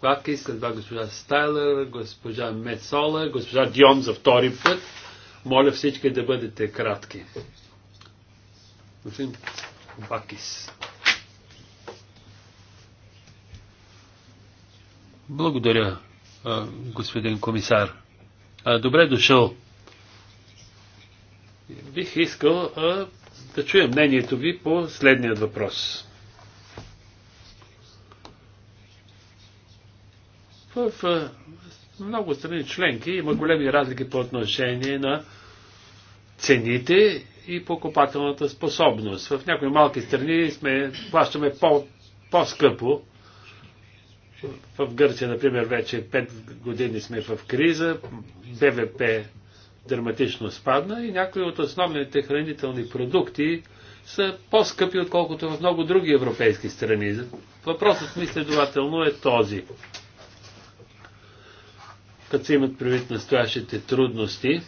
Клаки, след това госпожа Стайлер, госпожа Мецола, госпожа Дион за втори път. Моля всички да бъдете кратки. Господин Бакис. Благодаря, господин комисар. Добре дошъл. Бих искал да чуя мнението ви по следният въпрос. В много страни членки има големи разлики по отношение на цените и покупателната способност. В някои малки страни сме, плащаме по, по-скъпо в Гърция, например, вече 5 години сме в криза, БВП драматично спадна и някои от основните хранителни продукти са по-скъпи, отколкото в много други европейски страни. Въпросът ми следователно е този. Като се имат предвид настоящите трудности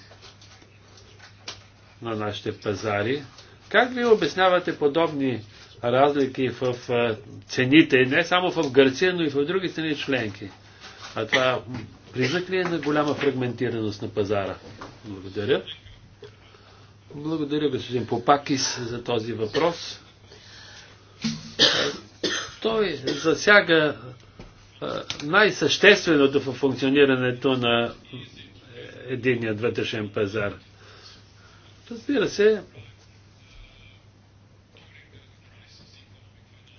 на нашите пазари, как ви обяснявате подобни разлики в цените, не само в Гърция, но и в други страни членки. А това признак ли е на голяма фрагментираност на пазара? Благодаря. Благодаря, господин Попакис, за този въпрос. Той засяга най-същественото в функционирането на единият вътрешен пазар. Разбира се,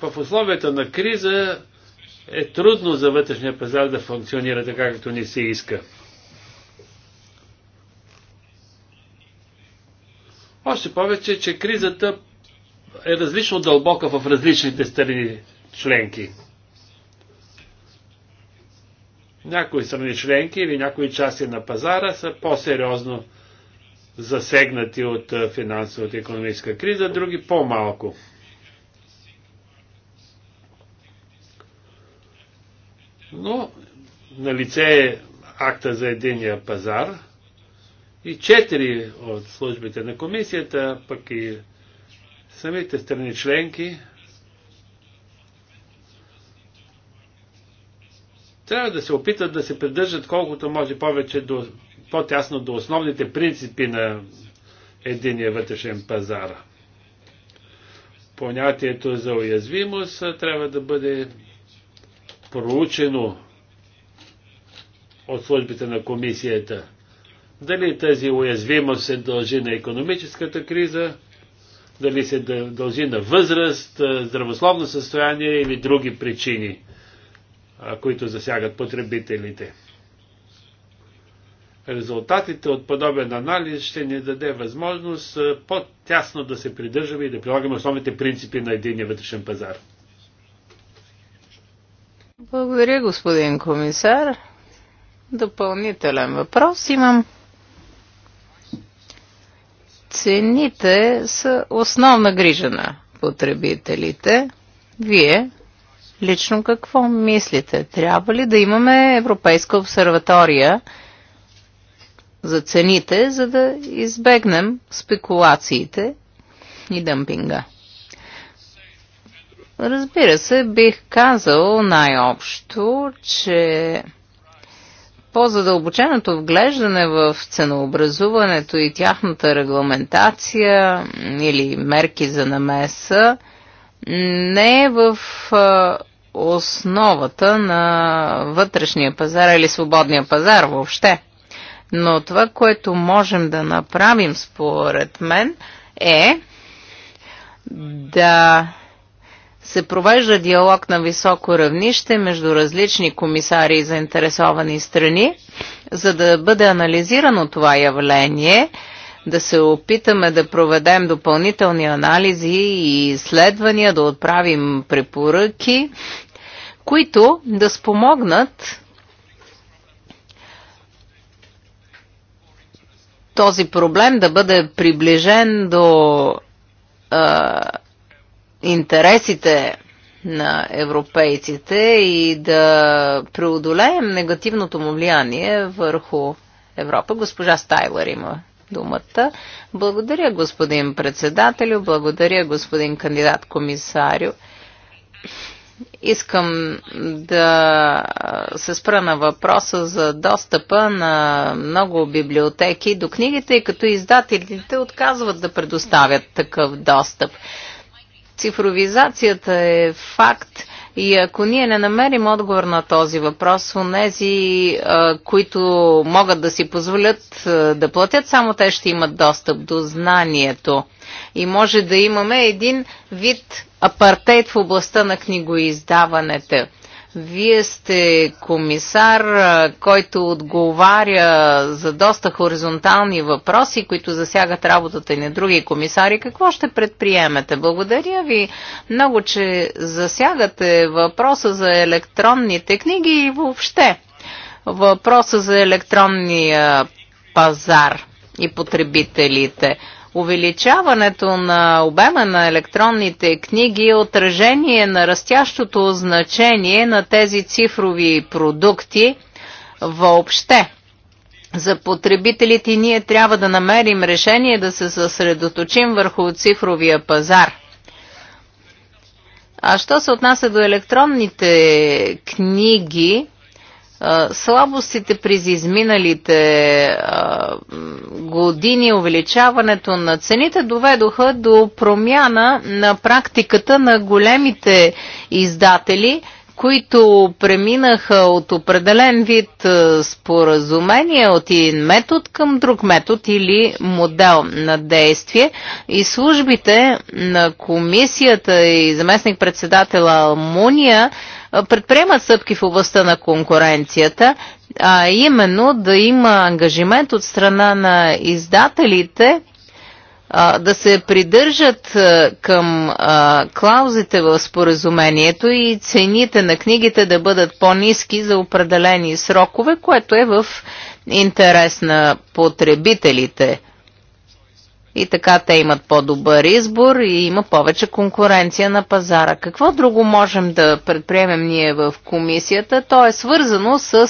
в условията на криза е трудно за вътрешния пазар да функционира така, както ни се иска. Още повече, че кризата е различно дълбока в различните страни членки. Някои страни членки или някои части на пазара са по-сериозно засегнати от финансовата и економическа криза, други по-малко. Но на лице е акта за единия пазар и четири от службите на комисията, пък и самите страни членки трябва да се опитат да се придържат колкото може повече до, по-тясно до основните принципи на единия вътрешен пазар. Понятието за уязвимост трябва да бъде проучено от службите на комисията. Дали тази уязвимост се дължи на економическата криза, дали се дължи на възраст, здравословно състояние или други причини, които засягат потребителите. Резултатите от подобен анализ ще ни даде възможност по-тясно да се придържаме и да прилагаме основните принципи на единния вътрешен пазар. Благодаря, господин комисар. Допълнителен въпрос имам. Цените са основна грижа на потребителите. Вие лично какво мислите? Трябва ли да имаме Европейска обсерватория за цените, за да избегнем спекулациите и дъмпинга? Разбира се, бих казал най-общо, че по-задълбоченото вглеждане в ценообразуването и тяхната регламентация или мерки за намеса не е в основата на вътрешния пазар или свободния пазар въобще. Но това, което можем да направим според мен е да се провежда диалог на високо равнище между различни комисари и заинтересовани страни, за да бъде анализирано това явление, да се опитаме да проведем допълнителни анализи и изследвания, да отправим препоръки, които да спомогнат този проблем да бъде приближен до а, интересите на европейците и да преодолеем негативното му влияние върху Европа. Госпожа Стайлер има думата. Благодаря, господин председателю, благодаря, господин кандидат комисарю. Искам да се спра на въпроса за достъпа на много библиотеки до книгите, като издателите отказват да предоставят такъв достъп. Цифровизацията е факт и ако ние не намерим отговор на този въпрос, нези, които могат да си позволят да платят, само те ще имат достъп до знанието. И може да имаме един вид апартейт в областта на книгоиздаването. Вие сте комисар, който отговаря за доста хоризонтални въпроси, които засягат работата и на други комисари. Какво ще предприемете? Благодаря ви много, че засягате въпроса за електронните книги и въобще въпроса за електронния пазар и потребителите. Увеличаването на обема на електронните книги е отражение на растящото значение на тези цифрови продукти въобще. За потребителите ние трябва да намерим решение да се съсредоточим върху цифровия пазар. А що се отнася до електронните книги, слабостите през изминалите години, увеличаването на цените доведоха до промяна на практиката на големите издатели, които преминаха от определен вид споразумение от един метод към друг метод или модел на действие и службите на комисията и заместник председателя Алмуния предприемат стъпки в областта на конкуренцията, а именно да има ангажимент от страна на издателите да се придържат към клаузите в споразумението и цените на книгите да бъдат по-низки за определени срокове, което е в интерес на потребителите и така те имат по-добър избор и има повече конкуренция на пазара. Какво друго можем да предприемем ние в комисията? То е свързано с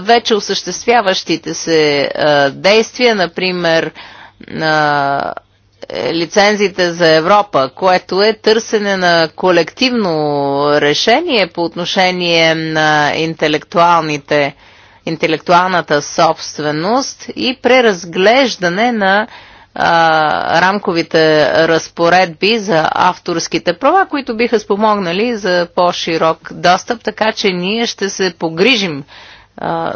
вече осъществяващите се действия, например лицензите за Европа, което е търсене на колективно решение по отношение на интелектуалните интелектуалната собственост и преразглеждане на рамковите разпоредби за авторските права, които биха спомогнали за по-широк достъп, така че ние ще се погрижим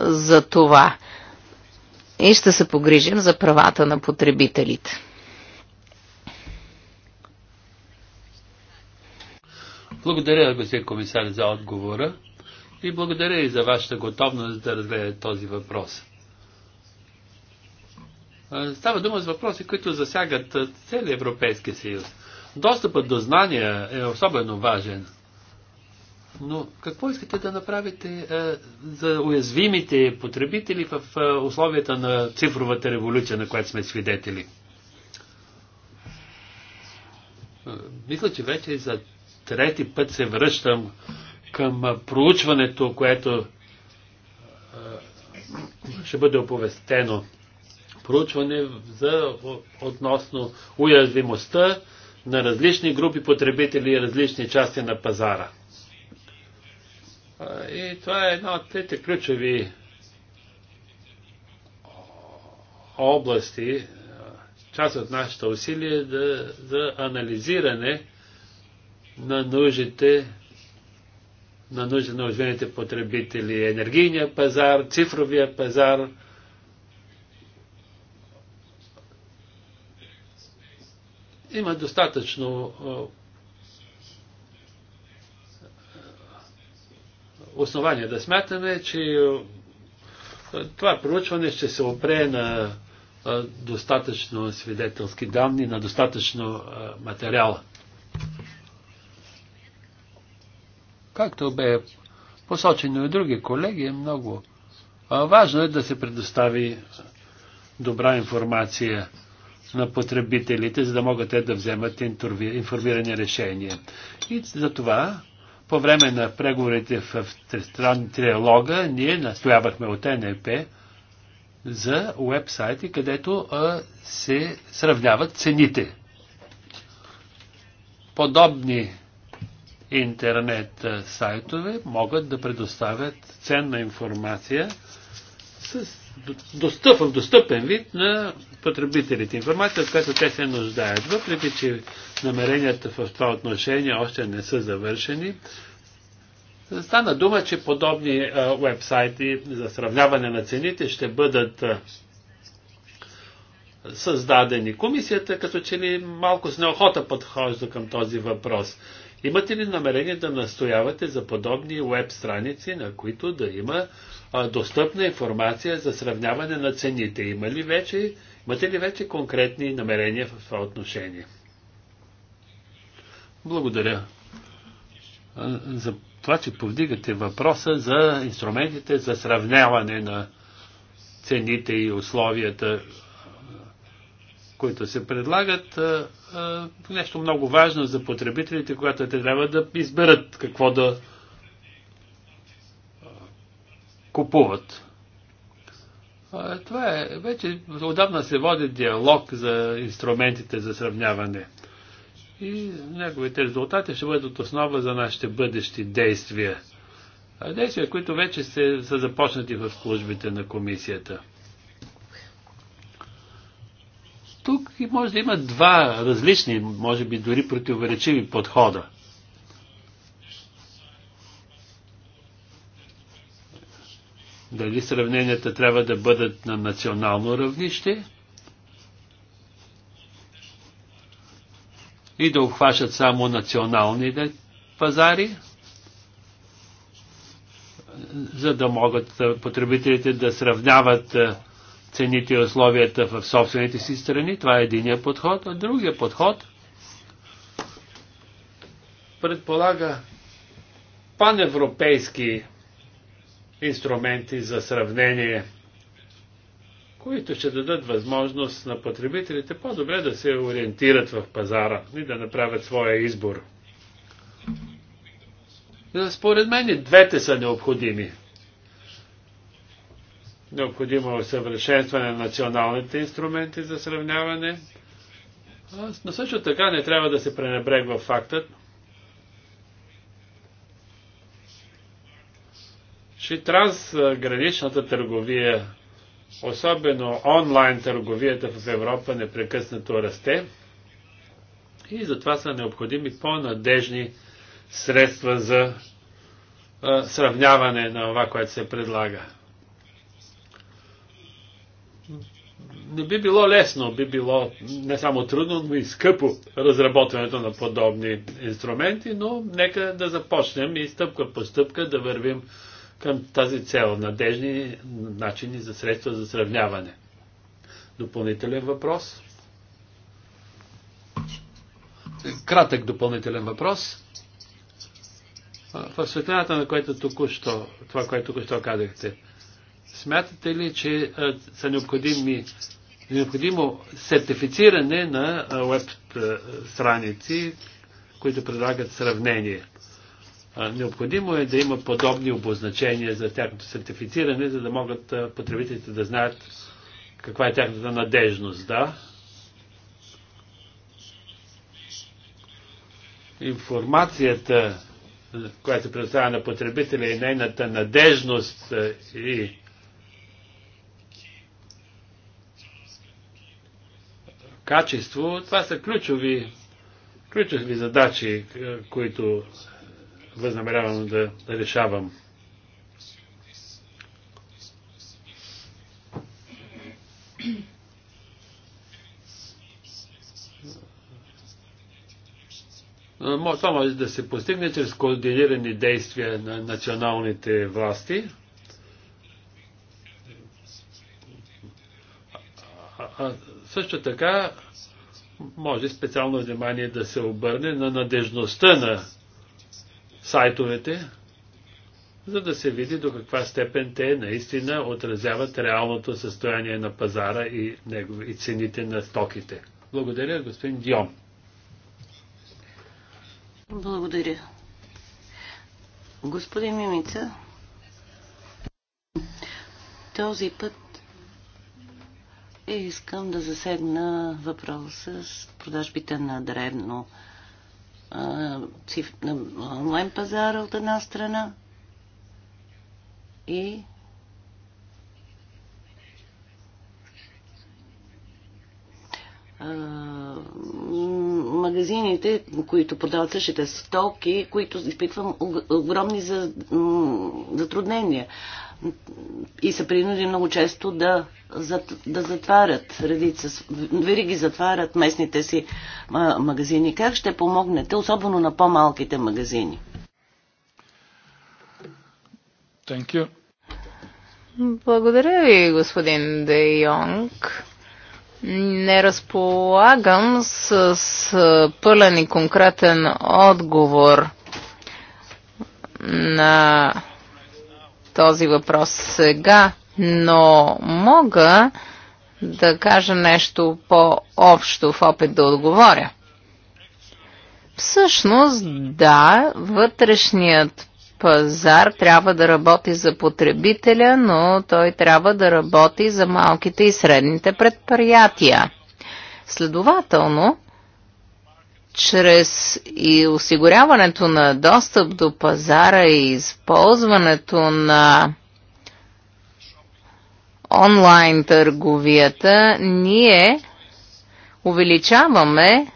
за това и ще се погрижим за правата на потребителите. Благодаря, господин комисар, за отговора и благодаря и за вашата готовност да разгледате този въпрос. Става дума за въпроси, които засягат цели Европейски съюз. Достъпът до знания е особено важен. Но какво искате да направите е, за уязвимите потребители в е, условията на цифровата революция, на която сме свидетели? Е, мисля, че вече за трети път се връщам към е, проучването, което е, ще бъде оповестено проучване за, относно уязвимостта на различни групи потребители и различни части на пазара. И това е една от трите ключови области, част от нашите усилия да, за анализиране на нуждите на нужда на потребители. Енергийния пазар, цифровия пазар, Има достатъчно основания да смятаме, че това проучване ще се опре на достатъчно свидетелски данни, на достатъчно материал. Както бе посочено и други колеги, е много важно е да се предостави добра информация на потребителите, за да могат те да вземат информирани решения. И за това по време на преговорите в тристран триалога ние настоявахме от НЕП за уебсайти, където а, се сравняват цените. Подобни интернет сайтове могат да предоставят ценна информация с достъп, в достъпен вид на потребителите. Информация, от която те се нуждаят. Въпреки, че намеренията в това отношение още не са завършени, стана дума, че подобни вебсайти за сравняване на цените ще бъдат създадени. Комисията като че ли малко с неохота подхожда към този въпрос. Имате ли намерение да настоявате за подобни веб страници, на които да има а, достъпна информация за сравняване на цените? Има ли вече, имате ли вече конкретни намерения в това отношение? Благодаря за това, че повдигате въпроса за инструментите за сравняване на цените и условията които се предлагат, нещо много важно за потребителите, когато те трябва да изберат какво да купуват. Това е, вече отдавна се води диалог за инструментите за сравняване. И неговите резултати ще бъдат основа за нашите бъдещи действия. Действия, които вече се, са започнати в службите на комисията. Тук и може да има два различни, може би дори противоречиви подхода. Дали сравненията трябва да бъдат на национално равнище и да обхващат само национални пазари, за да могат потребителите да сравняват цените и условията в собствените си страни. Това е единия подход. А другия подход предполага паневропейски инструменти за сравнение, които ще дадат възможност на потребителите по-добре да се ориентират в пазара и да направят своя избор. Според мен и двете са необходими. Необходимо е усъвършенстване на националните инструменти за сравняване. Но също така не трябва да се пренебрегва фактът, че трансграничната търговия, особено онлайн търговията в Европа, непрекъснато расте и затова са необходими по-надежни средства за сравняване на това, което се предлага. не би било лесно, би било не само трудно, но и скъпо разработването на подобни инструменти, но нека да започнем и стъпка по стъпка да вървим към тази цел. Надежни начини за средства за сравняване. Допълнителен въпрос? Кратък допълнителен въпрос. В светлината на което току-що, това, което току-що казахте, смятате ли, че са необходими необходимо сертифициране на веб страници, които предлагат сравнение. Необходимо е да има подобни обозначения за тяхното сертифициране, за да могат потребителите да знаят каква е тяхната надежност. Да? Информацията, която предоставя на потребителя и е нейната надежност и качество, това са ключови, ключови задачи, е, които възнамерявам да решавам. Е, това може да се постигне чрез координирани действия на националните власти. А, а, също така може специално внимание да се обърне на надежността на сайтовете, за да се види до каква степен те наистина отразяват реалното състояние на пазара и, негови, и цените на стоките. Благодаря, господин Дион. Благодаря. Господин Мимица, този път и искам да засегна въпроса с продажбите на древно на онлайн пазара от една страна и магазините, които продават същите стоки, които изпитвам огромни затруднения и са принуди много често да, да затварят редица, вириги затварят местните си магазини. Как ще помогнете, особено на по-малките магазини? Thank you. Благодаря ви, господин Де Йонг. Не разполагам с пълен и конкретен отговор на този въпрос сега, но мога да кажа нещо по-общо в опит да отговоря. Всъщност, да, вътрешният пазар трябва да работи за потребителя, но той трябва да работи за малките и средните предприятия. Следователно, чрез и осигуряването на достъп до пазара и използването на онлайн търговията, ние увеличаваме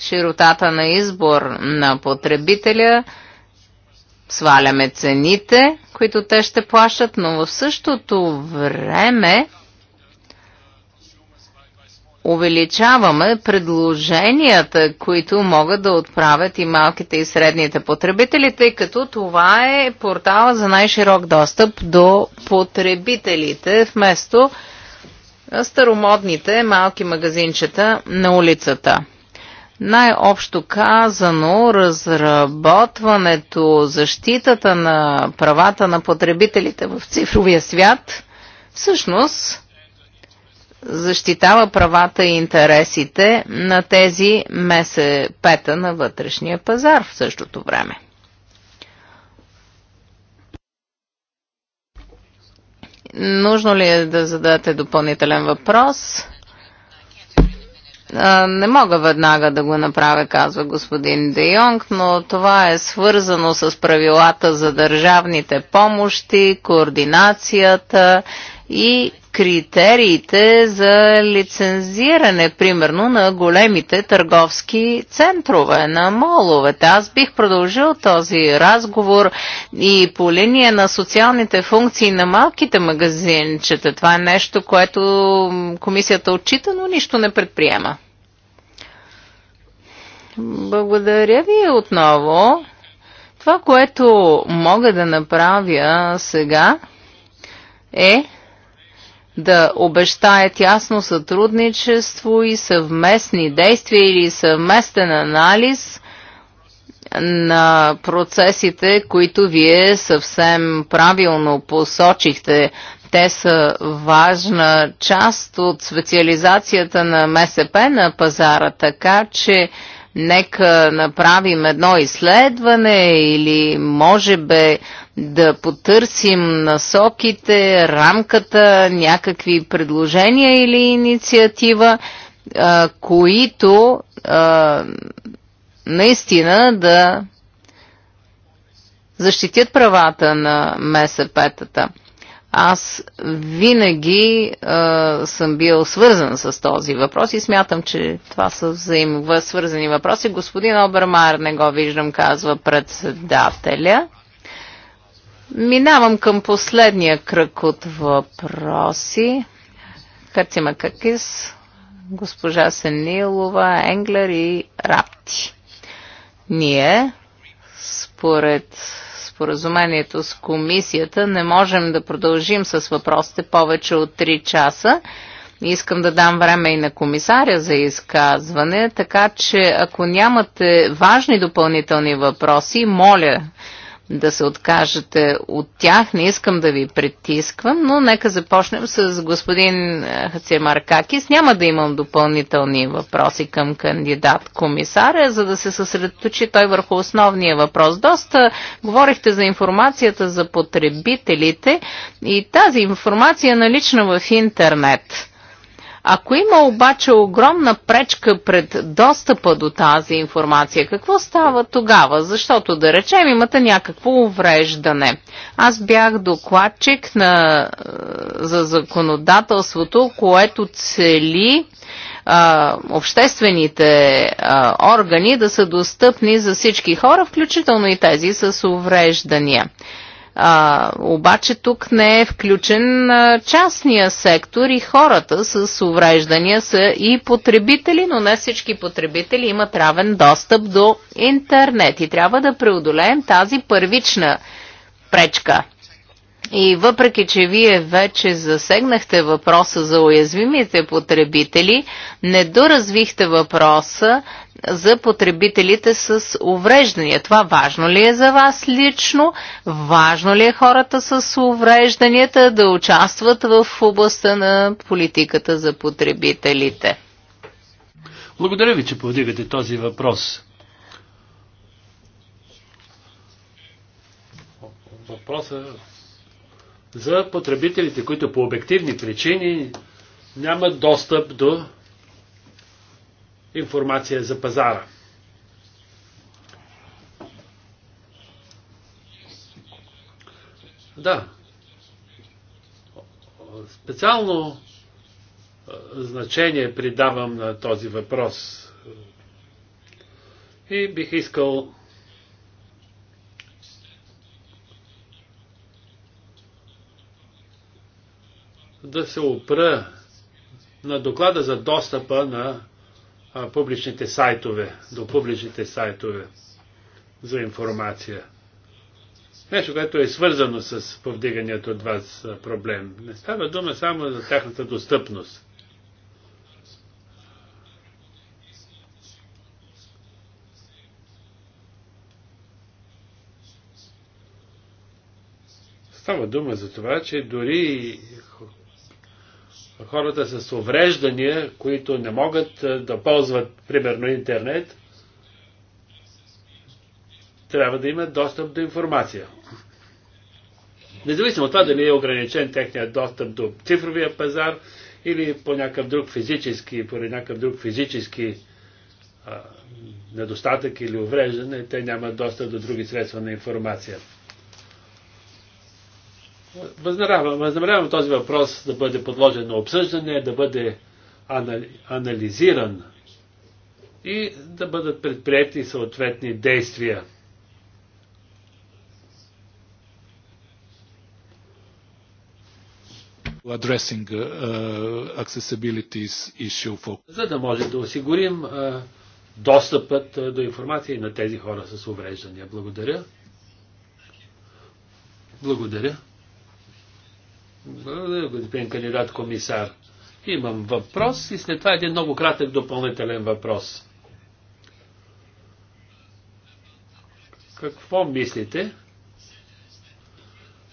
широтата на избор на потребителя, сваляме цените, които те ще плащат, но в същото време увеличаваме предложенията, които могат да отправят и малките и средните потребители, тъй като това е портала за най-широк достъп до потребителите, вместо старомодните малки магазинчета на улицата. Най-общо казано, разработването, защитата на правата на потребителите в цифровия свят, всъщност защитава правата и интересите на тези месепета на вътрешния пазар в същото време. Нужно ли е да зададете допълнителен въпрос? Не мога веднага да го направя, казва господин Де Йонг, но това е свързано с правилата за държавните помощи, координацията и критериите за лицензиране, примерно, на големите търговски центрове, на моловете. Аз бих продължил този разговор и по линия на социалните функции на малките магазинчета. Това е нещо, което комисията отчита, но нищо не предприема. Благодаря ви отново. Това, което мога да направя сега е да обещаят ясно сътрудничество и съвместни действия или съвместен анализ на процесите, които вие съвсем правилно посочихте. Те са важна част от специализацията на МСП на пазара, така че нека направим едно изследване или може би да потърсим насоките, рамката, някакви предложения или инициатива, а, които а, наистина да защитят правата на МСП-тата. Аз винаги а, съм бил свързан с този въпрос и смятам, че това са взаимосвързани въпроси. Господин Обермайер не го виждам, казва председателя. Минавам към последния кръг от въпроси. Кацима Какис, госпожа Сенилова, Енглер и Рапти. Ние, според споразумението с комисията, не можем да продължим с въпросите повече от 3 часа. Искам да дам време и на комисаря за изказване, така че ако нямате важни допълнителни въпроси, моля да се откажете от тях. Не искам да ви притисквам, но нека започнем с господин е, Хацемаркакис. Няма да имам допълнителни въпроси към кандидат комисаря, за да се съсредоточи той върху основния въпрос. Доста говорихте за информацията за потребителите и тази информация е налична в интернет. Ако има обаче огромна пречка пред достъпа до тази информация, какво става тогава? Защото да речем имате някакво увреждане. Аз бях докладчик на, е, за законодателството, което цели а, е, обществените а, е, органи да са достъпни за всички хора, включително и тези с увреждания. А, обаче тук не е включен а, частния сектор и хората с увреждания са и потребители, но не всички потребители имат равен достъп до интернет и трябва да преодолеем тази първична пречка – и въпреки, че вие вече засегнахте въпроса за уязвимите потребители, не доразвихте въпроса за потребителите с увреждания. Това важно ли е за вас лично? Важно ли е хората с уврежданията да участват в областта на политиката за потребителите? Благодаря ви, че повдигате този въпрос. Въпросът за потребителите, които по обективни причини нямат достъп до информация за пазара. Да. Специално значение придавам на този въпрос. И бих искал да се опра на доклада за достъпа на публичните сайтове, до публичните сайтове за информация. Нещо, което е свързано с повдиганият от вас проблем. Не става дума само за тяхната достъпност. Става дума за това, че дори хората с увреждания, които не могат да ползват, примерно, интернет, трябва да имат достъп до информация. Независимо от това дали е ограничен техният достъп до цифровия пазар или по някакъв друг физически, по някакъв друг физически а, недостатък или увреждане, те нямат достъп до други средства на информация. Възнамерявам, този въпрос да бъде подложен на обсъждане, да бъде анализиран и да бъдат предприяти съответни действия. addressing uh, accessibility issue for... За да може да осигурим uh, достъпът uh, до информация на тези хора с увреждания. Благодаря. Благодаря. Благодаря, господин кандидат комисар. Имам въпрос и след това един много кратък допълнителен въпрос. Какво мислите?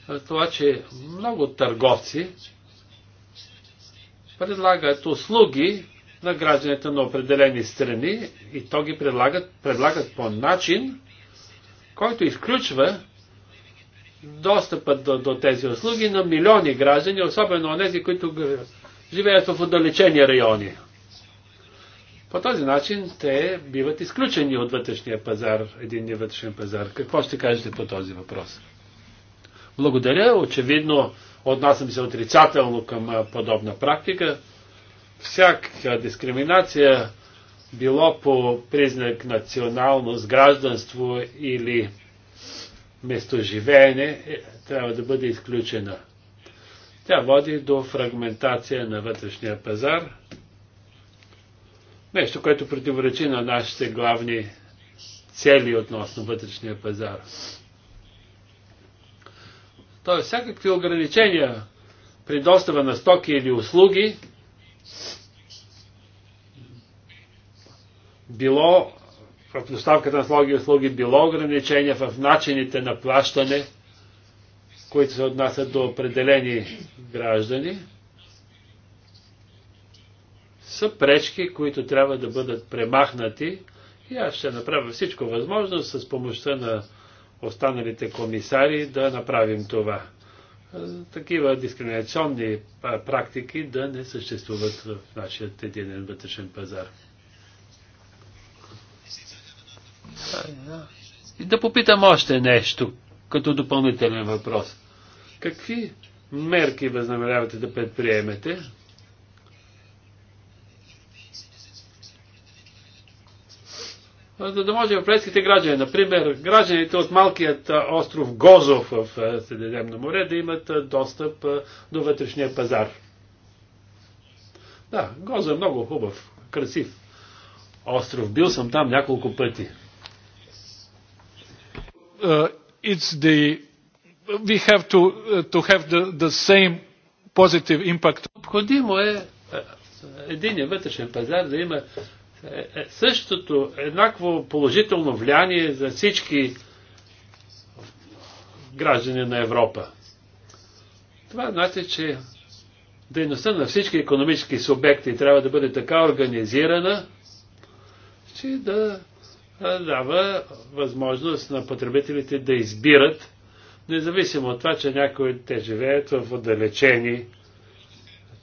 за Това, че много търговци предлагат услуги на гражданите на определени страни и то ги предлагат, предлагат по начин, който изключва достъпът до, до тези услуги на милиони граждани, особено на тези, които живеят в отдалечени райони. По този начин те биват изключени от вътрешния пазар, единния вътрешен пазар. Какво ще кажете по този въпрос? Благодаря. Очевидно отнасям се отрицателно към подобна практика. Всяка дискриминация, било по признак националност, гражданство или местоживеене е, трябва да бъде изключена. Тя води до фрагментация на вътрешния пазар, нещо, което противоречи на нашите главни цели относно вътрешния пазар. Тоест, всякакви ограничения при достава на стоки или услуги, било в доставката на слоги и услуги било ограничение в начините на плащане, които се отнасят до определени граждани, са пречки, които трябва да бъдат премахнати и аз ще направя всичко възможно с помощта на останалите комисари да направим това. Такива дискриминационни практики да не съществуват в нашия единен вътрешен пазар. И да попитам още нещо, като допълнителен въпрос. Какви мерки възнамерявате да предприемете? За да може европейските граждани, например, гражданите от малкият остров Гозов в Средиземно море да имат достъп до вътрешния пазар. Да, Гозов е много хубав, красив остров. Бил съм там няколко пъти uh, it's the we have to uh, to have the, the same positive impact. Необходимо е, е един вътрешен пазар да има е, е, същото еднакво положително влияние за всички граждани на Европа. Това значи, че дейността на всички економически субекти трябва да бъде така организирана, че да дава възможност на потребителите да избират, независимо от това, че някои те живеят в отдалечени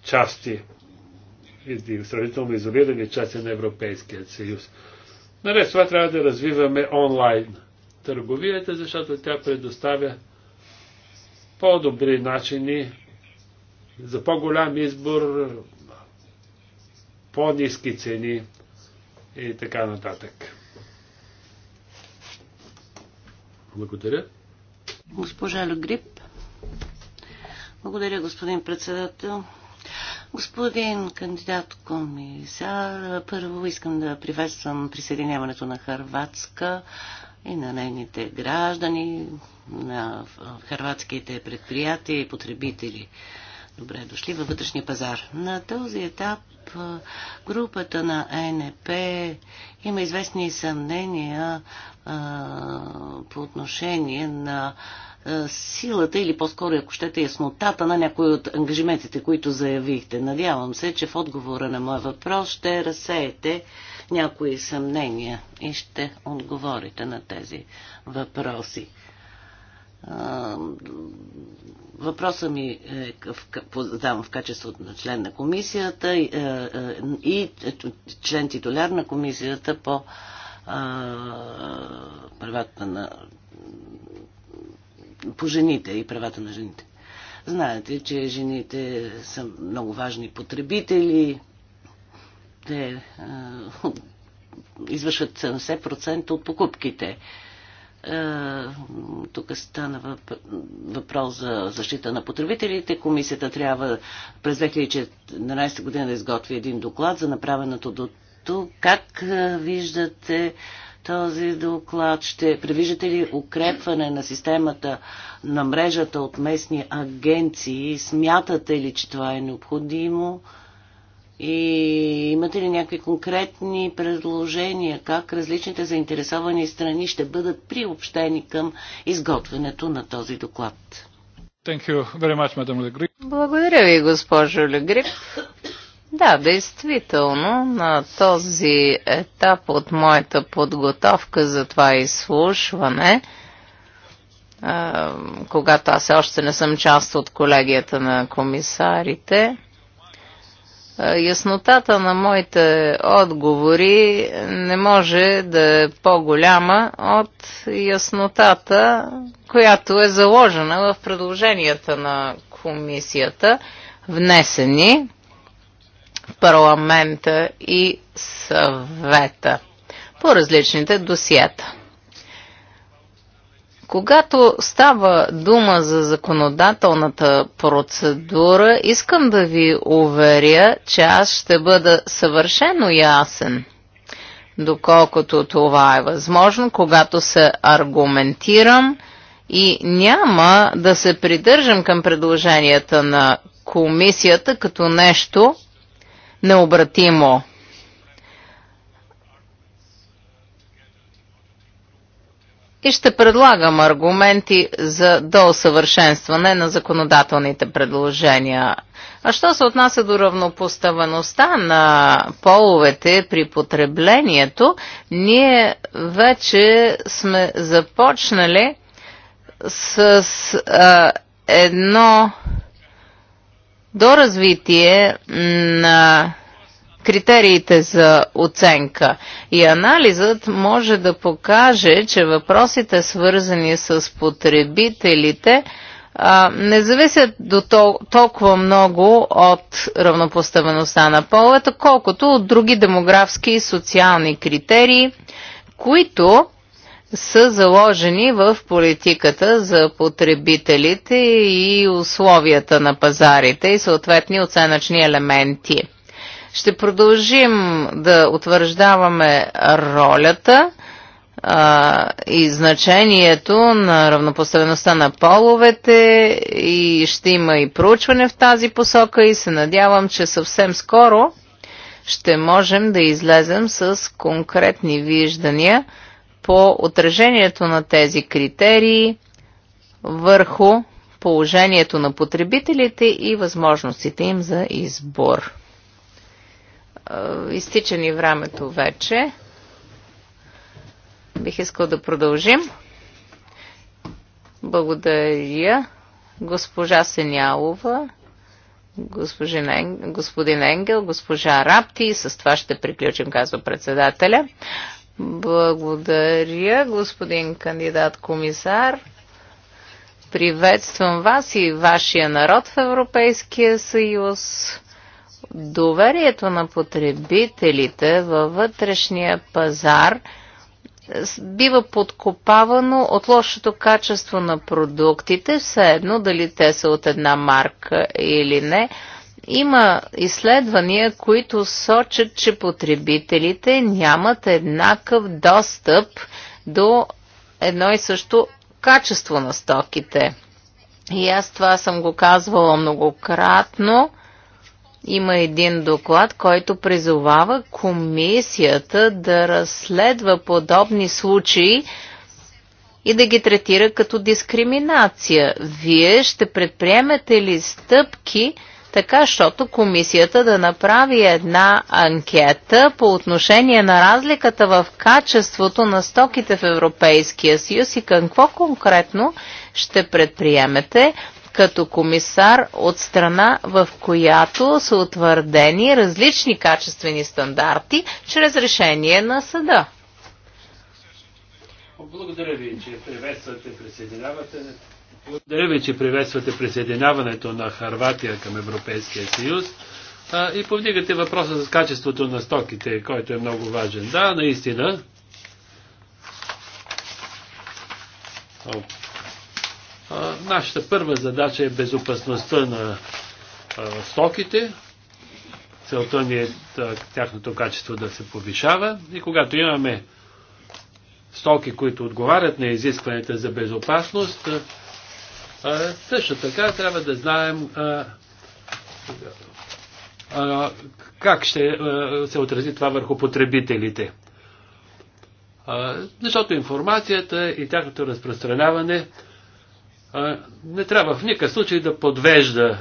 части и сравнително изолирани части на Европейския съюз. Наред това трябва да развиваме онлайн търговията, защото тя предоставя по-добри начини за по-голям избор, по-низки цени и така нататък. Благодаря. Госпожа Люгрип. Благодаря, господин председател. Господин кандидат комисар, първо искам да приветствам присъединяването на Харватска и на нейните граждани, на харватските предприятия и потребители. Добре дошли във вътрешния пазар. На този етап групата на ЕНП има известни съмнения а, по отношение на силата или по-скоро, ако щете, яснотата на някои от ангажиментите, които заявихте. Надявам се, че в отговора на моя въпрос ще разсеете някои съмнения и ще отговорите на тези въпроси Въпросът ми е задавам в качеството на член на комисията е, е, и, и е, член титуляр на комисията по правата на по жените и правата на жените. Знаете, че жените са много важни потребители. Те извършват 70% от покупките е, тук стана въпрос за защита на потребителите. Комисията трябва през 2014 година да изготви един доклад за направеното до тук. Как е, виждате този доклад? Ще предвиждате ли укрепване на системата на мрежата от местни агенции? Смятате ли, че това е необходимо? И имате ли някакви конкретни предложения как различните заинтересовани страни ще бъдат приобщени към изготвянето на този доклад? Much, Благодаря ви, госпожо Легрип. Да, действително, на този етап от моята подготовка за това изслушване, когато аз още не съм част от колегията на комисарите, Яснотата на моите отговори не може да е по-голяма от яснотата, която е заложена в предложенията на комисията, внесени в парламента и съвета по различните досиета. Когато става дума за законодателната процедура, искам да ви уверя, че аз ще бъда съвършено ясен, доколкото това е възможно, когато се аргументирам и няма да се придържам към предложенията на комисията като нещо необратимо. и ще предлагам аргументи за доусъвършенстване на законодателните предложения. А що се отнася до равнопоставеността на половете при потреблението, ние вече сме започнали с а, едно доразвитие на критериите за оценка. И анализът може да покаже, че въпросите свързани с потребителите не зависят до толкова много от равнопоставеността на половете, колкото от други демографски и социални критерии, които са заложени в политиката за потребителите и условията на пазарите и съответни оценъчни елементи. Ще продължим да утвърждаваме ролята а, и значението на равнопоставеността на половете и ще има и проучване в тази посока и се надявам, че съвсем скоро ще можем да излезем с конкретни виждания по отражението на тези критерии върху положението на потребителите и възможностите им за избор изтичани времето вече. Бих искал да продължим. Благодаря госпожа Сенялова, господин Енгел, госпожа Рапти и с това ще приключим, казва председателя. Благодаря, господин кандидат комисар. Приветствам вас и вашия народ в Европейския съюз доверието на потребителите във вътрешния пазар бива подкопавано от лошото качество на продуктите, все едно дали те са от една марка или не. Има изследвания, които сочат, че потребителите нямат еднакъв достъп до едно и също качество на стоките. И аз това съм го казвала многократно има един доклад, който призовава комисията да разследва подобни случаи и да ги третира като дискриминация. Вие ще предприемете ли стъпки, така, щото комисията да направи една анкета по отношение на разликата в качеството на стоките в Европейския съюз и какво конкретно ще предприемете, като комисар от страна, в която са утвърдени различни качествени стандарти чрез решение на съда. Благодаря ви, че приветствате присъединяването. Благодаря ви, че приветствате присъединяването на Харватия към Европейския съюз а, и повдигате въпроса за качеството на стоките, който е много важен. Да, наистина. Нашата първа задача е безопасността на стоките. Целта ни е тяхното качество да се повишава. И когато имаме стоки, които отговарят на изискванията за безопасност, също така трябва да знаем как ще се отрази това върху потребителите. Защото информацията и тяхното разпространяване не трябва в никакъв случай да подвежда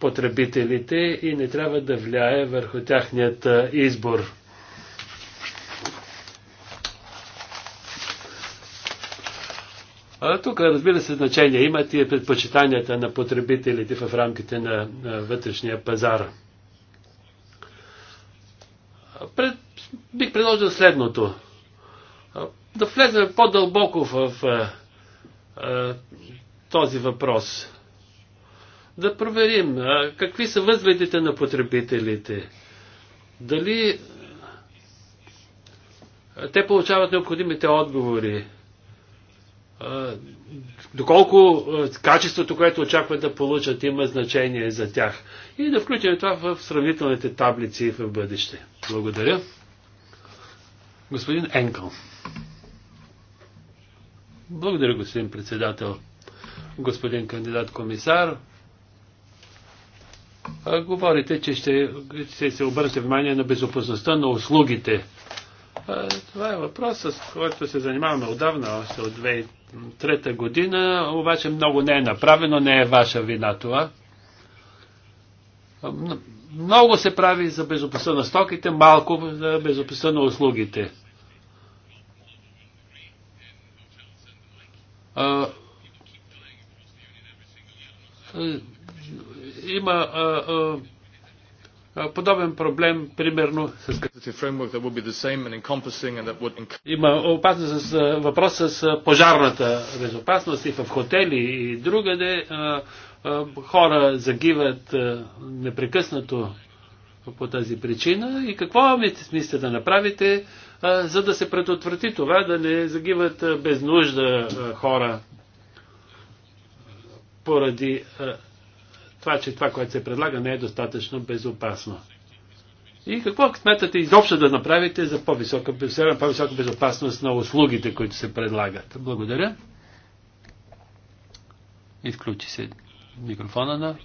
потребителите и не трябва да влияе върху тяхният избор. А тук, разбира се, значение имат и предпочитанията на потребителите в рамките на вътрешния пазар. Пред, бих предложил следното. Да влезем по-дълбоко в този въпрос. Да проверим какви са възгледите на потребителите. Дали те получават необходимите отговори. Доколко качеството, което очакват да получат, има значение за тях. И да включим това в сравнителните таблици в бъдеще. Благодаря. Господин Енкъл. Благодаря, господин председател господин кандидат комисар. Говорите, че ще, ще се обърнете внимание на безопасността на услугите. Това е въпрос, с който се занимаваме отдавна, още от 2003 година, обаче много не е направено, не е ваша вина това. Много се прави за безопасността на стоките, малко за безопасността на услугите. Е, има а, а, подобен проблем, примерно, с... Има опасност с въпрос с пожарната безопасност и в хотели и другаде. Хора загиват непрекъснато по тази причина. И какво мислите да направите, за да се предотврати това, да не загиват без нужда хора? поради е, това, че това, което се предлага, не е достатъчно безопасно. И какво сметате изобщо да направите за по-висока, по-висока безопасност на услугите, които се предлагат? Благодаря. Изключи се микрофона на...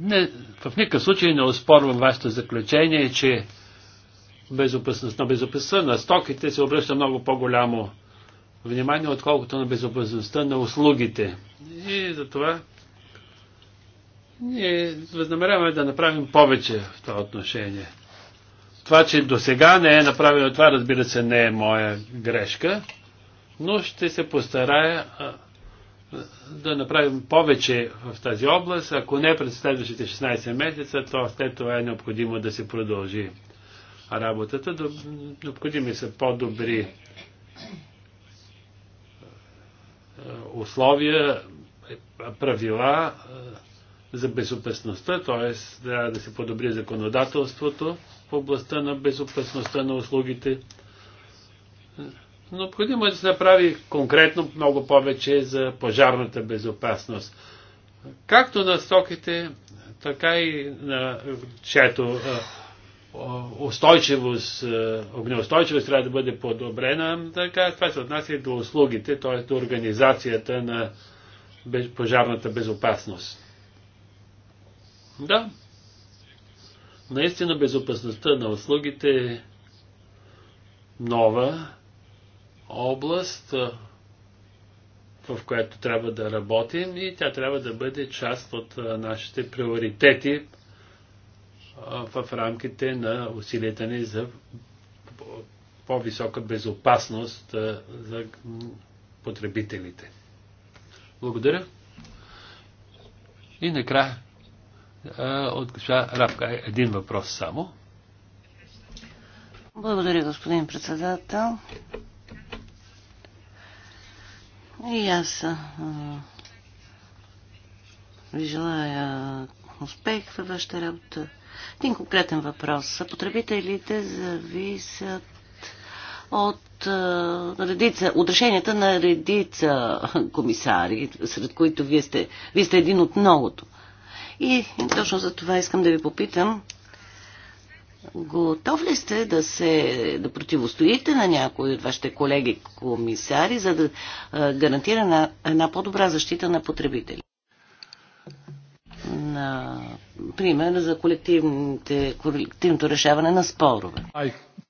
Не, в никакъв случай не оспорвам вашето заключение, че безопасност на безопасността на стоките се обръща много по-голямо внимание, отколкото на безопасността на услугите. И за това ние възнамеряваме да направим повече в това отношение. Това, че до сега не е направено това, разбира се, не е моя грешка, но ще се постарая да направим повече в тази област. Ако не през следващите 16 месеца, то след това е необходимо да се продължи работата. Необходими са по-добри условия, правила е, за безопасността, т.е. трябва да се подобри законодателството в областта на безопасността на услугите. Но необходимо е да се направи конкретно много повече за пожарната безопасност. Както на стоките, така и на чето е, устойчивост, е, огнеустойчивост трябва да бъде подобрена, така това се отнася и до услугите, т.е. до организацията на пожарната безопасност. Да, наистина безопасността на услугите е нова област, е, в която трябва да работим и тя трябва да бъде част от е, нашите приоритети в рамките на усилията ни за по-висока безопасност за потребителите. Благодаря. И накрая от госпожа Рапка един въпрос само. Благодаря, господин председател. И аз а, ви желая успех във вашата работа. Един конкретен въпрос. Потребителите зависят от е, редица, от решенията на редица комисари, сред които вие сте, вие сте един от многото. И точно за това искам да ви попитам, готов ли сте да се да противостоите на някои от вашите колеги комисари, за да е, гарантира на, една по-добра защита на потребители? На пример за колективното решаване на спорове.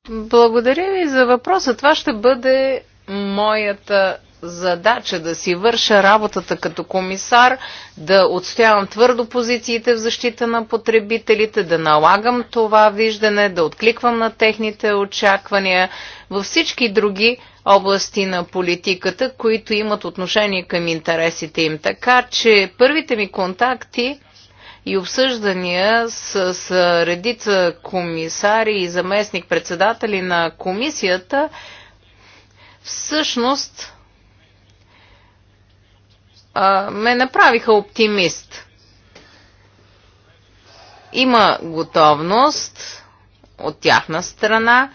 Благодаря ви за въпроса. Това ще бъде моята задача да си върша работата като комисар, да отстоявам твърдо позициите в защита на потребителите, да налагам това виждане, да откликвам на техните очаквания във всички други области на политиката, които имат отношение към интересите им. Така че първите ми контакти и обсъждания с, с редица комисари и заместник-председатели на комисията, всъщност а, ме направиха оптимист. Има готовност от тяхна страна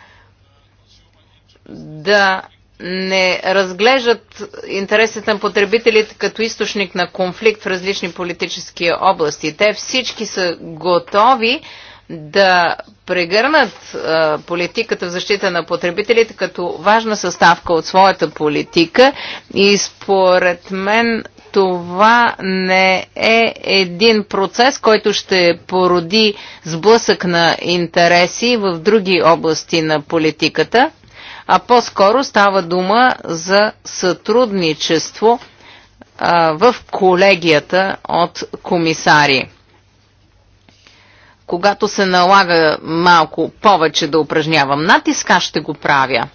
да не разглеждат интересите на потребителите като източник на конфликт в различни политически области. Те всички са готови да прегърнат а, политиката в защита на потребителите като важна съставка от своята политика и според мен това не е един процес, който ще породи сблъсък на интереси в други области на политиката а по-скоро става дума за сътрудничество в колегията от комисари. Когато се налага малко повече да упражнявам натиска, ще го правя.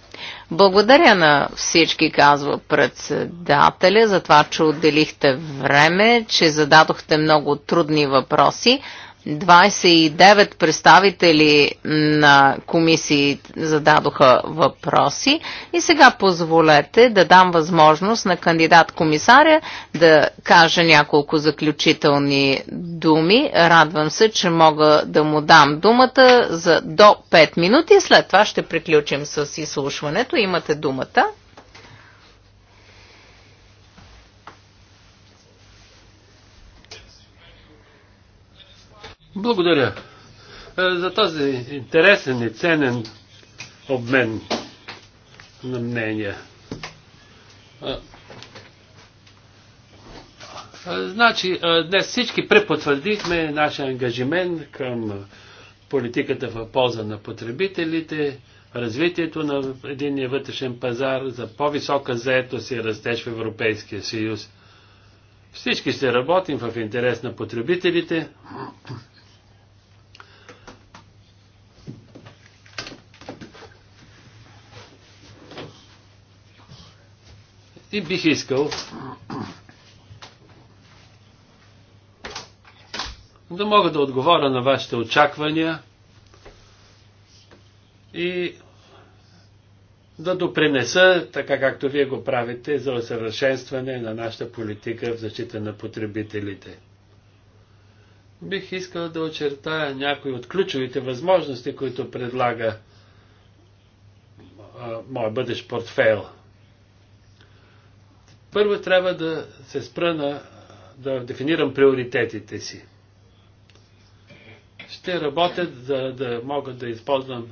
Благодаря на всички, казва председателя, за това, че отделихте време, че зададохте много трудни въпроси. 29 представители на комисии зададоха въпроси и сега позволете да дам възможност на кандидат комисаря да каже няколко заключителни думи. Радвам се, че мога да му дам думата за до 5 минути. След това ще приключим с изслушването. Имате думата. Благодаря е, за този интересен и ценен обмен на мнения. Е, е, значи, днес всички препотвърдихме нашия ангажимент към политиката в полза на потребителите, развитието на единния вътрешен пазар, за по-висока заетост и растеж в Европейския съюз. Всички ще работим в интерес на потребителите И бих искал да мога да отговоря на вашите очаквания и да допринеса, така както вие го правите, за усъвършенстване на нашата политика в защита на потребителите. Бих искал да очертая някои от ключовите възможности, които предлага моят бъдещ портфейл – първо трябва да се спра на, да дефинирам приоритетите си. Ще работя да, да мога да използвам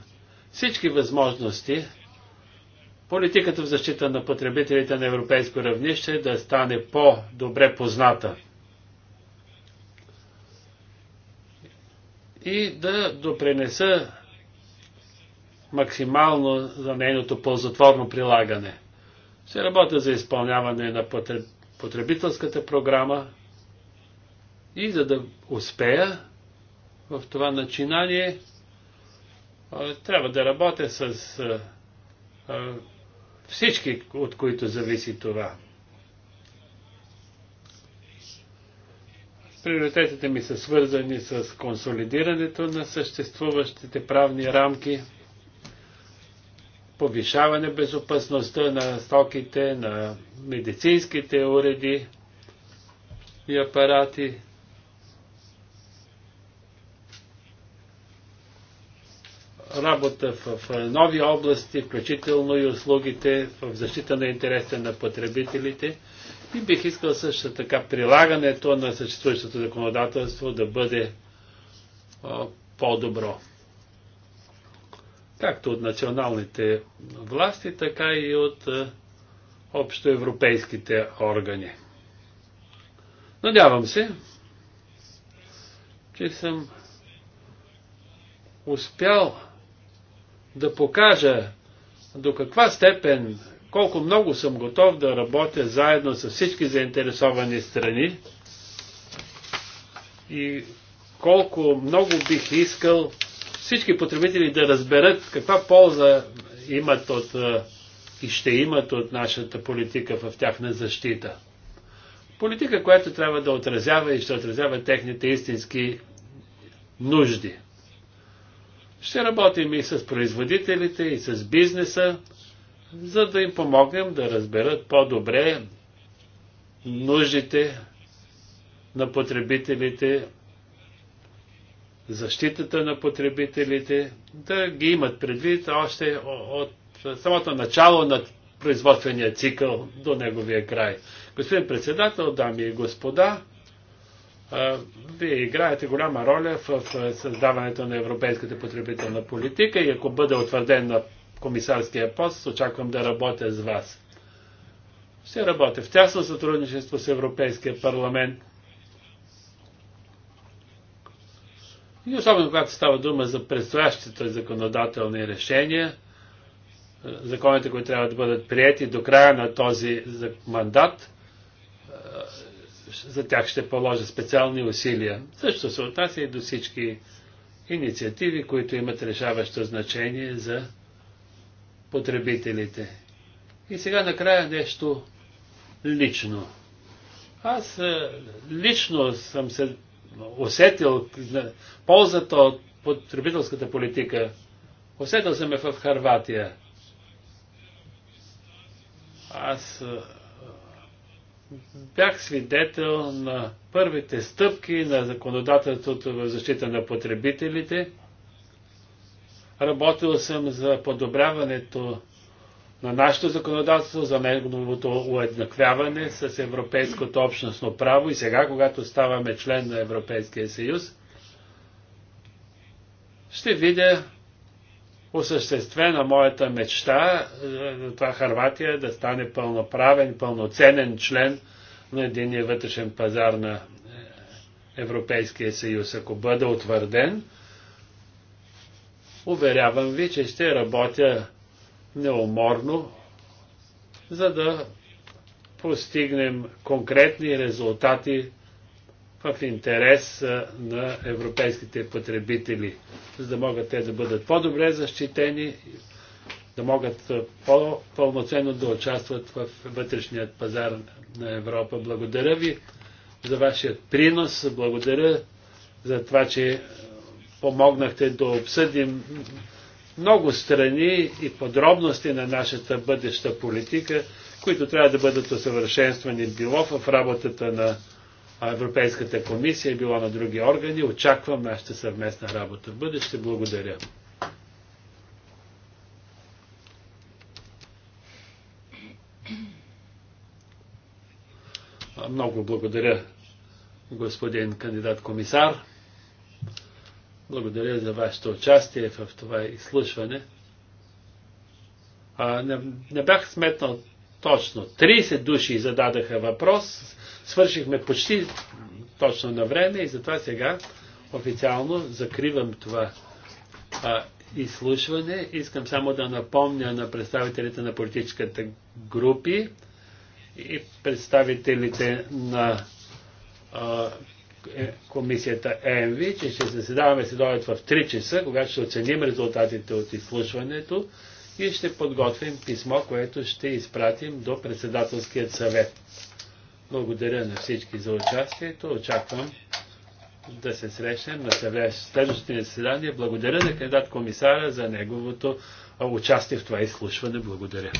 всички възможности политиката в защита на потребителите на европейско равнище да стане по-добре позната. И да допренеса максимално за нейното ползотворно прилагане. Ще работя за изпълняване на потребителската програма и за да успея в това начинание, трябва да работя с всички, от които зависи това. Приоритетите ми са свързани с консолидирането на съществуващите правни рамки – повишаване безопасността на стоките, на медицинските уреди и апарати. Работа в нови области, включително и услугите в защита на интересите на потребителите. И бих искал също така прилагането на съществуващото законодателство да бъде по-добро както от националните власти, така и от е, общоевропейските органи. Надявам се, че съм успял да покажа до каква степен, колко много съм готов да работя заедно с всички заинтересовани страни и колко много бих искал всички потребители да разберат каква полза имат от и ще имат от нашата политика в тяхна защита. Политика, която трябва да отразява и ще отразява техните истински нужди. Ще работим и с производителите, и с бизнеса, за да им помогнем да разберат по-добре нуждите на потребителите защитата на потребителите, да ги имат предвид още от самото начало на производствения цикъл до неговия край. Господин председател, дами и господа, вие играете голяма роля в създаването на европейската потребителна политика и ако бъде утвърден на комисарския пост, очаквам да работя с вас. Ще работя в тясно сътрудничество с Европейския парламент И особено когато става дума за предстоящите законодателни решения, законите, които трябва да бъдат прияти до края на този мандат, за тях ще положа специални усилия. Също се отнася и до всички инициативи, които имат решаващо значение за потребителите. И сега накрая нещо лично. Аз лично съм се усетил ползата от потребителската политика. Усетил съм е в Харватия. Аз бях свидетел на първите стъпки на законодателството в защита на потребителите. Работил съм за подобряването на нашето законодателство, за неговото уеднаквяване с европейското общностно право и сега, когато ставаме член на Европейския съюз, ще видя осъществена моята мечта за е, това Харватия да стане пълноправен, пълноценен член на единия вътрешен пазар на е, Европейския съюз. Ако бъде утвърден, уверявам ви, че ще работя неуморно, за да постигнем конкретни резултати в интерес на европейските потребители, за да могат те да бъдат по-добре защитени, да могат по-пълноценно да участват в вътрешният пазар на Европа. Благодаря ви за вашия принос, благодаря за това, че помогнахте да обсъдим много страни и подробности на нашата бъдеща политика, които трябва да бъдат усъвършенствани било в работата на Европейската комисия, било на други органи. Очаквам нашата съвместна работа в бъдеще. Благодаря. Много благодаря, господин кандидат комисар. Благодаря за вашето участие в това изслушване. А, не, не бях сметнал точно. 30 души зададаха въпрос. Свършихме почти точно на време и затова сега официално закривам това а, изслушване. Искам само да напомня на представителите на политическата групи и представителите на а, е комисията ЕМВИ, че ще заседаваме следобед в 3 часа, когато ще оценим резултатите от изслушването и ще подготвим писмо, което ще изпратим до председателският съвет. Благодаря на всички за участието. Очаквам да се срещнем на следващото ни заседание. Благодаря на кандидат комисара за неговото участие в това изслушване. Благодаря.